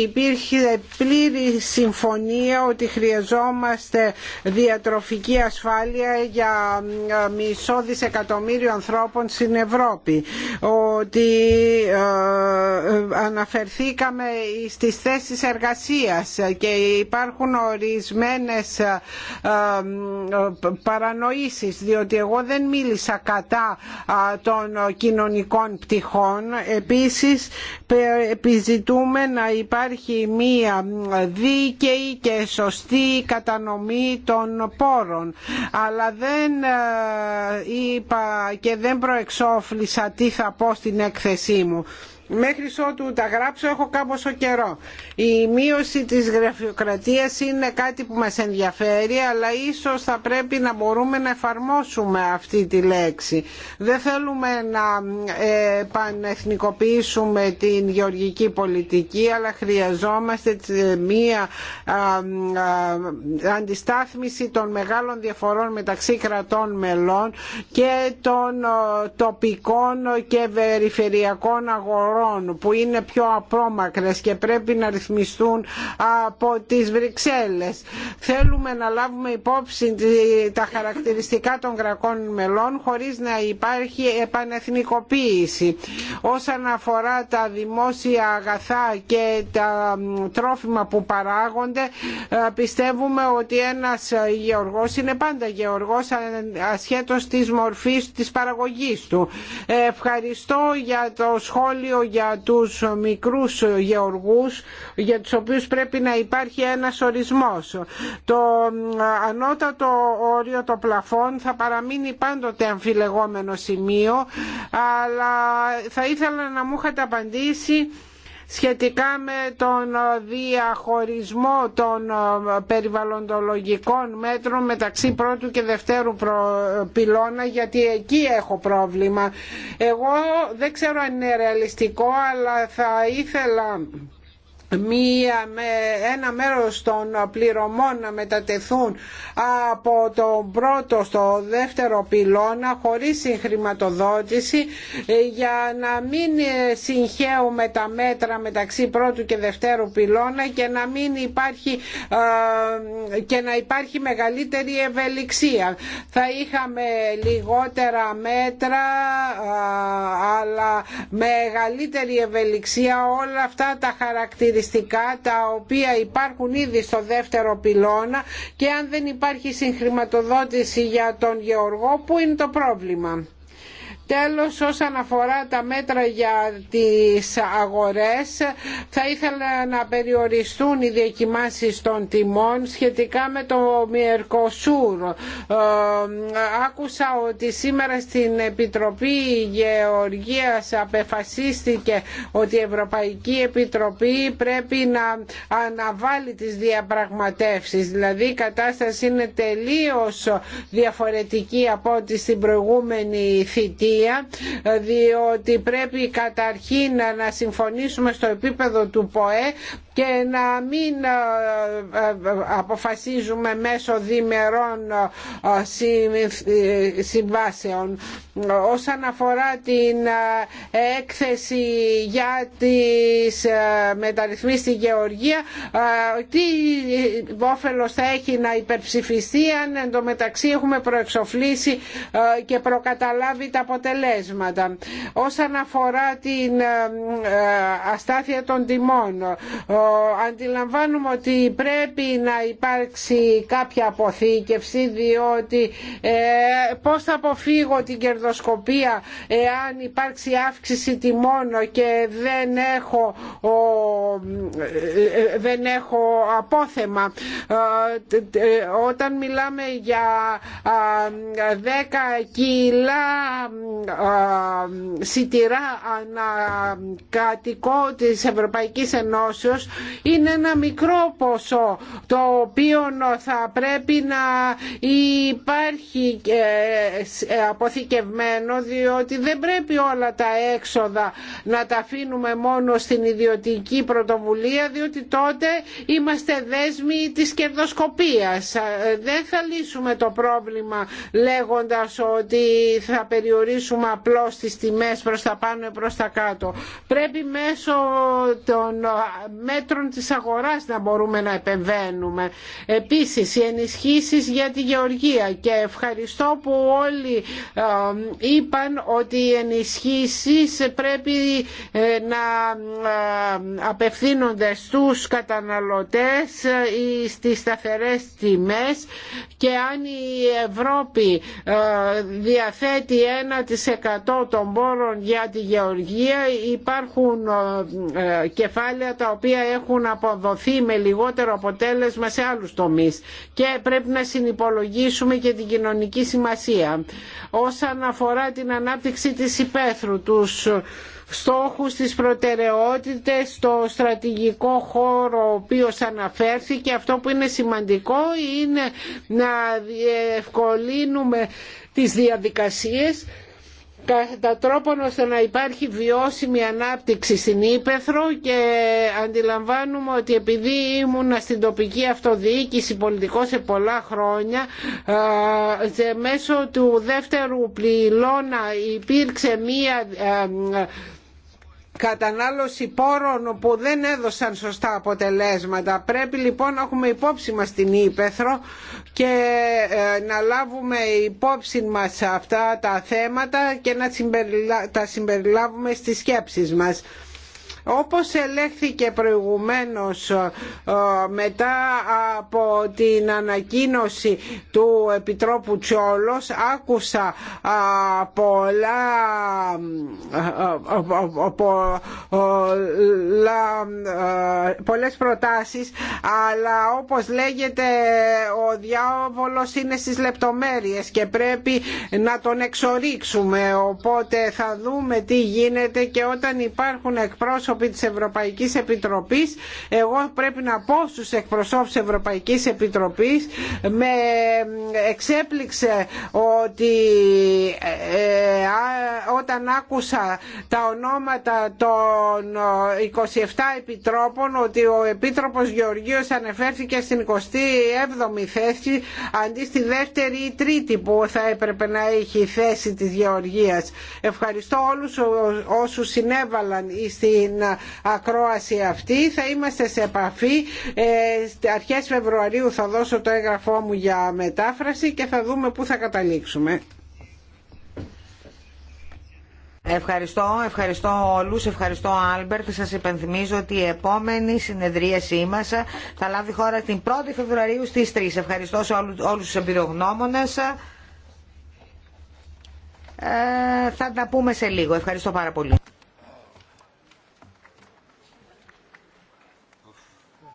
υπήρχε πλήρη συμφωνία ότι χρειαζόμαστε διατροφική ασφάλεια για μισό μισό δισεκατομμύριο ανθρώπων στην Ευρώπη ότι ε, αναφερθήκαμε στις θέσεις εργασίας και υπάρχουν ορισμένες ε, ε, παρανοήσεις διότι εγώ δεν μίλησα κατά των κοινωνικών πτυχών επίσης επιζητούμε να υπάρχει μία δίκαιη και σωστή κατανομή των πόρων αλλά δεν είπα και δεν προεξόφλησα τι θα πω στην έκθεσή μου. Μέχρι ότου τα γράψω έχω ο καιρό. Η μείωση της γραφειοκρατίας είναι κάτι που μας ενδιαφέρει αλλά ίσως θα πρέπει να μπορούμε να εφαρμόσουμε αυτή τη λέξη. Δεν θέλουμε να ε, πανεθνικοποιήσουμε την γεωργική πολιτική αλλά χρειαζόμαστε ε, μία αντιστάθμιση των μεγάλων διαφορών μεταξύ κρατών μελών και των ε, τοπικών και περιφερειακών αγορών που είναι πιο απρόμακρες και πρέπει να ρυθμιστούν από τις Βρυξέλλες. Θέλουμε να λάβουμε υπόψη τα χαρακτηριστικά των κρακών μελών χωρίς να υπάρχει επανεθνικοποίηση. Όσον αφορά τα δημόσια αγαθά και τα τρόφιμα που παράγονται ε, πιστεύουμε ότι ένας γεωργός είναι πάντα γεωργός ασχέτως της μορφής της παραγωγής του. Ευχαριστώ για το σχόλιο για τους μικρούς γεωργούς για τους οποίους πρέπει να υπάρχει ένας ορισμός. Το ανώτατο όριο το πλαφόν θα παραμείνει πάντοτε αμφιλεγόμενο σημείο αλλά θα ήθελα να μου είχατε απαντήσει σχετικά με τον ε, διαχωρισμό των ε, περιβαλλοντολογικών μέτρων μεταξύ πρώτου και δευτέρου ε, πυλώνα γιατί εκεί έχω πρόβλημα. Εγώ δεν ξέρω αν είναι ρεαλιστικό αλλά θα ήθελα μία, με ένα μέρος των πληρωμών να μετατεθούν από το πρώτο στο δεύτερο πυλώνα χωρίς συγχρηματοδότηση ε, για να μην ε, συγχέουμε τα μέτρα μεταξύ πρώτου και δευτέρου πυλώνα και να μην υπάρχει ε, και να υπάρχει μεγαλύτερη ευελιξία. Θα είχαμε λιγότερα μέτρα αλλά μεγαλύτερη ευελιξία όλα αυτά τα χαρακτηριστικά τα οποία υπάρχουν ήδη στο δεύτερο πυλώνα και αν δεν υπάρχει συγχρηματοδότηση για τον γεωργό που είναι το πρόβλημα. Τέλος, όσον αφορά τα μέτρα για τις αγορές, θα ήθελα να περιοριστούν οι διακοιμάσεις των τιμών σχετικά με το Μιερκοσούρ. Ε, άκουσα ότι σήμερα στην Επιτροπή Γεωργίας απεφασίστηκε ότι η Ευρωπαϊκή Επιτροπή πρέπει να αναβάλει τις διαπραγματεύσεις. Δηλαδή η κατάσταση είναι τελείως διαφορετική από ό,τι στην προηγούμενη θητή διότι πρέπει καταρχήν να συμφωνήσουμε στο επίπεδο του ΠΟΕ και να μην ε, ε, αποφασίζουμε μέσω διμερών ε, συμβάσεων. Όσον αφορά την έκθεση για τις μεταρρυθμίσεις στη Γεωργία, τι όφελος θα έχει να υπερψηφιστεί αν εντωμεταξύ έχουμε προεξοφλήσει και προκαταλάβει τα αποτελέσματα αποτελέσματα. Όσον αφορά την ε, ε, αστάθεια των τιμών, αντιλαμβάνουμε ότι πρέπει να υπάρξει κάποια αποθήκευση διότι ε, πώς θα αποφύγω την κερδοσκοπία εάν υπάρξει αύξηση τιμών και δεν έχω, δεν έχω απόθεμα. Όταν μιλάμε για 10 κιλά σιτηρά ανακατοικό της Ευρωπαϊκής Ενώσεως είναι ένα μικρό ποσό το οποίο θα πρέπει να υπάρχει ε, ε, αποθηκευμένο διότι δεν πρέπει όλα τα έξοδα να τα αφήνουμε μόνο στην ιδιωτική πρωτοβουλία διότι τότε είμαστε δέσμοι της κερδοσκοπίας. Ε, δεν θα λύσουμε το πρόβλημα λέγοντας ότι θα περιορίσουμε αφήσουμε απλώς τις τιμές προς τα πάνω ή προς τα κάτω. Πρέπει μέσω των μέτρων της αγοράς να μπορούμε να επεμβαίνουμε. Επίσης οι ενισχύσεις για τη γεωργία και ευχαριστώ που όλοι είπαν ότι οι ενισχύσεις πρέπει ε, να απευθύνονται στους καταναλωτές ή ε, στις σταθερές τιμές και αν η Ευρώπη ε, διαθέτει ένα 10% των πόρων για τη γεωργία υπάρχουν ε, ε, κεφάλαια τα οποία έχουν αποδοθεί με λιγότερο αποτέλεσμα σε άλλους τομείς και πρέπει να συνυπολογίσουμε και την κοινωνική σημασία. Όσον αφορά την ανάπτυξη της υπαίθρου, τους στόχους, τις προτεραιότητες στο στρατηγικό χώρο ο οποίος αναφέρθηκε. Αυτό που είναι σημαντικό είναι να διευκολύνουμε τις διαδικασίες κατά τρόπον ώστε να υπάρχει βιώσιμη ανάπτυξη στην Ήπεθρο και αντιλαμβάνουμε ότι επειδή ήμουν στην τοπική αυτοδιοίκηση πολιτικό σε πολλά χρόνια μέσω του δεύτερου πληλώνα υπήρξε μία κατανάλωση πόρων που δεν έδωσαν σωστά αποτελέσματα. Πρέπει λοιπόν να έχουμε υπόψη μας την Ήπεθρο και ε, να λάβουμε υπόψη μας αυτά τα θέματα και να τα συμπεριλάβουμε στις σκέψεις μας. Όπως ελέγχθηκε προηγουμένως ε, μετά από την ανακοίνωση του Επιτρόπου Τσόλος άκουσα πολλά, ε, ε, πολλά πολλές προτάσεις αλλά όπως λέγεται ο διάβολος είναι στις λεπτομέρειες και πρέπει να τον εξορίξουμε οπότε θα δούμε τι γίνεται και όταν υπάρχουν εκπρόσωποι εκπρόσωποι της Ευρωπαϊκής Επιτροπής εγώ πρέπει να πω στους εκπροσώπους της Ευρωπαϊκής Επιτροπής με εξέπληξε ότι ε, ε, όταν άκουσα τα ονόματα των 27 ε, επιτρόπων ότι ο Επίτροπος Γεωργίος ανεφέρθηκε στην 27η θέση αντί στη δεύτερη ή τρίτη που θα έπρεπε να έχει η θέση της Γεωργίας. Ευχαριστώ όλους όσους συνέβαλαν στην ακρόαση αυτή. Θα είμαστε σε επαφή. Ε, αρχές Φεβρουαρίου θα δώσω το έγγραφό μου για μετάφραση και θα δούμε πού θα καταλήξουμε. Ευχαριστώ, ευχαριστώ όλους, ευχαριστώ Άλμπερτ. Σας υπενθυμίζω ότι η επόμενη συνεδρίασή μας θα λάβει χώρα την 1η Φεβρουαρίου στις 3. Ευχαριστώ σε όλους, όλους τους εμπειρογνώμονες. Ε, θα τα πούμε σε λίγο. Ευχαριστώ πάρα πολύ.